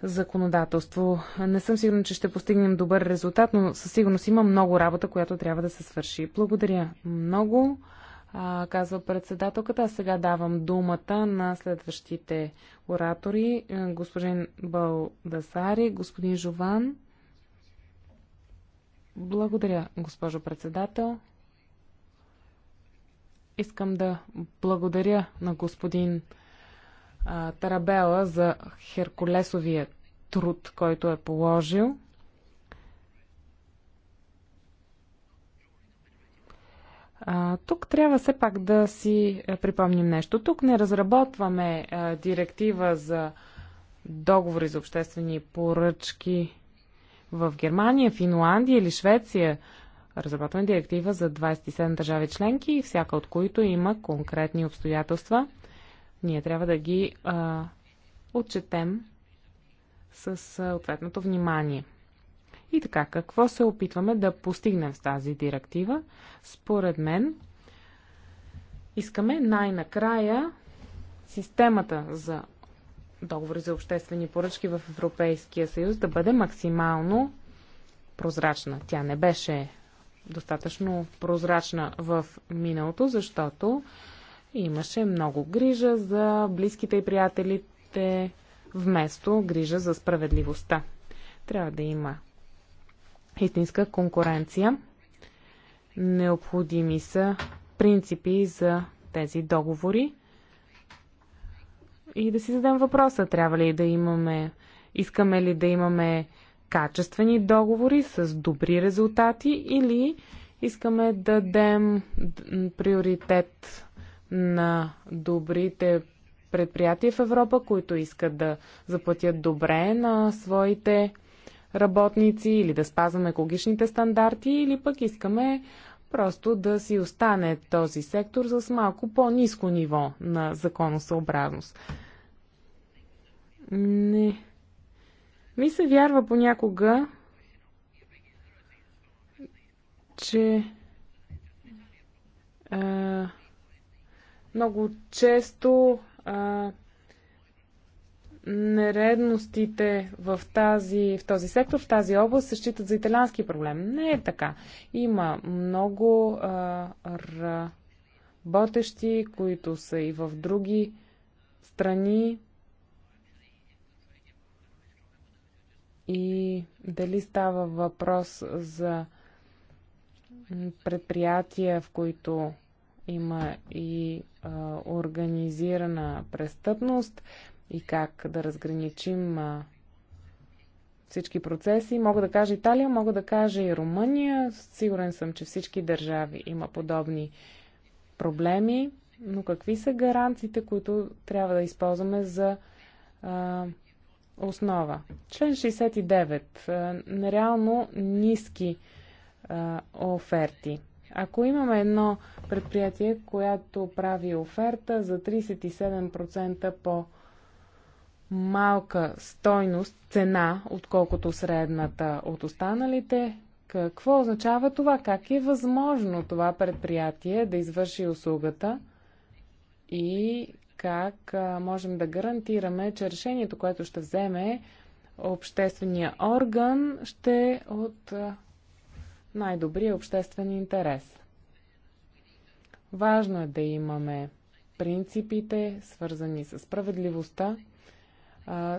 законодателство. Не съм сигурна, че ще постигнем добър резултат, но със сигурност има много работа, която трябва да се свърши. Благодаря много а, казва председателката. А сега давам думата на следващите оратори. Е, господин Балдасари, господин Жован. Благодаря, госпожо председател. Искам да благодаря на господин а, Тарабела за Херкулесовия труд, който е положил. А, тук трябва все пак да си е, припомним нещо. Тук не разработваме а, е, директива за договори за обществени поръчки в Германия, Финландия или Швеция. Разработваме директива за 27 държави членки, всяка от които има конкретни обстоятелства. Ние трябва да ги а, отчетем с съответното внимание. И така, какво се опитваме да постигнем с тази директива? Според мен, искаме най-накрая системата за договори за обществени поръчки в Европейския съюз да бъде максимално прозрачна. Тя не беше достатъчно прозрачна в миналото, защото имаше много грижа за близките и приятелите, вместо грижа за справедливостта. Трябва да има истинска конкуренция. Необходими са принципи за тези договори. И да си задам въпроса, трябва ли да имаме, искаме ли да имаме качествени договори с добри резултати или искаме да дадем приоритет на добрите предприятия в Европа, които искат да заплатят добре на своите работници или да спазваме екологичните стандарти, или пък искаме просто да си остане този сектор с малко по-низко ниво на законосъобразност. Не. Ми се вярва понякога, че а, много често а, нередностите в, тази, в този сектор, в тази област се считат за италиански проблем. Не е така. Има много а, работещи, които са и в други страни. И дали става въпрос за предприятия, в които има и а, организирана престъпност, и как да разграничим всички процеси. Мога да кажа Италия, мога да кажа и Румъния. Сигурен съм, че всички държави има подобни проблеми, но какви са гаранциите, които трябва да използваме за а, основа? Член 69. А, нереално ниски а, оферти. Ако имаме едно предприятие, което прави оферта за 37% по- малка стойност, цена, отколкото средната от останалите. Какво означава това? Как е възможно това предприятие да извърши услугата и как можем да гарантираме, че решението, което ще вземе обществения орган, ще е от най-добрия обществен интерес. Важно е да имаме принципите, свързани с справедливостта,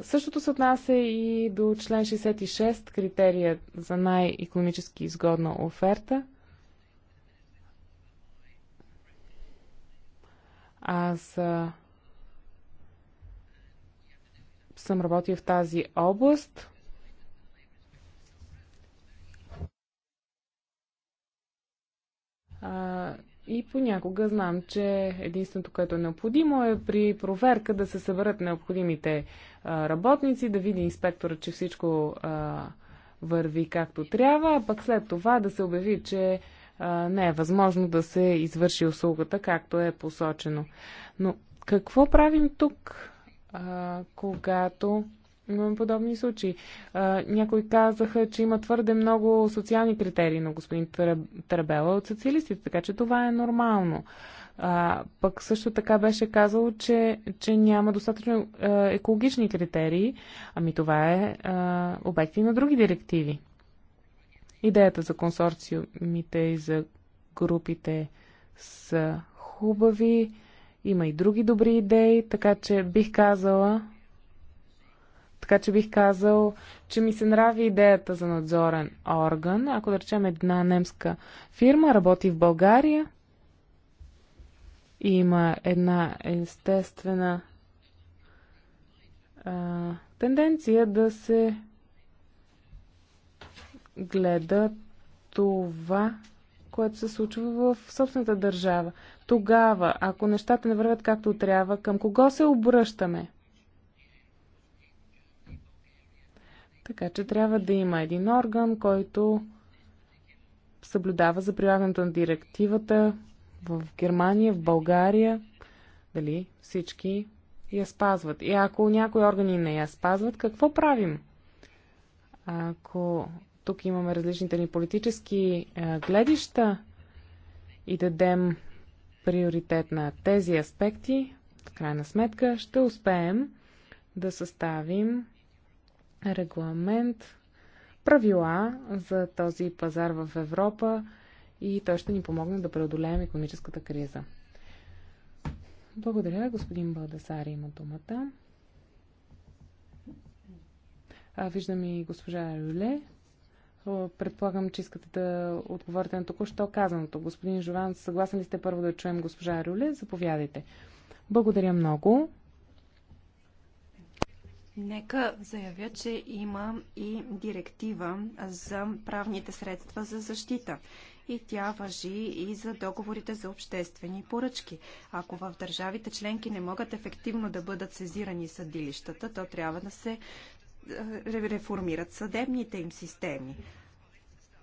Същото се отнася и до член 66, критерия за най-економически изгодна оферта. Аз а, съм работил в тази област. А, и понякога знам, че единственото, което е необходимо е при проверка да се съберат необходимите работници, да види инспектора, че всичко върви както трябва, а пък след това да се обяви, че не е възможно да се извърши услугата, както е посочено. Но какво правим тук, когато подобни случаи. Някои казаха, че има твърде много социални критерии на господин Тарабела от социалистите, така че това е нормално. А, пък също така беше казало, че, че няма достатъчно а, екологични критерии. Ами това е а, обекти на други директиви. Идеята за консорциумите и за групите са хубави. Има и други добри идеи, така че бих казала, така че бих казал, че ми се нрави идеята за надзорен орган. Ако да речем една немска фирма работи в България и има една естествена а, тенденция да се гледа това, което се случва в собствената държава. Тогава, ако нещата не вървят както трябва, към кого се обръщаме? Така че трябва да има един орган, който съблюдава за прилагането на директивата в Германия, в България, дали всички я спазват. И ако някои органи не я спазват, какво правим? Ако тук имаме различните ни политически е, гледища и дадем приоритет на тези аспекти, в крайна сметка ще успеем да съставим регламент, правила за този пазар в Европа и той ще ни помогне да преодолеем економическата криза. Благодаря. Господин Балдасари има думата. А, виждам и госпожа Рюле. Предполагам, че искате да отговорите на току-що казаното. Господин Жован, съгласен ли сте първо да чуем госпожа Рюле? Заповядайте. Благодаря много. Нека заявя, че има и директива за правните средства за защита. И тя въжи и за договорите за обществени поръчки. Ако в държавите членки не могат ефективно да бъдат сезирани съдилищата, то трябва да се е, реформират съдебните им системи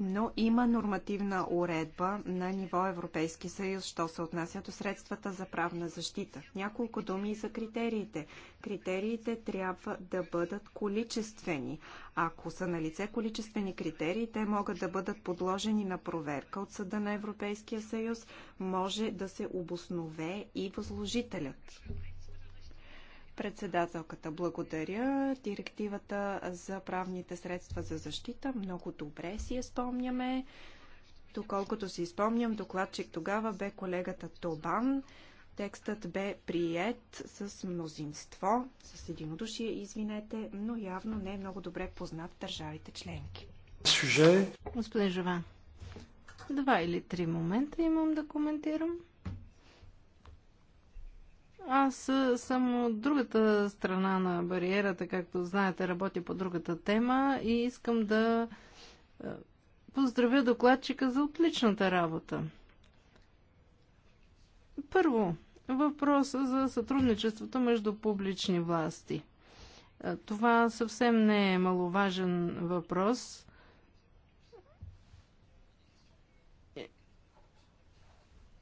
но има нормативна уредба на ниво Европейски съюз, що се отнася до средствата за правна защита. Няколко думи за критериите. Критериите трябва да бъдат количествени. Ако са на лице количествени критерии, те могат да бъдат подложени на проверка от Съда на Европейския съюз, може да се обоснове и възложителят. Председателката, благодаря. Директивата за правните средства за защита много добре си я спомняме. Доколкото си спомням, докладчик тогава бе колегата Тобан. Текстът бе прият с мнозинство, с единодушие, извинете, но явно не е много добре познат държавите членки. Сюже. Господин Жован, два или три момента имам да коментирам. Аз съм от другата страна на бариерата, както знаете, работя по другата тема и искам да поздравя докладчика за отличната работа. Първо, въпроса за сътрудничеството между публични власти. Това съвсем не е маловажен въпрос.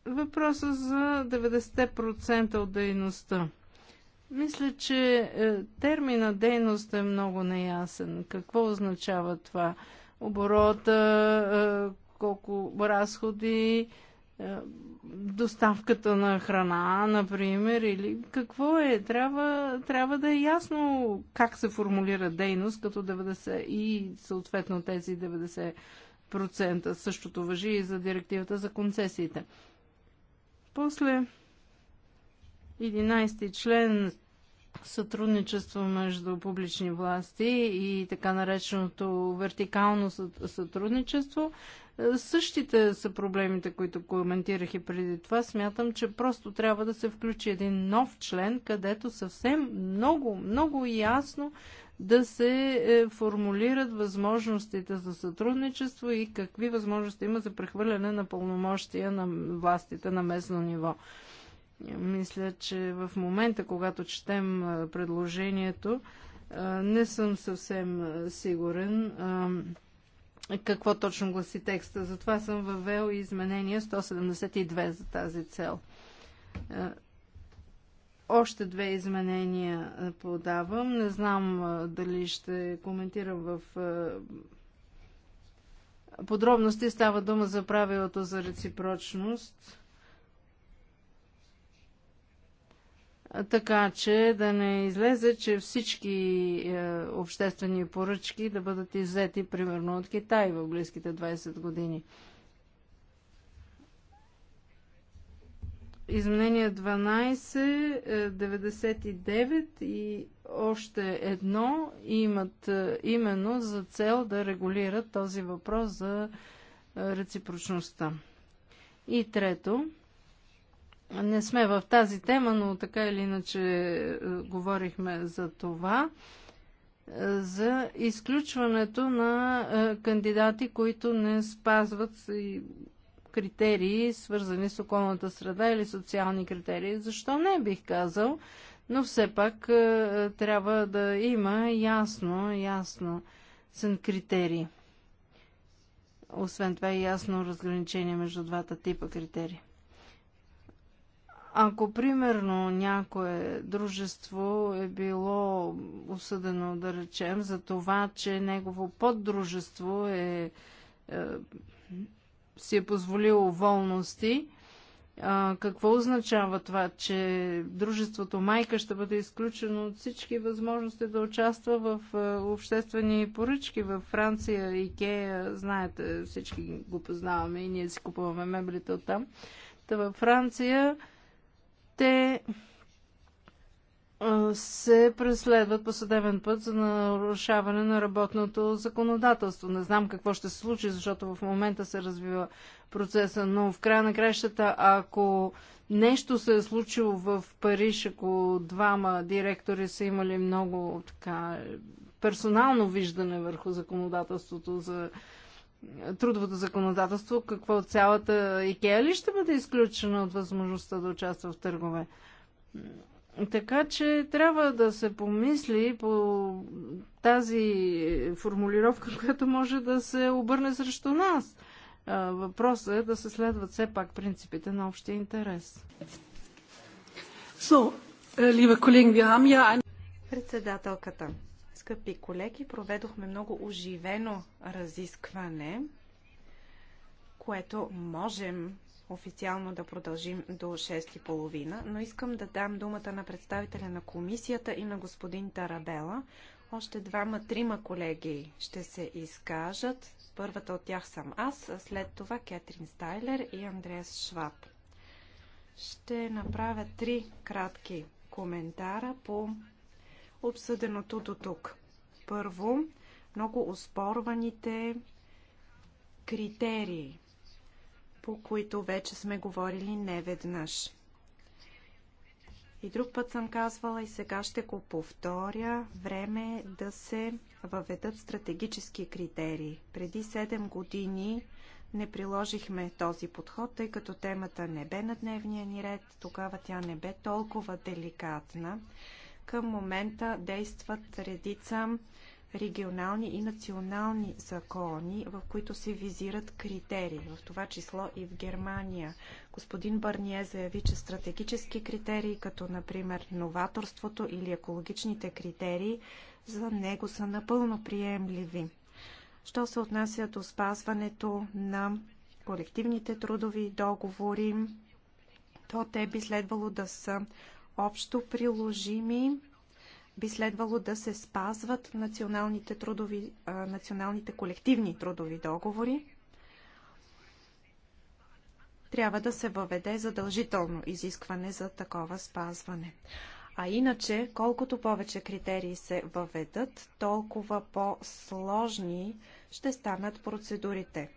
въпроса за 90% от дейността. Мисля, че е, термина дейност е много неясен. Какво означава това? Оборота, е, колко разходи, е, доставката на храна, например, или какво е? Трябва, трябва да е ясно как се формулира дейност като 90 и съответно тези 90%. Същото въжи и за директивата за концесиите. После 11 ти член сътрудничество между публични власти и така нареченото вертикално сътрудничество. Е, същите са проблемите, които коментирах и преди това. Смятам, че просто трябва да се включи един нов член, където съвсем много, много ясно да се е, формулират възможностите за сътрудничество и какви възможности има за прехвърляне на пълномощия на властите на местно ниво. Мисля, че в момента, когато четем е, предложението, е, не съм съвсем сигурен какво точно гласи текста. Затова съм въвел и изменение 172 за тази цел. Още две изменения подавам. Не знам дали ще коментирам в подробности. Става дума за правилото за реципрочност. Така че да не излезе, че всички е, обществени поръчки да бъдат иззети примерно от Китай в близките 20 години. Изменение 12, 99 е, и още едно имат е, именно за цел да регулират този въпрос за е, реципрочността. И трето, не сме в тази тема, но така или иначе говорихме за това, за изключването на кандидати, които не спазват и критерии, свързани с околната среда или социални критерии. Защо не бих казал, но все пак е, трябва да има ясно, ясно сен критерии. Освен това и е ясно разграничение между двата типа критерии. Ако, примерно, някое дружество е било осъдено, да речем, за това, че негово поддружество е, е си е позволило волности. А, какво означава това, че дружеството майка ще бъде изключено от всички възможности да участва в а, обществени поръчки във Франция, Икея, знаете, всички го познаваме и ние си купуваме меблите от там. Та във Франция те се преследват по съдебен път за нарушаване на работното законодателство. Не знам какво ще се случи, защото в момента се развива процеса, но в края на кращата, ако нещо се е случило в Париж, ако двама директори са имали много така персонално виждане върху законодателството за трудовото законодателство, какво цялата Икея ли ще бъде изключена от възможността да участва в търгове? Така че трябва да се помисли по тази формулировка, която може да се обърне срещу нас. Въпросът е да се следват все пак принципите на общия интерес. So, э, liebe Kollegen, wir haben ja ein... Председателката, скъпи колеги, проведохме много оживено разискване, което можем официално да продължим до 6.30, но искам да дам думата на представителя на комисията и на господин Тарабела. Още двама-трима колеги ще се изкажат. Първата от тях съм аз, а след това Кетрин Стайлер и Андреас Шваб. Ще направя три кратки коментара по обсъденото до тук. Първо, много успорваните критерии по които вече сме говорили неведнъж. И друг път съм казвала и сега ще го повторя. Време е да се въведат стратегически критерии. Преди 7 години не приложихме този подход, тъй като темата не бе на дневния ни ред, тогава тя не бе толкова деликатна. Към момента действат редица регионални и национални закони, в които се визират критерии, в това число и в Германия. Господин Барние заяви, че стратегически критерии, като например новаторството или екологичните критерии, за него са напълно приемливи. Що се отнася до спазването на колективните трудови договори, то те би следвало да са общо приложими би следвало да се спазват националните, трудови, националните колективни трудови договори. Трябва да се въведе задължително изискване за такова спазване. А иначе, колкото повече критерии се въведат, толкова по-сложни ще станат процедурите.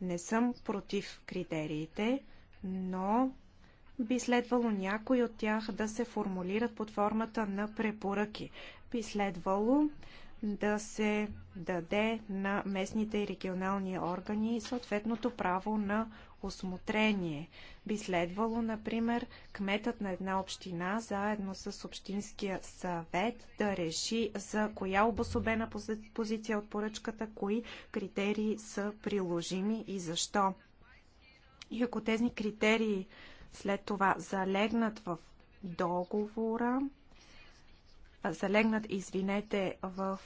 Не съм против критериите, но би следвало някои от тях да се формулират под формата на препоръки. Би следвало да се даде на местните и регионални органи съответното право на осмотрение. Би следвало, например, кметът на една община заедно с Общинския съвет да реши за коя обособена позиция от поръчката, кои критерии са приложими и защо. И ако тези критерии след това залегнат в договора, залегнат, извинете, в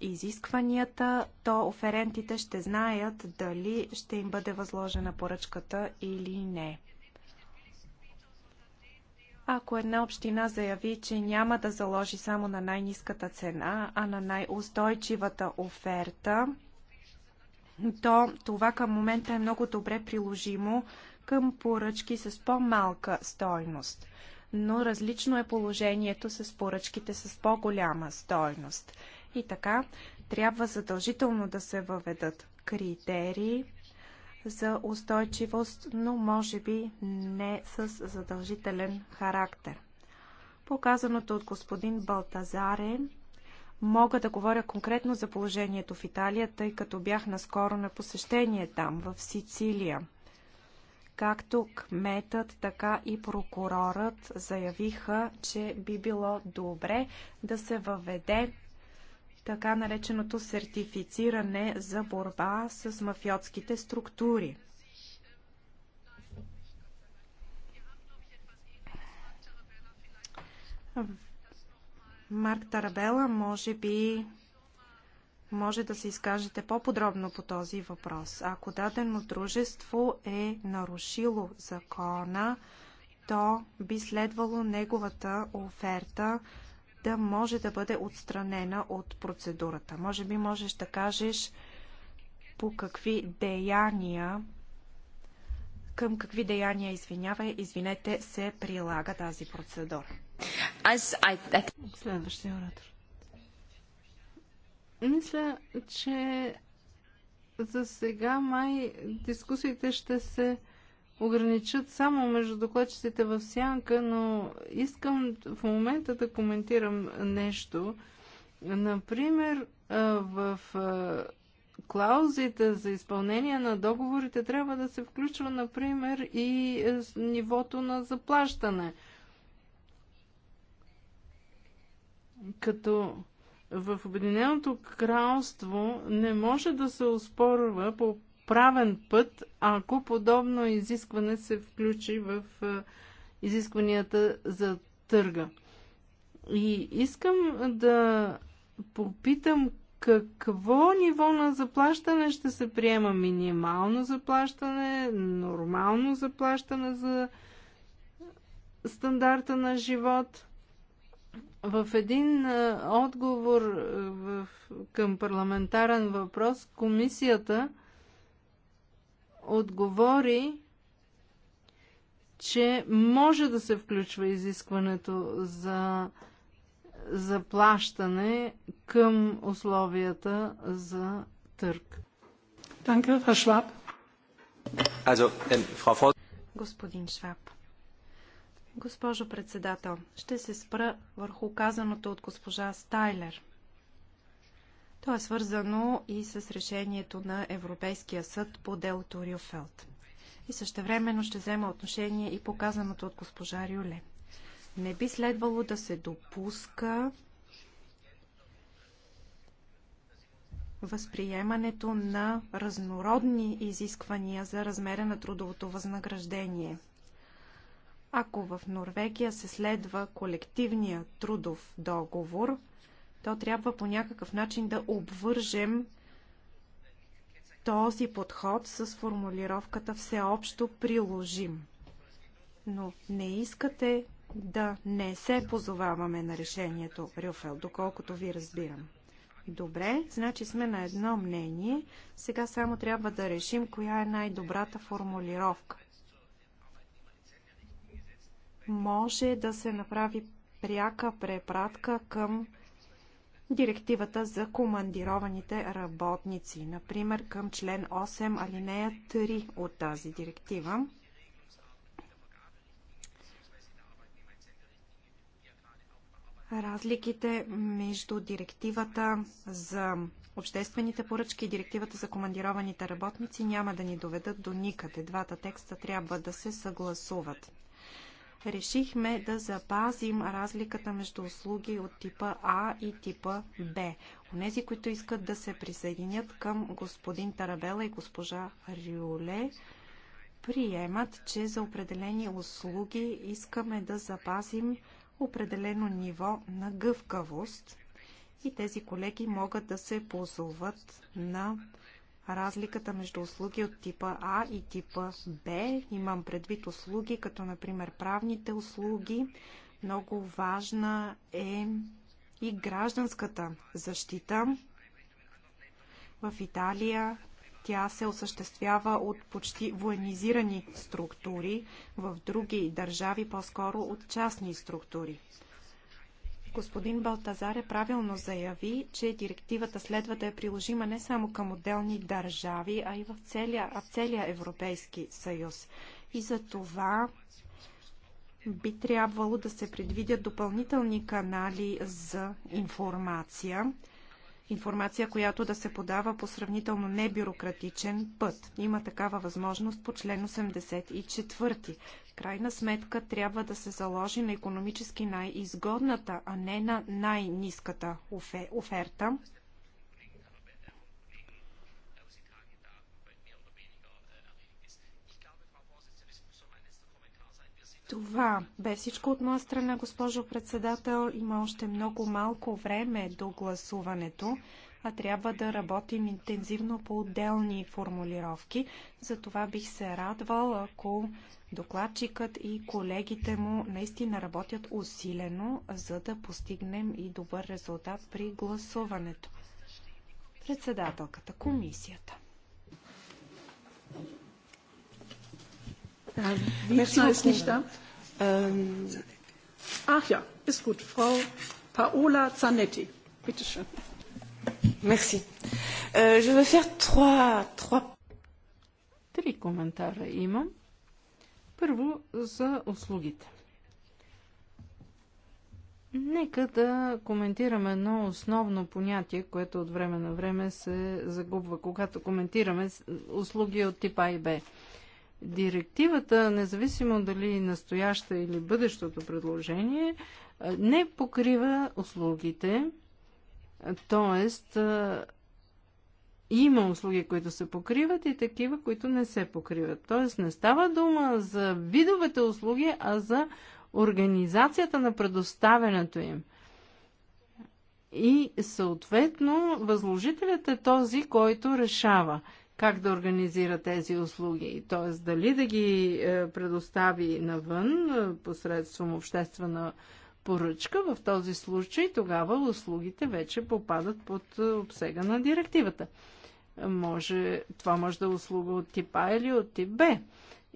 изискванията, то оферентите ще знаят дали ще им бъде възложена поръчката или не. Ако една община заяви, че няма да заложи само на най-низката цена, а на най-устойчивата оферта, то това към момента е много добре приложимо към поръчки с по-малка стойност. Но различно е положението с поръчките с по-голяма стойност. И така, трябва задължително да се въведат критерии за устойчивост, но може би не с задължителен характер. Показаното от господин Балтазаре, мога да говоря конкретно за положението в Италия, тъй като бях наскоро на посещение там, в Сицилия. Както кметът, така и прокурорът заявиха, че би било добре да се въведе така нареченото сертифициране за борба с мафиотските структури. Марк Тарабела може би може да се изкажете по-подробно по този въпрос. Ако дадено дружество е нарушило закона, то би следвало неговата оферта да може да бъде отстранена от процедурата. Може би можеш да кажеш по какви деяния към какви деяния, извинявай, извинете, се прилага тази процедура. Следващия оратор. Мисля, че за сега май дискусиите ще се ограничат само между докладчиците в сянка, но искам в момента да коментирам нещо. Например, в клаузите за изпълнение на договорите трябва да се включва, например, и нивото на заплащане. Като в Обединеното кралство не може да се оспорва по правен път, ако подобно изискване се включи в изискванията за търга. И искам да попитам какво ниво на заплащане ще се приема? Минимално заплащане, нормално заплащане за стандарта на живот – в един отговор в, към парламентарен въпрос комисията отговори, че може да се включва изискването за заплащане към условията за търг. Ähm, Господин Шваб. Госпожо председател, ще се спра върху казаното от госпожа Стайлер. То е свързано и с решението на Европейския съд по делото Рюфелд. И същевременно ще взема отношение и по казаното от госпожа Рюле. Не би следвало да се допуска възприемането на разнородни изисквания за размера на трудовото възнаграждение – ако в Норвегия се следва колективния трудов договор, то трябва по някакъв начин да обвържем този подход с формулировката всеобщо приложим. Но не искате да не се позоваваме на решението Рюфел, доколкото ви разбирам. Добре, значи сме на едно мнение. Сега само трябва да решим коя е най-добрата формулировка може да се направи пряка препратка към директивата за командированите работници, например към член 8 алинея 3 от тази директива. Разликите между директивата за обществените поръчки и директивата за командированите работници няма да ни доведат до никъде. Двата текста трябва да се съгласуват решихме да запазим разликата между услуги от типа А и типа Б. Онези, които искат да се присъединят към господин Тарабела и госпожа Рюле, приемат, че за определени услуги искаме да запазим определено ниво на гъвкавост и тези колеги могат да се позоват на разликата между услуги от типа А и типа Б. Имам предвид услуги, като например правните услуги. Много важна е и гражданската защита. В Италия тя се осъществява от почти военизирани структури, в други държави по-скоро от частни структури. Господин Балтазаре правилно заяви, че директивата следва да е приложима не само към отделни държави, а и в целия, в целия Европейски съюз. И за това би трябвало да се предвидят допълнителни канали за информация информация, която да се подава по сравнително небюрократичен път. Има такава възможност по член 84. Крайна сметка трябва да се заложи на економически най-изгодната, а не на най-низката оферта. Това бе всичко от моя страна, госпожо председател. Има още много малко време до гласуването, а трябва да работим интензивно по отделни формулировки. Затова бих се радвал, ако докладчикът и колегите му наистина работят усилено, за да постигнем и добър резултат при гласуването. Председателката, комисията. Messner ist nicht da. Ähm, ach ja, ist gut. Frau Paola Zanetti, bitte schön. Merci. Euh, je faire trois, trois... Три коментара имам. Първо за услугите. Нека да коментираме едно основно понятие, което от време на време се загубва, когато коментираме услуги от типа А и Б. Директивата, независимо дали настояща или бъдещото предложение, не покрива услугите, т.е. има услуги, които се покриват и такива, които не се покриват. Т.е. не става дума за видовете услуги, а за организацията на предоставянето им. И съответно възложителят е този, който решава как да организира тези услуги. Т.е. дали да ги е, предостави навън е, посредством обществена поръчка, в този случай тогава услугите вече попадат под обсега на директивата. Може, това може да е услуга от тип А или от тип Б.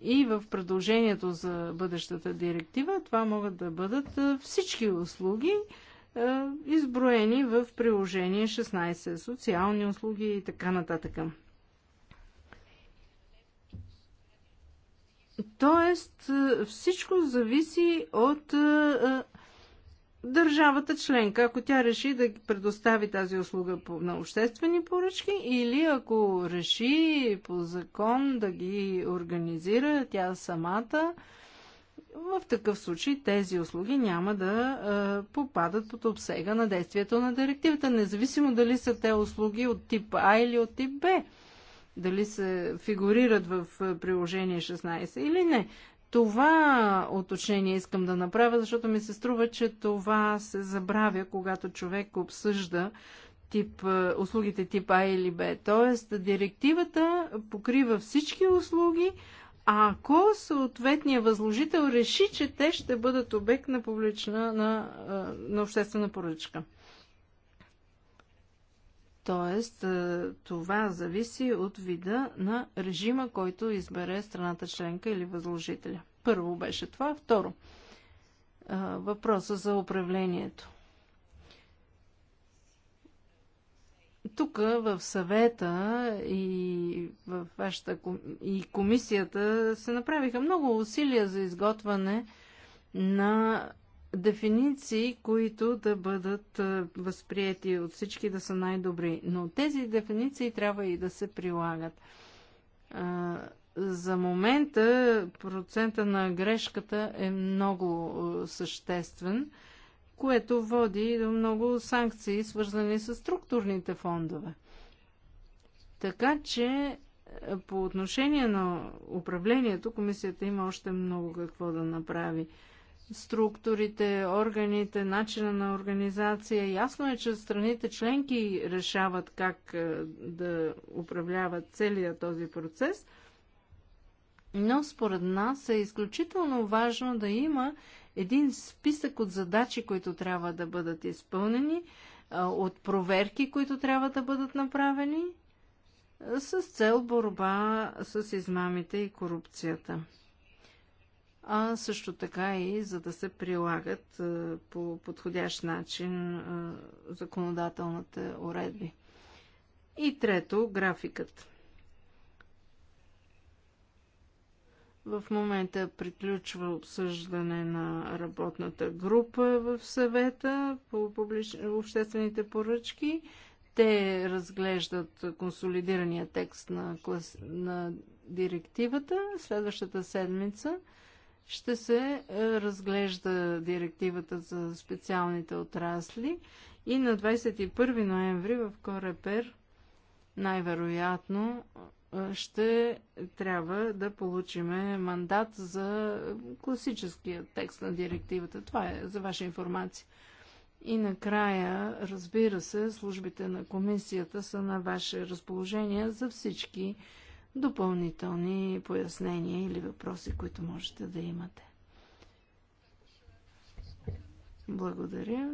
И в предложението за бъдещата директива това могат да бъдат е, всички услуги, изброени в приложение 16, социални услуги и така нататък. Тоест, е, всичко зависи от е, е, държавата членка, ако тя реши да предостави тази услуга на обществени поръчки или ако реши по закон да ги организира тя самата, в такъв случай тези услуги няма да е, попадат под обсега на действието на директивата, независимо дали са те услуги от тип А или от тип Б дали се фигурират в приложение 16 или не. Това оточнение искам да направя, защото ми се струва, че това се забравя, когато човек обсъжда тип, услугите тип А или Б. Тоест, директивата покрива всички услуги, а ако съответният възложител реши, че те ще бъдат обект на, публична, на, на обществена поръчка. Тоест, е, това зависи от вида на режима, който избере страната членка или възложителя. Първо беше това. Второ, е, въпроса за управлението. Тук в съвета и в вашата и комисията се направиха много усилия за изготвяне на дефиниции, които да бъдат възприяти от всички да са най-добри. Но тези дефиниции трябва и да се прилагат. За момента процента на грешката е много съществен, което води до много санкции, свързани с структурните фондове. Така че по отношение на управлението, комисията има още много какво да направи структурите, органите, начина на организация. Ясно е, че страните членки решават как е, да управляват целият този процес, но според нас е изключително важно да има един списък от задачи, които трябва да бъдат изпълнени, е, от проверки, които трябва да бъдат направени, е, с цел борба с измамите и корупцията а също така и за да се прилагат по подходящ начин законодателните уредби. И трето, графикът. В момента приключва обсъждане на работната група в съвета по публич... обществените поръчки. Те разглеждат консолидирания текст на, клас... на директивата. Следващата седмица ще се е, разглежда директивата за специалните отрасли и на 21 ноември в Корепер най-вероятно е, ще трябва да получиме мандат за класическия текст на директивата. Това е за ваша информация. И накрая, разбира се, службите на комисията са на ваше разположение за всички допълнителни пояснения или въпроси, които можете да имате. Благодаря.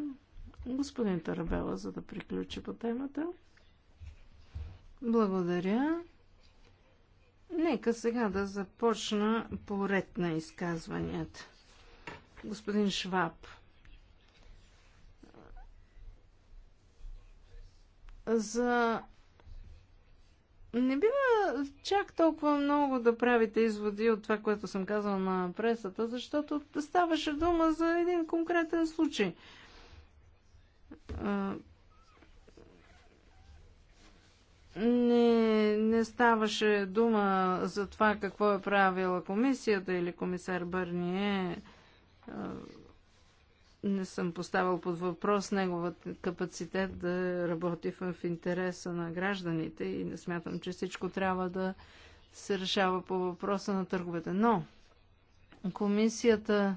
Господин Тарабела, за да приключи по темата. Благодаря. Нека сега да започна по ред на изказванията. Господин Шваб. За не бива чак толкова много да правите изводи от това, което съм казала на пресата, защото ставаше дума за един конкретен случай. Не, не ставаше дума за това какво е правила комисията или комисар Бърние не съм поставил под въпрос неговата капацитет да работи в интереса на гражданите и не смятам, че всичко трябва да се решава по въпроса на търговете. Но комисията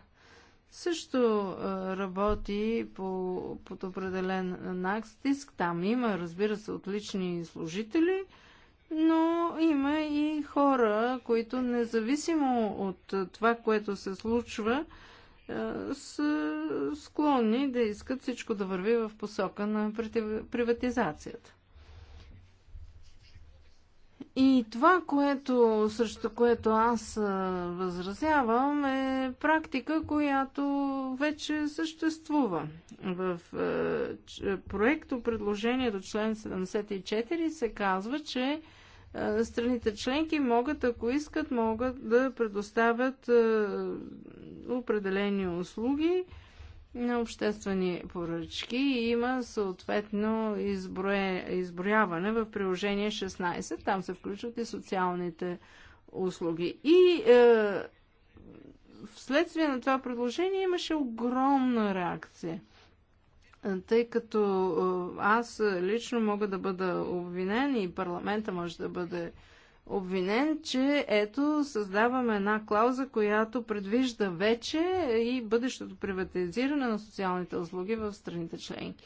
също работи по, под определен натиск. Там има, разбира се, отлични служители, но има и хора, които независимо от това, което се случва, е, са склонни да искат всичко да върви в посока на приватизацията. И това, което, срещу което аз е, възразявам, е практика, която вече съществува. В е, проекто предложението член 74 се казва, че страните членки могат, ако искат, могат да предоставят определени услуги на обществени поръчки и има съответно изброя... изброяване в приложение 16. Там се включват и социалните услуги. И е, вследствие на това предложение имаше огромна реакция тъй като аз лично мога да бъда обвинен и парламента може да бъде обвинен, че ето създаваме една клауза, която предвижда вече и бъдещото приватизиране на социалните услуги в страните членки.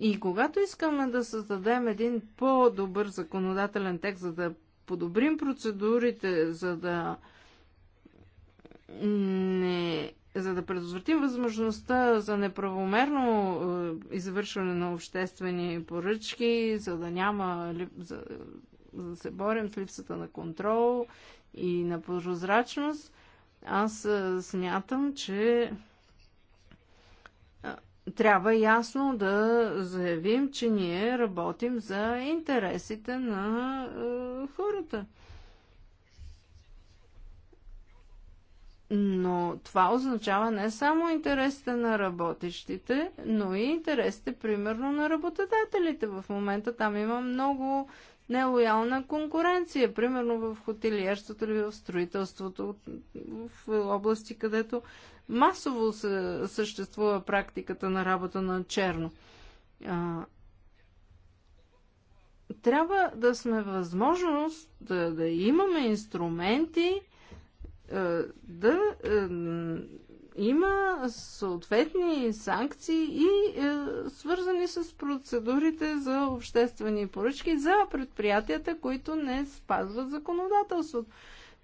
И когато искаме да създадем един по-добър законодателен текст, за да подобрим процедурите, за да не за да предотвратим възможността за неправомерно е, извършване на обществени поръчки, за да няма, за, за да се борим с липсата на контрол и на прозрачност, аз е, смятам, че е, трябва ясно да заявим, че ние работим за интересите на хората. Но това означава не само интересите на работещите, но и интересите, примерно, на работодателите. В момента там има много нелоялна конкуренция, примерно в хотелиерството или в строителството, в области, където масово се съществува практиката на работа на черно. трябва да сме възможност да, да имаме инструменти, е, да е, има съответни санкции и е, свързани с процедурите за обществени поръчки за предприятията, които не спазват законодателството.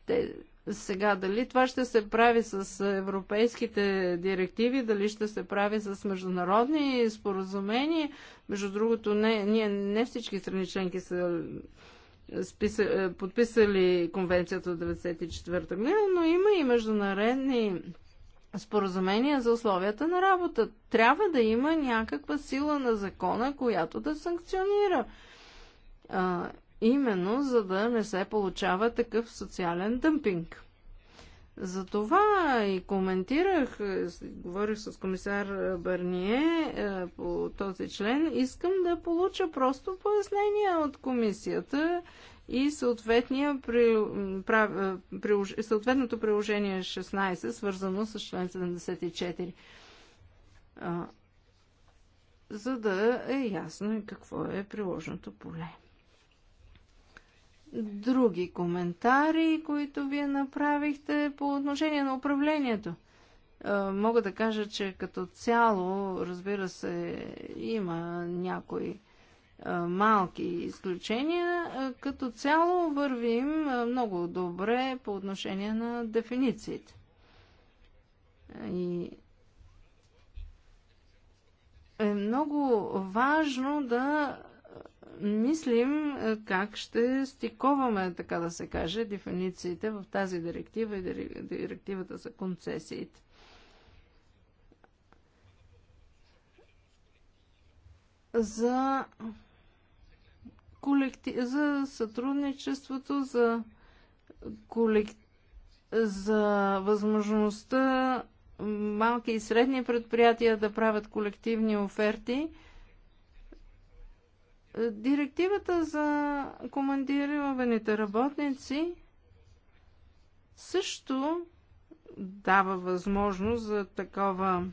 Те, сега, дали това ще се прави с европейските директиви, дали ще се прави с международни споразумения. Между другото, не, ние не всички страни членки са е, подписали конвенцията от 1994 година, но има и международни споразумения за условията на работа. Трябва да има някаква сила на закона, която да санкционира. А, именно за да не се получава такъв социален дъмпинг. За това и коментирах, е, говорих с комисар Бърние е, по този член. Искам да получа просто пояснение от комисията и съответния при, прав, е, прилож, съответното приложение 16, свързано с член 74. за да е ясно и какво е приложното поле други коментари, които вие направихте по отношение на управлението. Мога да кажа, че като цяло, разбира се, има някои малки изключения. Като цяло вървим много добре по отношение на дефинициите. И е много важно да мислим е, как ще стиковаме, така да се каже, дефинициите в тази директива и директивата за концесиите. За, колекти... за сътрудничеството, за, колек... за възможността малки и средни предприятия да правят колективни оферти – Директивата за командированите работници също дава възможност за такова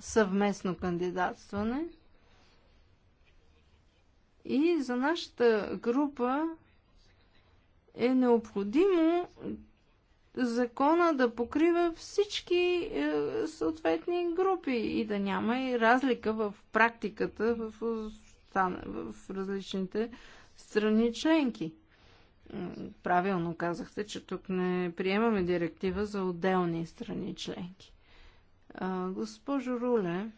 съвместно кандидатстване. И за нашата група е необходимо закона да покрива всички е, съответни групи и да няма и разлика в практиката в в различните страни членки. Правилно казахте, че тук не приемаме директива за отделни страни членки. Госпожо Руле,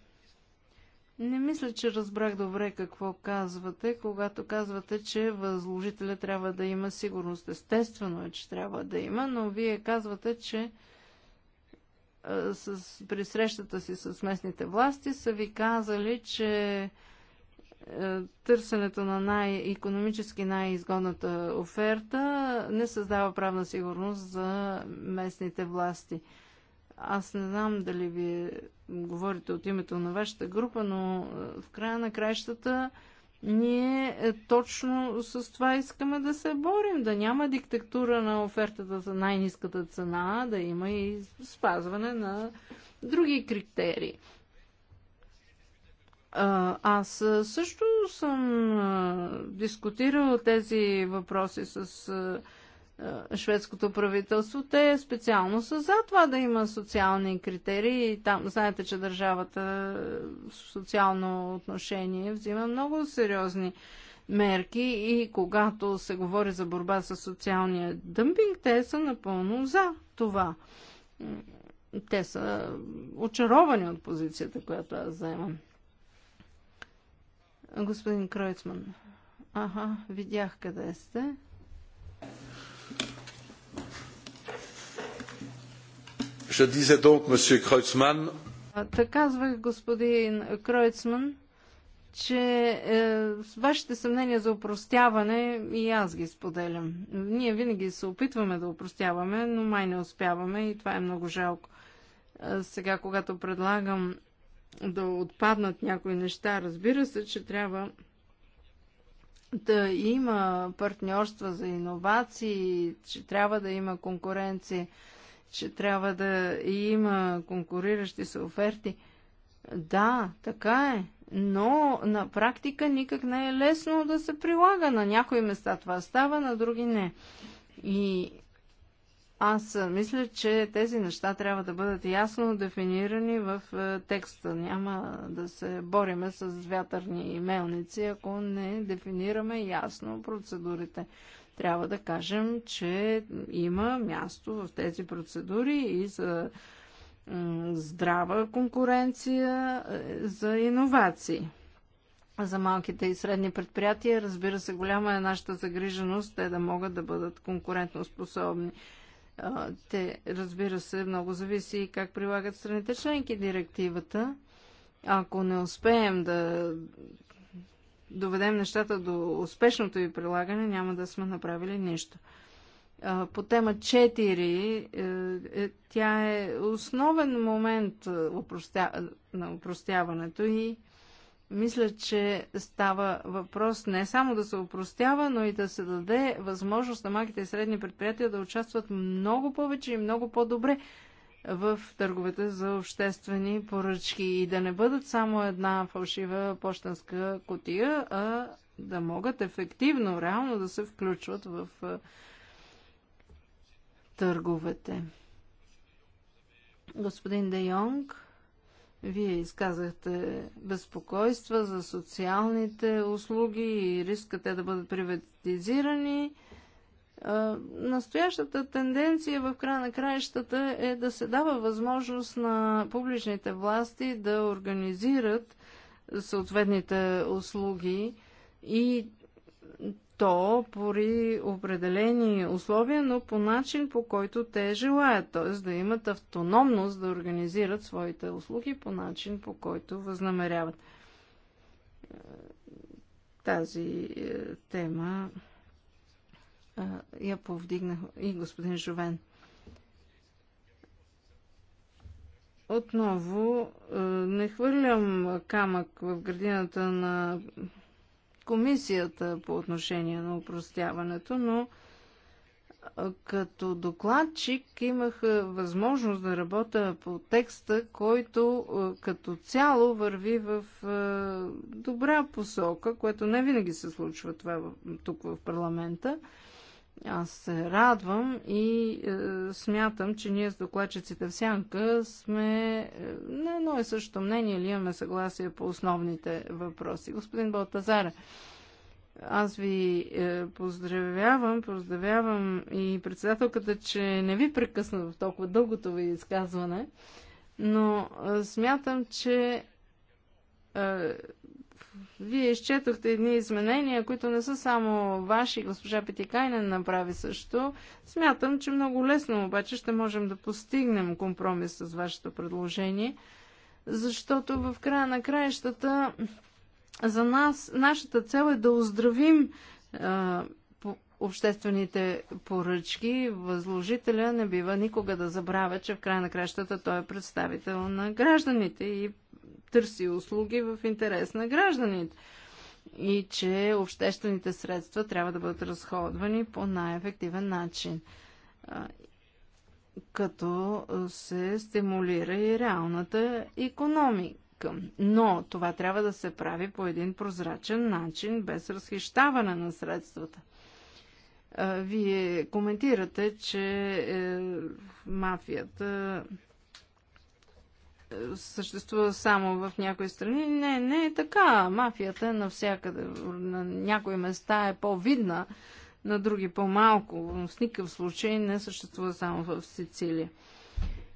не мисля, че разбрах добре какво казвате, когато казвате, че възложителя трябва да има сигурност. Естествено е, че трябва да има, но вие казвате, че с, при срещата си с местните власти са ви казали, че е, търсенето на най-економически най-изгодната оферта не създава правна сигурност за местните власти. Аз не знам дали вие говорите от името на вашата група, но е, в края на краищата ние е, точно с това искаме да се борим. Да няма диктатура на офертата за най-низката цена, да има и спазване на други критерии. Аз също съм дискутирал тези въпроси с шведското правителство. Те специално са за това да има социални критерии. там, знаете, че държавата в социално отношение взима много сериозни мерки и когато се говори за борба с социалния дъмпинг, те са напълно за това. Те са очаровани от позицията, която аз заемам. Господин Кройцман. Аха, видях къде сте. Je disais donc, monsieur Kreutzmann. Та казвах, господин Кройцман, че е, с вашите съмнения за упростяване и аз ги споделям. Ние винаги се опитваме да упростяваме, но май не успяваме и това е много жалко. сега, когато предлагам да отпаднат някои неща. Разбира се, че трябва да има партньорства за иновации, че трябва да има конкуренция, че трябва да има конкуриращи се оферти. Да, така е. Но на практика никак не е лесно да се прилага. На някои места това става, на други не. И аз мисля, че тези неща трябва да бъдат ясно дефинирани в е, текста. Няма да се бориме с вятърни мелници, ако не дефинираме ясно процедурите. Трябва да кажем, че има място в тези процедури и за здрава конкуренция, е, за иновации за малките и средни предприятия. Разбира се, голяма е нашата загриженост те да могат да бъдат конкурентоспособни. способни. Те, разбира се, много зависи и как прилагат страните членки директивата. Ако не успеем да доведем нещата до успешното и прилагане, няма да сме направили нищо. По тема 4, е, е, тя е основен момент е, на упростяването и мисля, че става въпрос не само да се упростява, но и да се даде възможност на малките и средни предприятия да участват много повече и много по-добре в търговете за обществени поръчки и да не бъдат само една фалшива почтенска котия, а да могат ефективно, реално да се включват в търговете. Господин Де Йонг, вие изказахте безпокойства за социалните услуги и риска те да бъдат приватизирани. Настоящата тенденция в края на краищата е да се дава възможност на публичните власти да организират съответните услуги и то при определени условия, но по начин, по който те желаят, т.е. да имат автономност да организират своите услуги по начин, по който възнамеряват. Тази е, тема е, я повдигнах и господин Жовен. Отново е, не хвърлям камък в градината на комисията по отношение на упростяването, но като докладчик имах възможност да работя по текста, който като цяло върви в добра посока, което не винаги се случва това тук в парламента. Аз се радвам и е, смятам, че ние с докладчиците в Сянка сме е, на едно и също мнение или имаме съгласие по основните въпроси. Господин Балтазаре, аз ви е, поздравявам, поздравявам и председателката, че не ви прекъсна в толкова дългото ви изказване, но е, смятам, че е, вие изчетохте едни изменения, които не са само ваши, госпожа Петикайна направи също. Смятам, че много лесно обаче ще можем да постигнем компромис с вашето предложение, защото в края на краищата за нас, нашата цел е да оздравим а, по обществените поръчки. Възложителя не бива никога да забравя, че в края на краищата той е представител на гражданите и търси услуги в интерес на гражданите и че обществените средства трябва да бъдат разходвани по най-ефективен начин, като се стимулира и реалната економика. Но това трябва да се прави по един прозрачен начин, без разхищаване на средствата. Вие коментирате, че е, мафията съществува само в някои страни. Не, не е така. Мафията е навсякъде. На някои места е по-видна, на други по-малко. Но в никакъв случай не съществува само в Сицилия.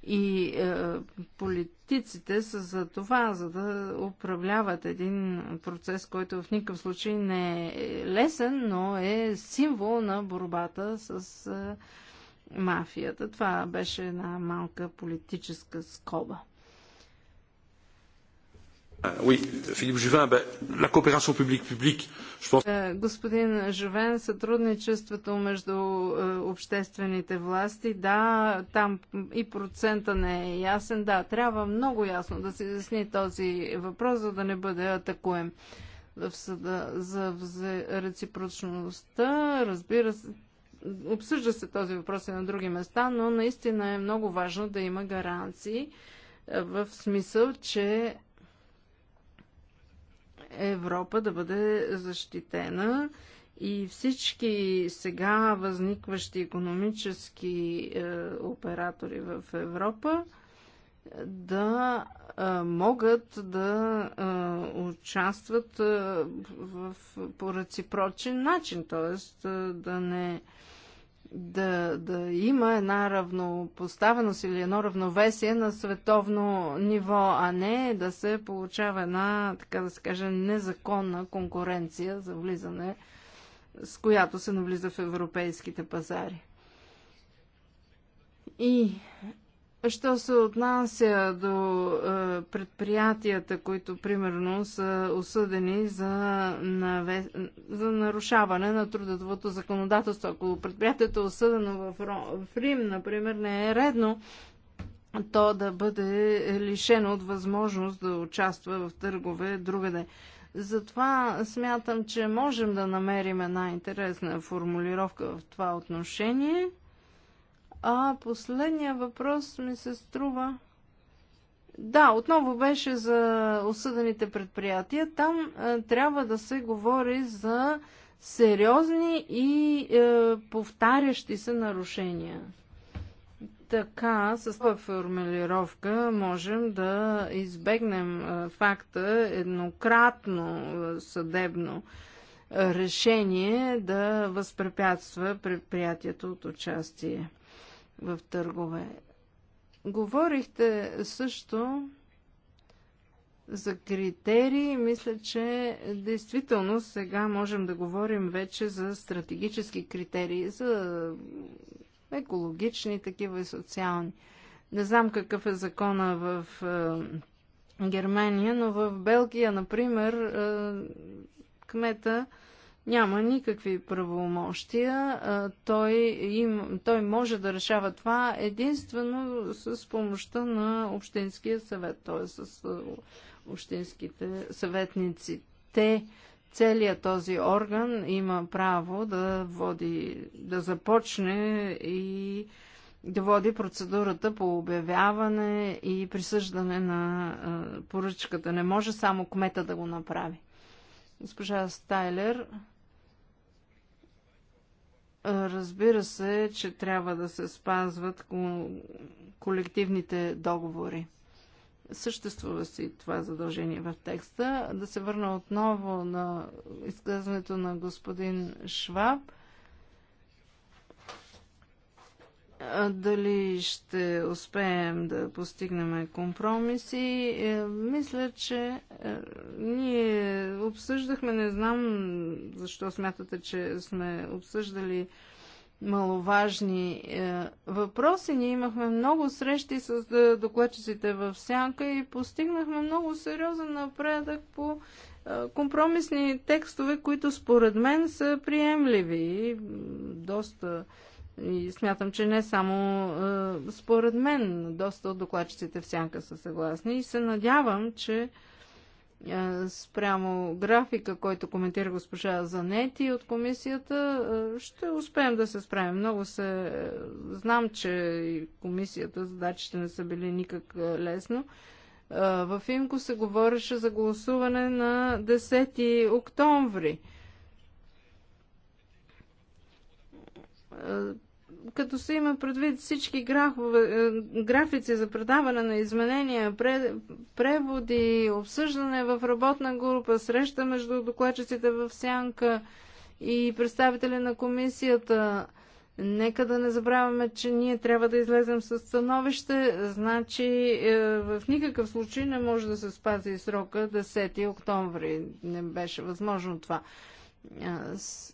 И е, политиците са за това, за да управляват един процес, който в никакъв случай не е лесен, но е символ на борбата с е, мафията. Това беше една малка политическа скоба. Euh, е, господин Жовен, сътрудничеството между е, обществените власти, да, там и процента не е ясен, да, трябва много ясно да се изясни този въпрос, за да не бъде атакуем в съда за реципрочността. Разбира се, обсъжда се този въпрос и на други места, но наистина е много важно да има гаранции е, в смисъл, че Европа да бъде защитена и всички сега възникващи економически е, оператори в Европа е, да е, могат да е, участват е, в, по реципрочен начин, т.е. Е, да не е, да, да има една равнопоставеност или едно равновесие на световно ниво, а не да се получава една, така да се каже, незаконна конкуренция за влизане, с която се навлиза в европейските пазари. И Що се отнася до е, предприятията, които примерно са осъдени за, наве... за нарушаване на трудовото законодателство, ако предприятието е осъдено в, в Рим, например, не е редно то да бъде лишено от възможност да участва в търгове другаде. Затова смятам, че можем да намерим една интересна формулировка в това отношение – а последния въпрос ми се струва. Да, отново беше за осъдените предприятия. Там е, трябва да се говори за сериозни и е, повтарящи се нарушения. Така, с това формулировка можем да избегнем е, факта еднократно е, съдебно е, решение да възпрепятства предприятието от участие в търгове. Говорихте също за критерии. Мисля, че действително сега можем да говорим вече за стратегически критерии, за екологични, такива и социални. Не знам какъв е закона в е, Германия, но в Белгия, например, е, кмета няма никакви правомощия. Той, им, той може да решава това единствено с помощта на Общинския съвет, т.е. с Общинските съветници. Те, целият този орган има право да води, да започне и да води процедурата по обявяване и присъждане на поръчката. Не може само кмета да го направи. Госпожа Стайлер, Разбира се, че трябва да се спазват колективните договори. Съществува си това задължение в текста. Да се върна отново на изказването на господин Шваб – Дали ще успеем да постигнем компромиси? Е, мисля, че е, ние обсъждахме, не знам защо смятате, че сме обсъждали маловажни е, въпроси. Ние имахме много срещи с докладчиците в сянка и постигнахме много сериозен напредък по компромисни текстове, които според мен са приемливи и доста и смятам, че не само е, според мен, доста от докладчиците в сянка са съгласни и се надявам, че е, спрямо графика, който коментира госпожа Занети от комисията, е, ще успеем да се справим. Много се... Е, знам, че и комисията задачите не са били никак е, лесно. Е, в Имко се говореше за гласуване на 10 октомври е, като се има предвид всички графове, е, графици за предаване на изменения, преводи, обсъждане в работна група, среща между докладчиците в сянка и представители на комисията, нека да не забравяме, че ние трябва да излезем с становище, значи е, в никакъв случай не може да се спази срока 10 октомври. Не беше възможно това. Аз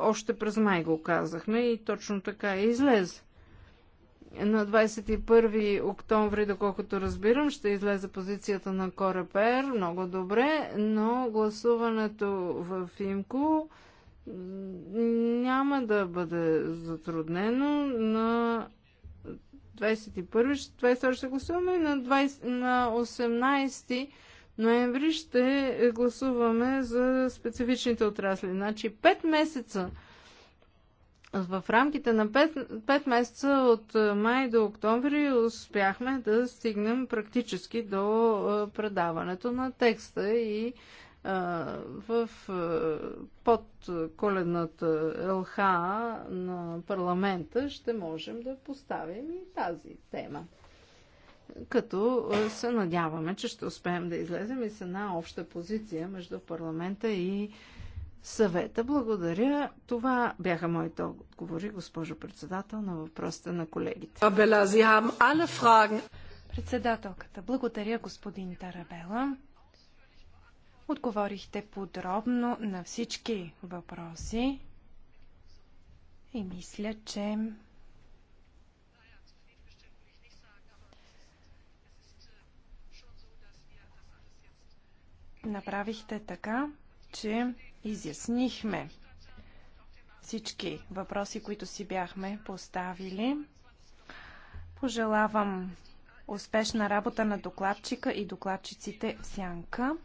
Още през май го казахме и точно така е излезе. На 21 октомври, доколкото разбирам, ще излезе позицията на Корепер. Много добре, но гласуването в Имко няма да бъде затруднено. На 21 22 ще гласуваме и на, 20, на 18 ноември ще гласуваме за специфичните отрасли. Значи 5 месеца в рамките на 5, 5 месеца от е, май до октомври успяхме да стигнем практически до е, предаването на текста и е, в подколедната ЛХ на парламента ще можем да поставим и тази тема като се надяваме, че ще успеем да излезем и с една обща позиция между парламента и съвета. Благодаря. Това бяха моите отговори, госпожо председател, на въпросите на колегите. Председателката, благодаря господин Тарабела. Отговорихте подробно на всички въпроси и мисля, че Направихте така, че изяснихме всички въпроси, които си бяхме поставили. Пожелавам успешна работа на докладчика и докладчиците в Сянка.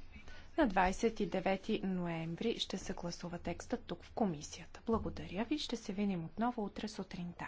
На 29 ноември ще се гласува текстът тук в комисията. Благодаря ви. Ще се видим отново утре сутринта.